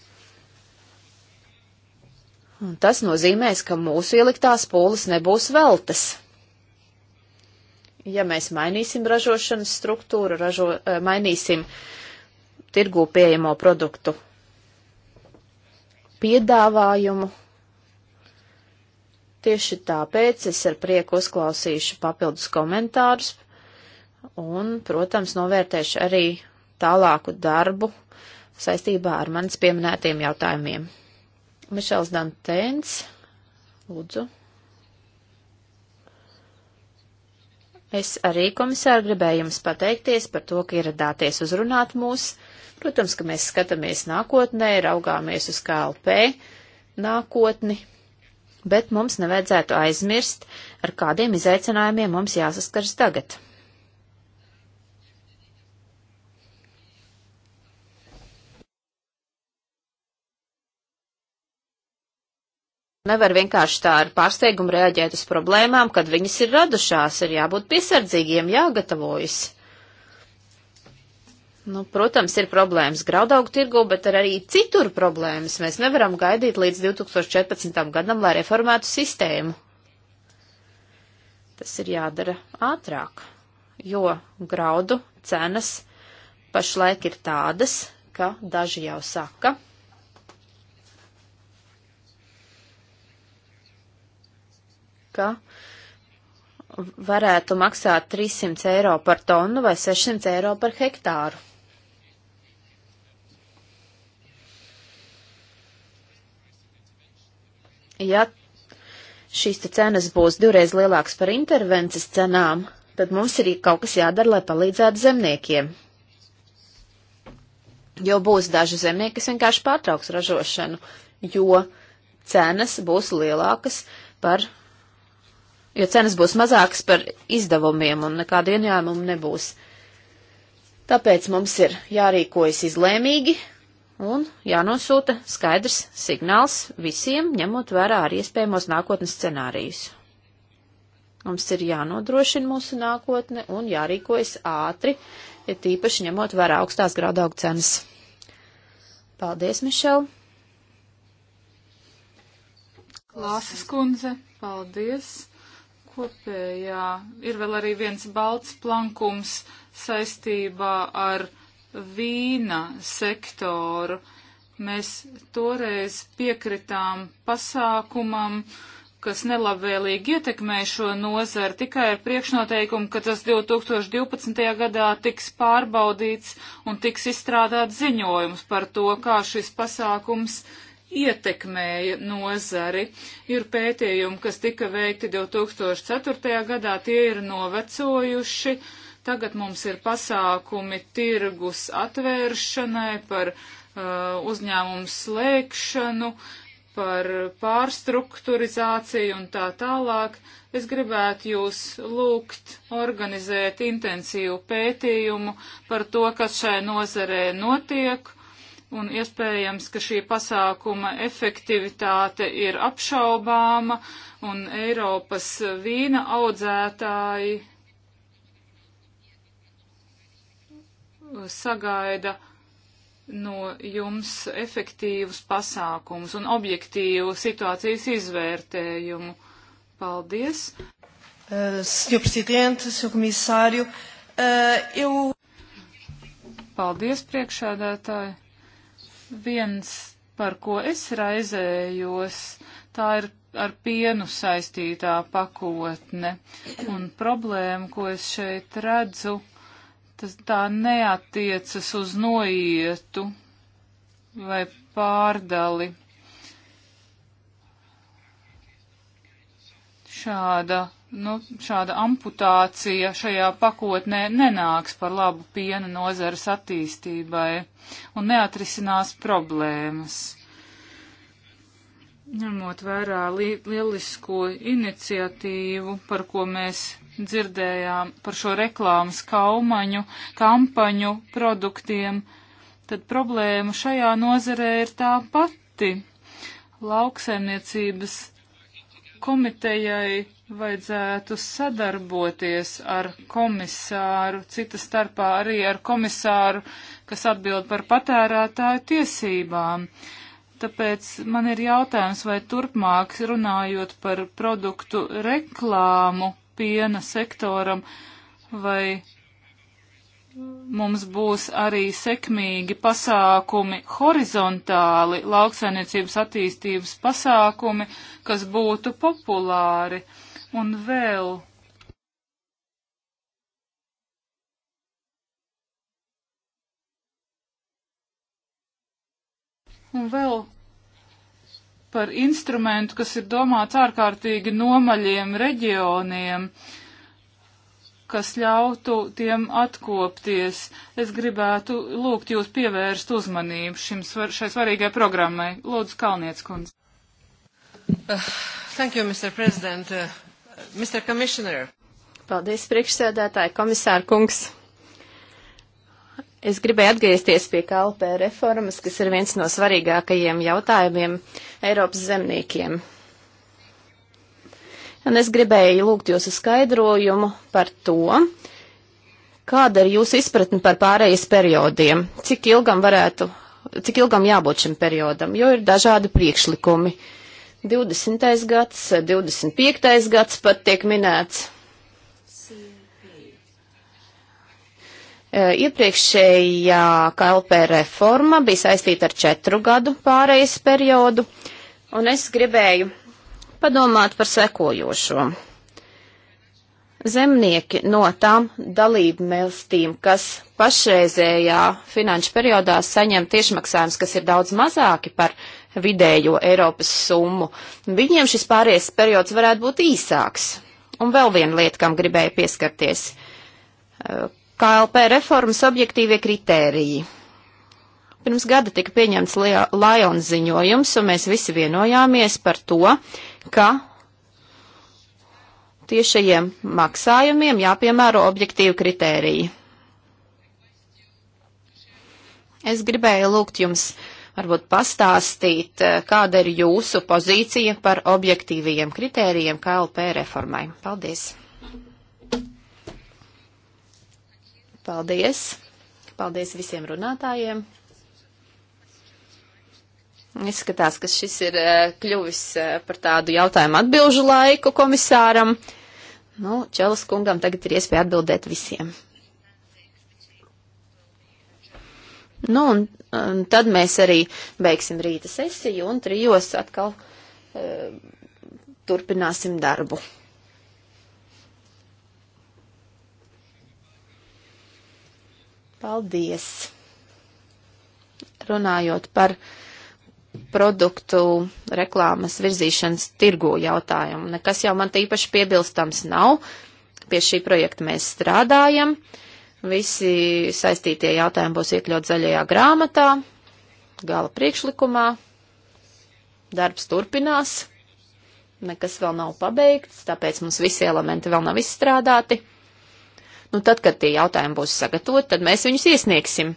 Un tas nozīmēs, ka mūsu ieliktās pūles nebūs veltas. Ja mēs mainīsim ražošanas struktūru, ražo, eh, mainīsim tirgū pieejamo produktu piedāvājumu, tieši tāpēc es ar prieku uzklausīšu papildus komentārus un, protams, novērtēšu arī tālāku darbu saistībā ar manis pieminētiem jautājumiem. Mišels Dantēns, lūdzu. Es arī, komisāri, gribēju jums pateikties par to, ka ieradāties uzrunāt mūs. Protams, ka mēs skatāmies nākotnē, raugāmies uz KLP nākotni, bet mums nevajadzētu aizmirst, ar kādiem izaicinājumiem mums jāsaskars tagad. Nevar vienkārši tā ar pārsteigumu reaģēt uz problēmām, kad viņas ir radušās, ir jābūt piesardzīgiem, jāgatavojas. Nu, protams, ir problēmas graudaugu tirgu, bet ir arī citur problēmas. Mēs nevaram gaidīt līdz 2014. gadam, lai reformētu sistēmu. Tas ir jādara ātrāk, jo graudu cenas pašlaik ir tādas, ka daži jau saka, ka varētu maksāt 300 eiro par tonu vai 600 eiro par hektāru. Ja šīs te cenas būs divreiz lielākas par intervences cenām, tad mums ir kaut kas jādara, lai palīdzētu zemniekiem. Jo būs daži zemnieki, kas vienkārši pārtrauks ražošanu, jo cenas būs lielākas par jo cenas būs mazākas par izdevumiem un nekāda ieņēmuma nebūs. Tāpēc mums ir jārīkojas izlēmīgi un jānosūta skaidrs signāls visiem, ņemot vērā arī iespējamos nākotnes scenārijus. Mums ir jānodrošina mūsu nākotne un jārīkojas ātri, ja tīpaši ņemot vērā augstās graudaugu cenas. Paldies, Mišel! Klāsas kundze, paldies! kopējā. Ir vēl arī viens balts plankums saistībā ar vīna sektoru. Mēs toreiz piekritām pasākumam, kas nelabvēlīgi ietekmē šo nozaru tikai ar priekšnoteikumu, ka tas 2012. gadā tiks pārbaudīts un tiks izstrādāt ziņojums par to, kā šis pasākums ietekmēja nozari. Ir pētījumi, kas tika veikti 2004. gadā, tie ir novecojuši. Tagad mums ir pasākumi tirgus atvēršanai par uh, uzņēmumu slēgšanu, par pārstrukturizāciju un tā tālāk. Es gribētu jūs lūgt organizēt intensīvu pētījumu par to, kas šai nozarē notiek un iespējams, ka šī pasākuma efektivitāte ir apšaubāma, un Eiropas vīna audzētāji sagaida no jums efektīvus pasākumus un objektīvu situācijas izvērtējumu. Paldies! Uh, senhor Presidente, Senhor Comissário, uh, eu. Paldies, priekšādātāji! Viens, par ko es raizējos, tā ir ar pienu saistītā pakotne. Un problēma, ko es šeit redzu, tas tā neatiecas uz noietu vai pārdali. Šāda nu, šāda amputācija šajā pakotnē nenāks par labu piena nozares attīstībai un neatrisinās problēmas. Ņemot vērā li lielisko iniciatīvu, par ko mēs dzirdējām par šo reklāmas kaumaņu, kampaņu produktiem, tad problēma šajā nozarē ir tā pati. Lauksaimniecības komitejai vajadzētu sadarboties ar komisāru, cita starpā arī ar komisāru, kas atbild par patērētāju tiesībām. Tāpēc man ir jautājums, vai turpmāk runājot par produktu reklāmu piena sektoram, vai mums būs arī sekmīgi pasākumi horizontāli, lauksainiecības attīstības pasākumi, kas būtu populāri. Uh, Un vēl Un vēl par instrumentu, kas ir domāts ārkārtīgi nomaļiem reģioniem, kas ļautu tiem atkopties. Es gribētu lūgt jūs pievērst uzmanību šim svar, šai svarīgai programmai. Lūdzu, Kalniec kundze. Uh, thank you, Mr. President. Uh, Mr. Commissioner. Paldies, priekšsēdētāji, komisāra kungs. Es gribēju atgriezties pie KLP reformas, kas ir viens no svarīgākajiem jautājumiem Eiropas zemniekiem. Un es gribēju lūgt jūsu skaidrojumu par to, kāda ir jūsu izpratne par pārējais periodiem, cik ilgam varētu, cik ilgam jābūt šim periodam, jo ir dažādi priekšlikumi. Uh, 20. gads, 25. gads pat tiek minēts. E, iepriekšējā KLP reforma bija saistīta ar četru gadu pārejas periodu, un es gribēju padomāt par sekojošo. Zemnieki no tām dalību melstīm, kas pašreizējā finanšu periodā saņem tiešmaksājums, kas ir daudz mazāki par uh, vidējo Eiropas summu. Viņiem šis pārējais periods varētu būt īsāks. Un vēl viena lieta, kam gribēju pieskarties. Eh, KLP reformas objektīvie kritēriji. Pirms gada tika pieņemts Lions ziņojums, un mēs visi vienojāmies par to, ka tiešajiem maksājumiem jāpiemēro objektīvi kritēriji. Es gribēju lūgt jums varbūt pastāstīt, eh, kāda ir jūsu pozīcija par objektīvajiem kritērijiem KLP reformai. Paldies! Paldies! Paldies visiem runātājiem! Izskatās, ka šis ir eh, kļuvis eh, par tādu jautājumu atbilžu laiku komisāram. Nu, Čelas kungam tagad ir iespēja atbildēt visiem. Nu, un, un tad mēs arī beigsim rīta sesiju un trijos atkal e, turpināsim darbu. Paldies! Runājot par produktu reklāmas virzīšanas tirgu jautājumu, nekas jau man tīpaši piebilstams nav. Pie šī projekta mēs strādājam. Uh, Visi saistītie jautājumi būs iekļaut zaļajā grāmatā, gala priekšlikumā. Darbs turpinās, nekas vēl nav pabeigts, tāpēc mums visi elementi vēl nav izstrādāti. Nu, tad, kad tie jautājumi būs sagatavoti, tad mēs viņus iesniegsim.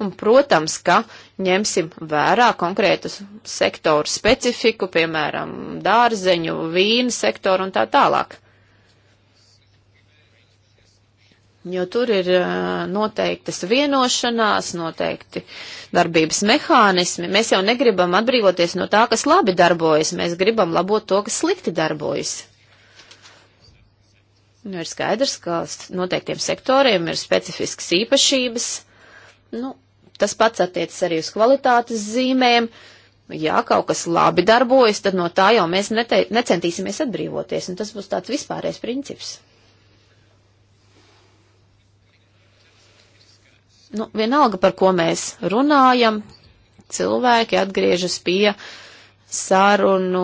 Un, protams, ka ņemsim vērā konkrētu sektoru specifiku, piemēram, dārzeņu, vīnu sektoru un tā tālāk. jo tur ir eh, noteiktas vienošanās, noteikti darbības mehānismi. Mēs jau negribam atbrīvoties no tā, kas labi darbojas, mēs gribam labot to, kas slikti darbojas. Nu, ir skaidrs, ka noteiktiem sektoriem ir specifiskas īpašības. Nu, tas pats attiecas arī uz kvalitātes zīmēm. Ja kaut kas labi darbojas, tad no tā jau mēs nete, necentīsimies atbrīvoties, un tas būs tāds vispārējais princips. nu, vienalga, par ko mēs runājam, cilvēki atgriežas pie sarunu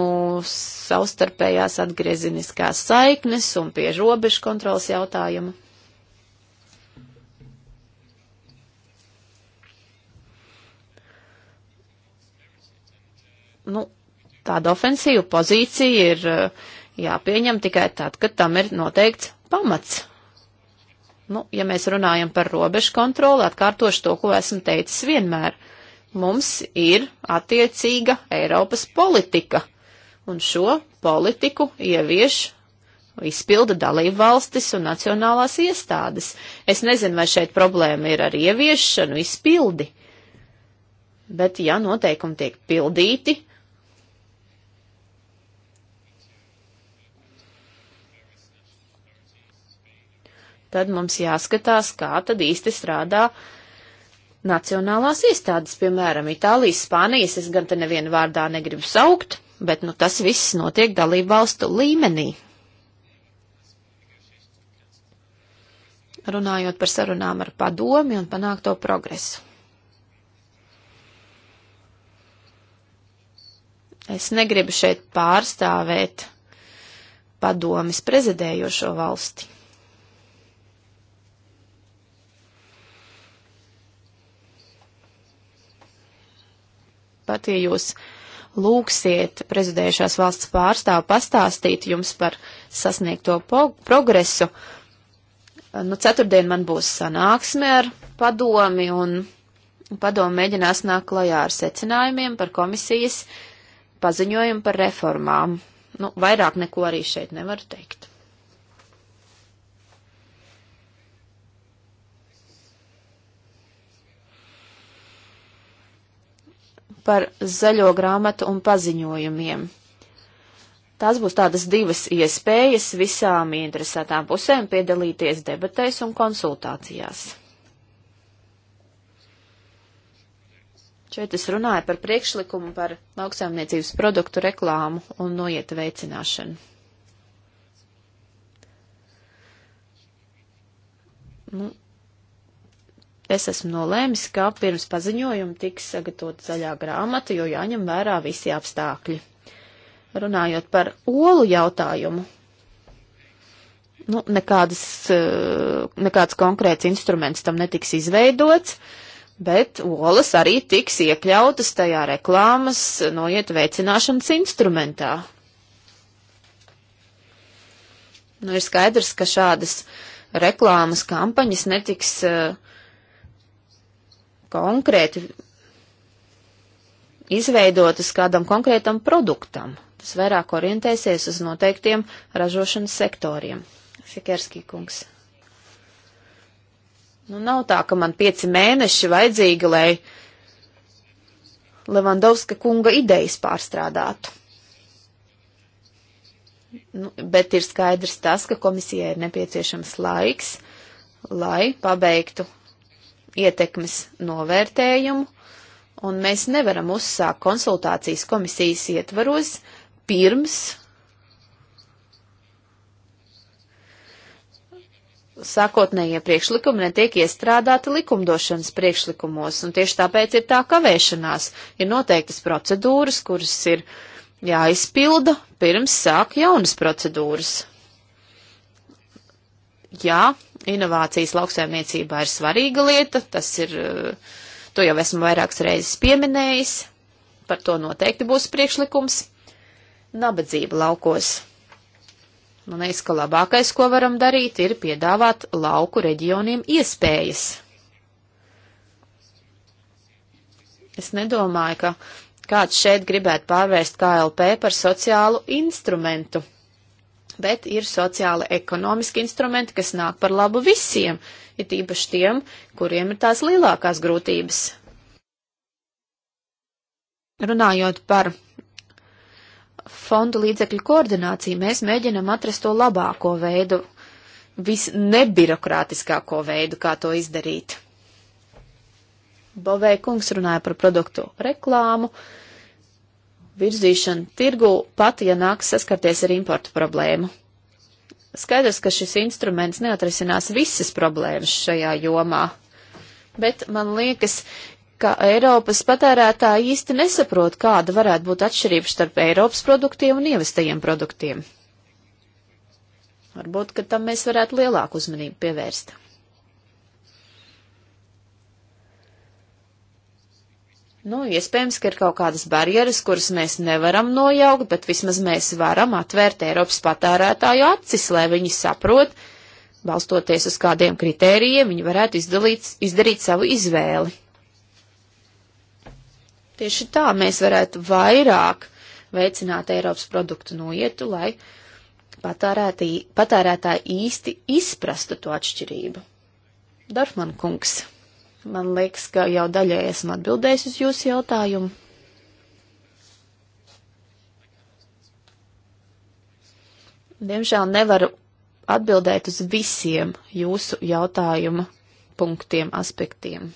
savstarpējās atgrieziniskās saiknes un pie robežu kontrolas jautājuma. Nu, tāda ofensīva pozīcija ir uh, jāpieņem tikai tad, kad tam ir noteikts pamats. Nu, ja mēs runājam par robežu kontroli, atkārtošu to, ko esmu teicis vienmēr. Mums ir attiecīga Eiropas politika, un šo politiku ievieš izpilda dalību valstis un nacionālās iestādes. Es nezinu, vai šeit problēma ir ar ieviešanu, izpildi, bet ja noteikumi tiek pildīti, tad mums jāskatās, kā tad īsti strādā nacionālās iestādes, piemēram, Itālijas, Spānijas, es gan te nevienu vārdā negribu saukt, bet nu, tas viss notiek dalību valstu līmenī. Runājot par sarunām ar padomi un panākto progresu. Es negribu šeit pārstāvēt padomis prezidējošo valsti. pat ja jūs lūksiet prezidējušās valsts pārstāvu pastāstīt jums par sasniegto progresu, nu, ceturtdien man būs sanāksme ar padomi, un padomi mēģinās nākt klajā ar secinājumiem par komisijas paziņojumu par reformām. Nu, vairāk neko arī šeit nevaru teikt. par zaļo grāmatu un paziņojumiem. Tās būs tādas divas iespējas visām interesētām pusēm piedalīties debatēs un konsultācijās. Šeit es runāju par priekšlikumu par lauksaimniecības produktu reklāmu un noieta veicināšanu. Nu, es esmu nolēmis, ka pirms paziņojuma tiks sagatavot zaļā grāmata, jo jāņem vērā visi apstākļi. Runājot par olu jautājumu, nu, nekādas, eh, nekāds konkrēts instruments tam netiks izveidots, bet olas arī tiks iekļautas tajā reklāmas noiet veicināšanas instrumentā. Nu, ir skaidrs, ka šādas reklāmas kampaņas netiks uh, konkrēti izveidotas kādam konkrētam produktam. Tas vairāk orientēsies uz noteiktiem ražošanas sektoriem. Sikerskī kungs. Nu, nav tā, ka man pieci mēneši vajadzīgi, lai Levandovska kunga idejas pārstrādātu. Nu, bet ir skaidrs tas, ka komisijai ir nepieciešams laiks, lai pabeigtu ietekmes novērtējumu, un mēs nevaram uzsākt konsultācijas komisijas ietvaros pirms sākotnējie priekšlikumi netiek iestrādāti likumdošanas priekšlikumos, un tieši tāpēc ir tā kavēšanās. Ir noteiktas procedūras, kuras ir jāizpilda pirms sāk jaunas procedūras. Jā, Inovācijas lauksaimniecībā ir svarīga lieta, tas ir, eh, to jau esmu vairākas reizes pieminējis, par to noteikti būs priekšlikums. Nabadzība laukos. Man liekas, ka labākais, ko varam darīt, ir piedāvāt lauku reģioniem iespējas. Es nedomāju, ka kāds šeit gribētu pārvērst KLP par sociālu instrumentu bet ir sociāli ekonomiski instrumenti, kas nāk par labu visiem, ir tīpaši tiem, kuriem ir tās lielākās grūtības. Runājot par fondu līdzekļu koordināciju, mēs mēģinam atrast to labāko veidu, visnebirokrātiskāko veidu, kā to izdarīt. Bovēja kungs runāja par produktu reklāmu, uh, virzīšana tirgu pat, ja nāks saskarties ar importu problēmu. Skaidrs, ka šis instruments neatrisinās visas problēmas šajā jomā, bet man liekas, ka Eiropas patērētāji īsti nesaprot, kāda varētu būt atšķirība starp Eiropas produktiem un ievestajiem produktiem. Varbūt, ka tam mēs varētu lielāku uzmanību pievērst. Nu, iespējams, ka ir kaut kādas barjeras, kuras mēs nevaram nojaukt, bet vismaz mēs varam atvērt Eiropas patērētāju acis, lai viņi saprot, balstoties uz kādiem kritērijiem, viņi varētu izdalīt, izdarīt savu izvēli. Tieši tā mēs varētu vairāk veicināt Eiropas produktu noietu, lai patērētāji īsti izprastu to atšķirību. Darfman kungs. Man liekas, ka jau daļai esmu atbildējis uz jūsu jautājumu. Diemžēl nevaru atbildēt uz visiem jūsu jautājuma punktiem, aspektiem.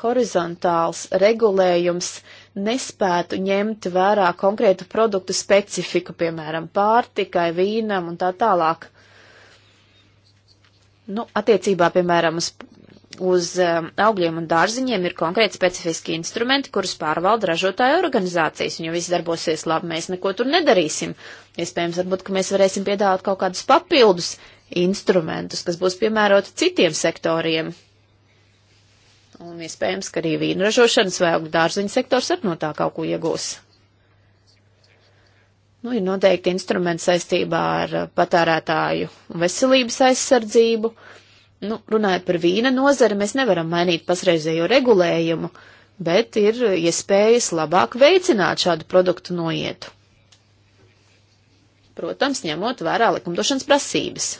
Horizontāls regulējums nespētu ņemt vērā konkrētu produktu specifiku, piemēram, pārtikai, vīnam un tā tālāk. Nu, attiecībā, piemēram, uz, uz um, augļiem un dārziņiem ir konkrēti specifiski instrumenti, kurus pārvalda ražotāja organizācijas, un ja viss darbosies labi, mēs neko tur nedarīsim. Iespējams, varbūt, ka mēs varēsim piedāvāt kaut kādus papildus instrumentus, kas būs piemēroti citiem sektoriem. Un iespējams, ka arī vīnražošanas vai augļu dārziņu sektors ar no tā kaut ko iegūs. Nu, ir noteikti instrumenti saistībā ar uh, patērētāju veselības aizsardzību. Nu, runājot par vīna nozari, mēs nevaram mainīt pasreizējo regulējumu, bet ir iespējas labāk veicināt šādu produktu noietu. Protams, ņemot vērā likumdošanas prasības.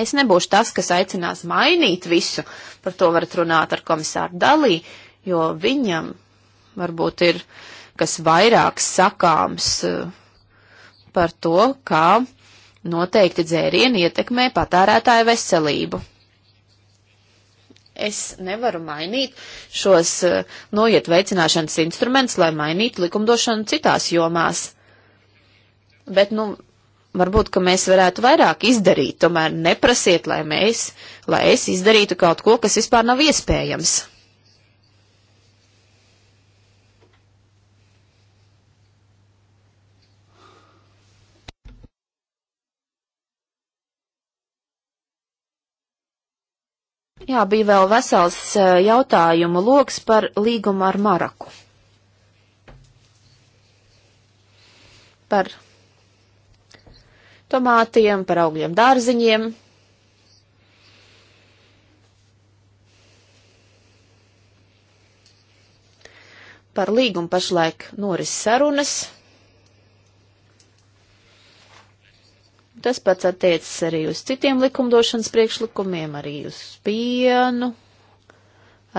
Es nebūšu tas, kas aicinās mainīt visu, par to varat runāt ar komisāru Dalī, jo viņam varbūt ir kas vairāk sakāms eh, par to, kā noteikti dzērieni ietekmē patērētāju veselību. Es nevaru mainīt šos eh, noiet veicināšanas instrumentus, lai mainītu likumdošanu citās jomās. Bet, nu, varbūt, ka mēs varētu vairāk izdarīt, tomēr neprasiet, lai mēs, lai es izdarītu kaut ko, kas vispār nav iespējams. Jā, bija vēl vesels e, jautājumu loks par līgumu ar Maraku. Par tomātiem, par augļiem dārziņiem. Par līgumu pašlaik noris sarunas. Tas pats attiecas arī uz citiem likumdošanas priekšlikumiem, arī uz pienu.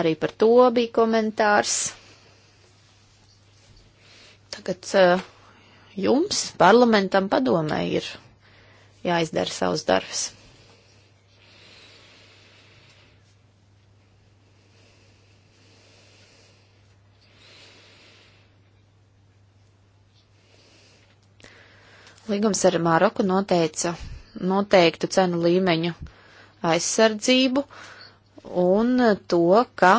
Arī par to bija komentārs. Tagad uh, jums, parlamentam, padomē ir jāizdara savs darbs. Līgums ar Maroku noteica noteiktu cenu līmeņu aizsardzību un to, ka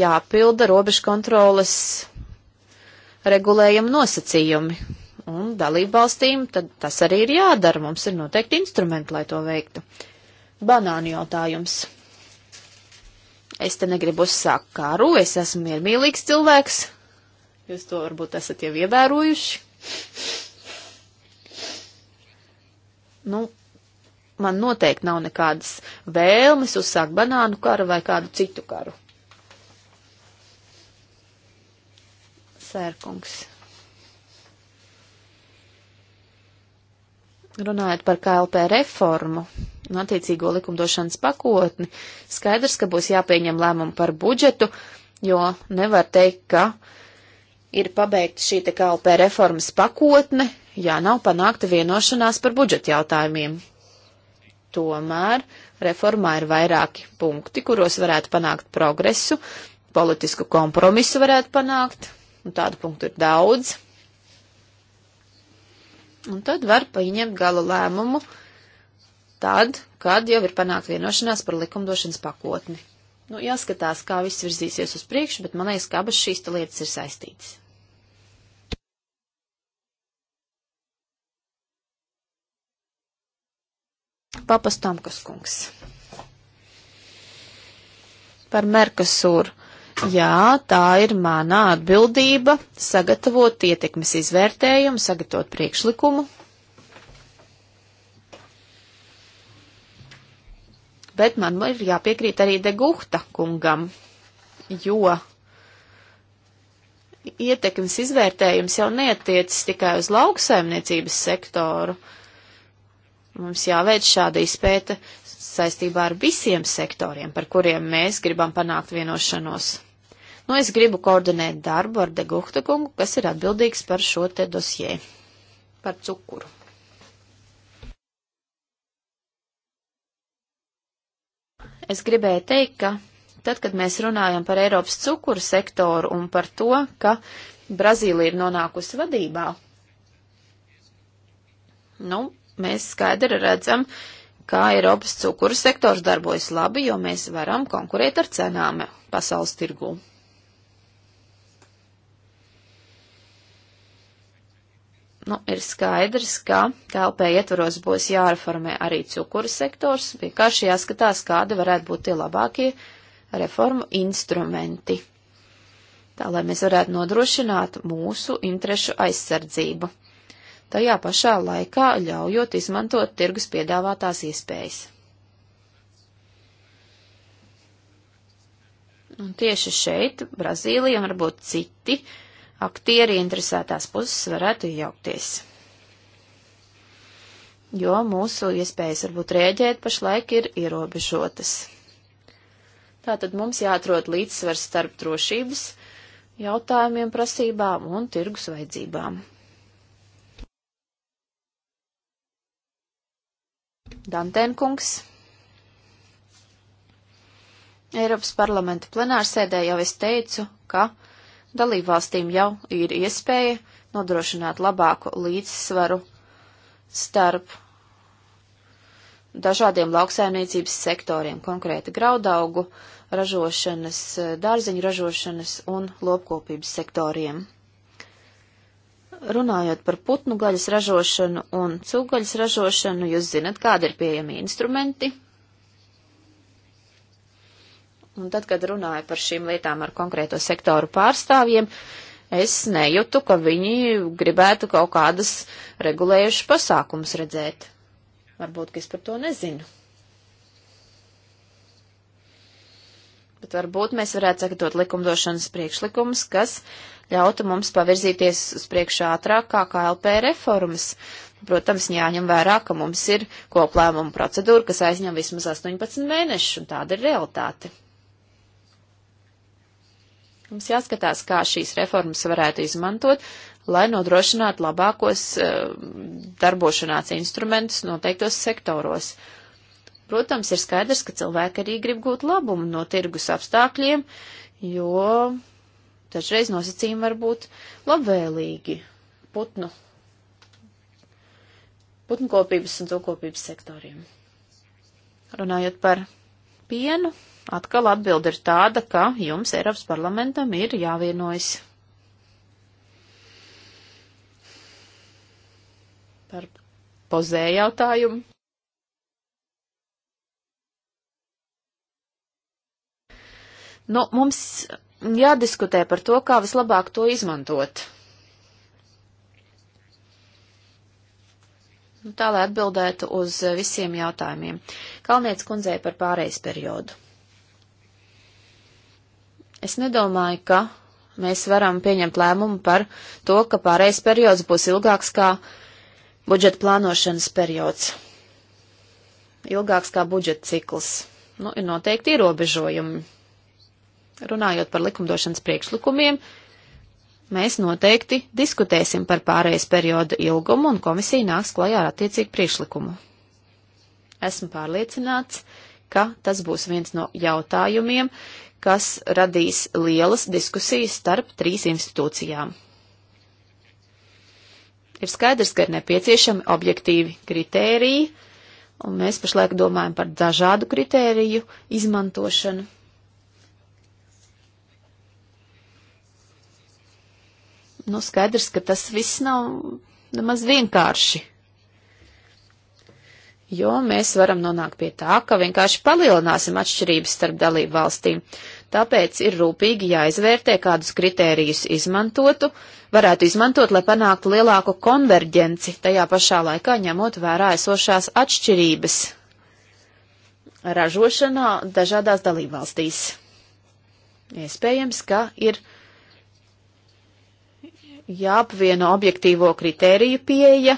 jāpilda robežu kontroles regulējuma nosacījumi. Un dalībvalstīm tad tas arī ir jādara. Mums ir noteikti instrumenti, lai to veiktu. Banānu jautājums. Es te negribu uzsākt kāru, es esmu miermīlīgs cilvēks. Jūs to varbūt esat jau ievērojuši nu, man noteikti nav nekādas vēlmes uzsākt banānu karu vai kādu citu karu. Sērkungs. Runājot par KLP reformu un attiecīgo likumdošanas pakotni, skaidrs, ka būs jāpieņem lēmumu par budžetu, jo nevar teikt, ka ir pabeigta šī te KLP reformas pakotne, ja nav panākta vienošanās par budžeta jautājumiem. Tomēr reformā ir vairāki punkti, kuros varētu panākt progresu, politisku kompromisu varētu panākt, un tādu punktu ir daudz. Un tad var pieņemt gala lēmumu tad, kad jau ir panākt vienošanās par likumdošanas pakotni. Nu, jāskatās, kā viss virzīsies uz priekšu, bet man liekas, ka abas šīs lietas ir saistītas. Papastamkas kungs. Par Merkasūru. Jā, tā ir mana atbildība sagatavot ietekmes izvērtējumu, sagatavot priekšlikumu. Bet man ir jāpiekrīt arī Degukta kungam, jo ietekmes izvērtējums jau neatiecas tikai uz lauksaimniecības sektoru. Uh, Mums jāveic šāda izpēta saistībā ar visiem sektoriem, par kuriem mēs gribam panākt vienošanos. Nu, es gribu koordinēt darbu ar Degukta kungu, kas ir atbildīgs par šo te dosjē, par cukuru. Es gribēju teikt, ka tad, kad mēs runājam par Eiropas cukuru sektoru un par to, ka Brazīlija ir nonākusi vadībā, nu, mēs skaidri redzam, kā Eiropas cukuru sektors darbojas labi, jo mēs varam konkurēt ar cenām pasaules tirgū. Nu, ir skaidrs, ka KLP ietvaros būs jāreformē arī cukuru sektors, vienkārši jāskatās, kādi varētu būt tie labākie reformu instrumenti, tā lai mēs varētu nodrošināt mūsu interešu aizsardzību tajā pašā laikā ļaujot izmantot tirgus piedāvātās iespējas. Un tieši šeit Brazīlija un varbūt citi aktieri interesētās puses varētu iejaukties. Jo mūsu iespējas varbūt rēģēt pašlaik ir ierobežotas. Tātad mums jāatrod līdzsvars starp drošības jautājumiem, prasībām un tirgus vajadzībām. Dantēnkungs. Eiropas parlamenta plenārsēdē jau es teicu, ka dalībvalstīm jau ir iespēja nodrošināt labāku līdzsvaru starp dažādiem lauksaimniecības sektoriem, konkrēti graudaugu ražošanas, dārziņu ražošanas un lopkopības sektoriem. Runājot par putnu gaļas ražošanu un cūgaļas ražošanu, jūs zinat, kādi ir pieejami instrumenti. Un tad, kad runāju par šīm lietām ar konkrēto sektoru pārstāvjiem, es nejūtu, ka viņi gribētu kaut kādas regulējušas pasākumus redzēt. Varbūt, ka es par to nezinu. Bet varbūt mēs varētu sagatavot likumdošanas priekšlikumus, kas uh, ļautu mums pavirzīties uz priekšu ātrāk kā KLP reformas. Protams, jāņem vērā, ka mums ir koplēmuma procedūra, kas aizņem vismaz 18 mēnešus, un tāda ir realitāte. Mums jāskatās, kā šīs reformas varētu izmantot, lai nodrošinātu labākos uh, darbošanās instrumentus noteiktos sektoros. Protams, ir skaidrs, ka cilvēki arī grib gūt labumu no tirgus apstākļiem, jo Dažreiz nosacījumi var būt labvēlīgi putnu, putnu kopības un zokopības sektoriem. Runājot par pienu, atkal atbilde ir tāda, ka jums Eiropas parlamentam ir jāvienojas par pozē jautājumu. Nu, mums jādiskutē par to, kā vislabāk to izmantot. Nu, tā lai atbildētu uz visiem jautājumiem. Kalniec kundzei par pārejas periodu. Es nedomāju, ka mēs varam pieņemt lēmumu par to, ka pārejas periods būs ilgāks kā budžeta plānošanas periods. Ilgāks kā budžeta cikls. Nu, ir noteikti ierobežojumi runājot par likumdošanas priekšlikumiem, mēs noteikti diskutēsim par pārējais perioda ilgumu un komisija nāks klajā ar attiecīgu priekšlikumu. Esmu pārliecināts, ka tas būs viens no jautājumiem, kas radīs lielas diskusijas starp trīs institūcijām. Ir skaidrs, ka ir nepieciešami objektīvi kritēriji, un mēs pašlaik domājam par dažādu kritēriju izmantošanu. nu, skaidrs, ka tas viss nav nemaz vienkārši. Jo mēs varam nonākt pie tā, ka vienkārši palielināsim atšķirības starp dalību valstīm. Tāpēc ir rūpīgi jāizvērtē, kādus kritērijus izmantotu, varētu izmantot, lai panāktu lielāku konverģenci, tajā pašā laikā ņemot vērā esošās atšķirības ražošanā dažādās dalībvalstīs. Iespējams, ka ir jāapvieno objektīvo kritēriju pieeja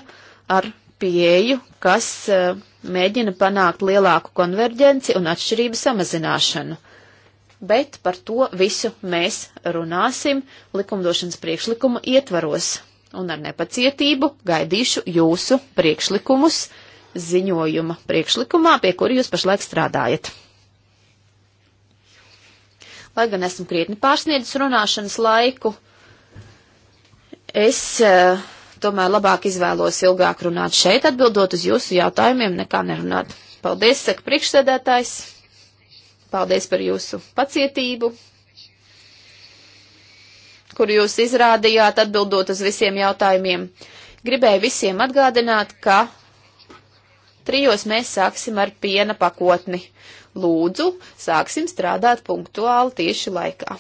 ar pieeju, kas uh, mēģina panākt lielāku konverģenci un atšķirību samazināšanu. Bet par to visu mēs runāsim likumdošanas priekšlikuma ietvaros, un ar nepacietību gaidīšu jūsu priekšlikumus ziņojuma priekšlikumā, pie kura jūs pašlaik strādājat. Lai gan esmu krietni pārsniedzis runāšanas laiku, uh, Es uh, tomēr labāk izvēlos ilgāk runāt šeit, atbildot uz jūsu jautājumiem, nekā nerunāt. Paldies, saka priekšsēdētājs. Paldies par jūsu pacietību, kuru jūs izrādījāt atbildot uz visiem jautājumiem. Gribēju visiem atgādināt, ka trijos mēs sāksim ar piena pakotni. Lūdzu, sāksim strādāt punktuāli tieši laikā.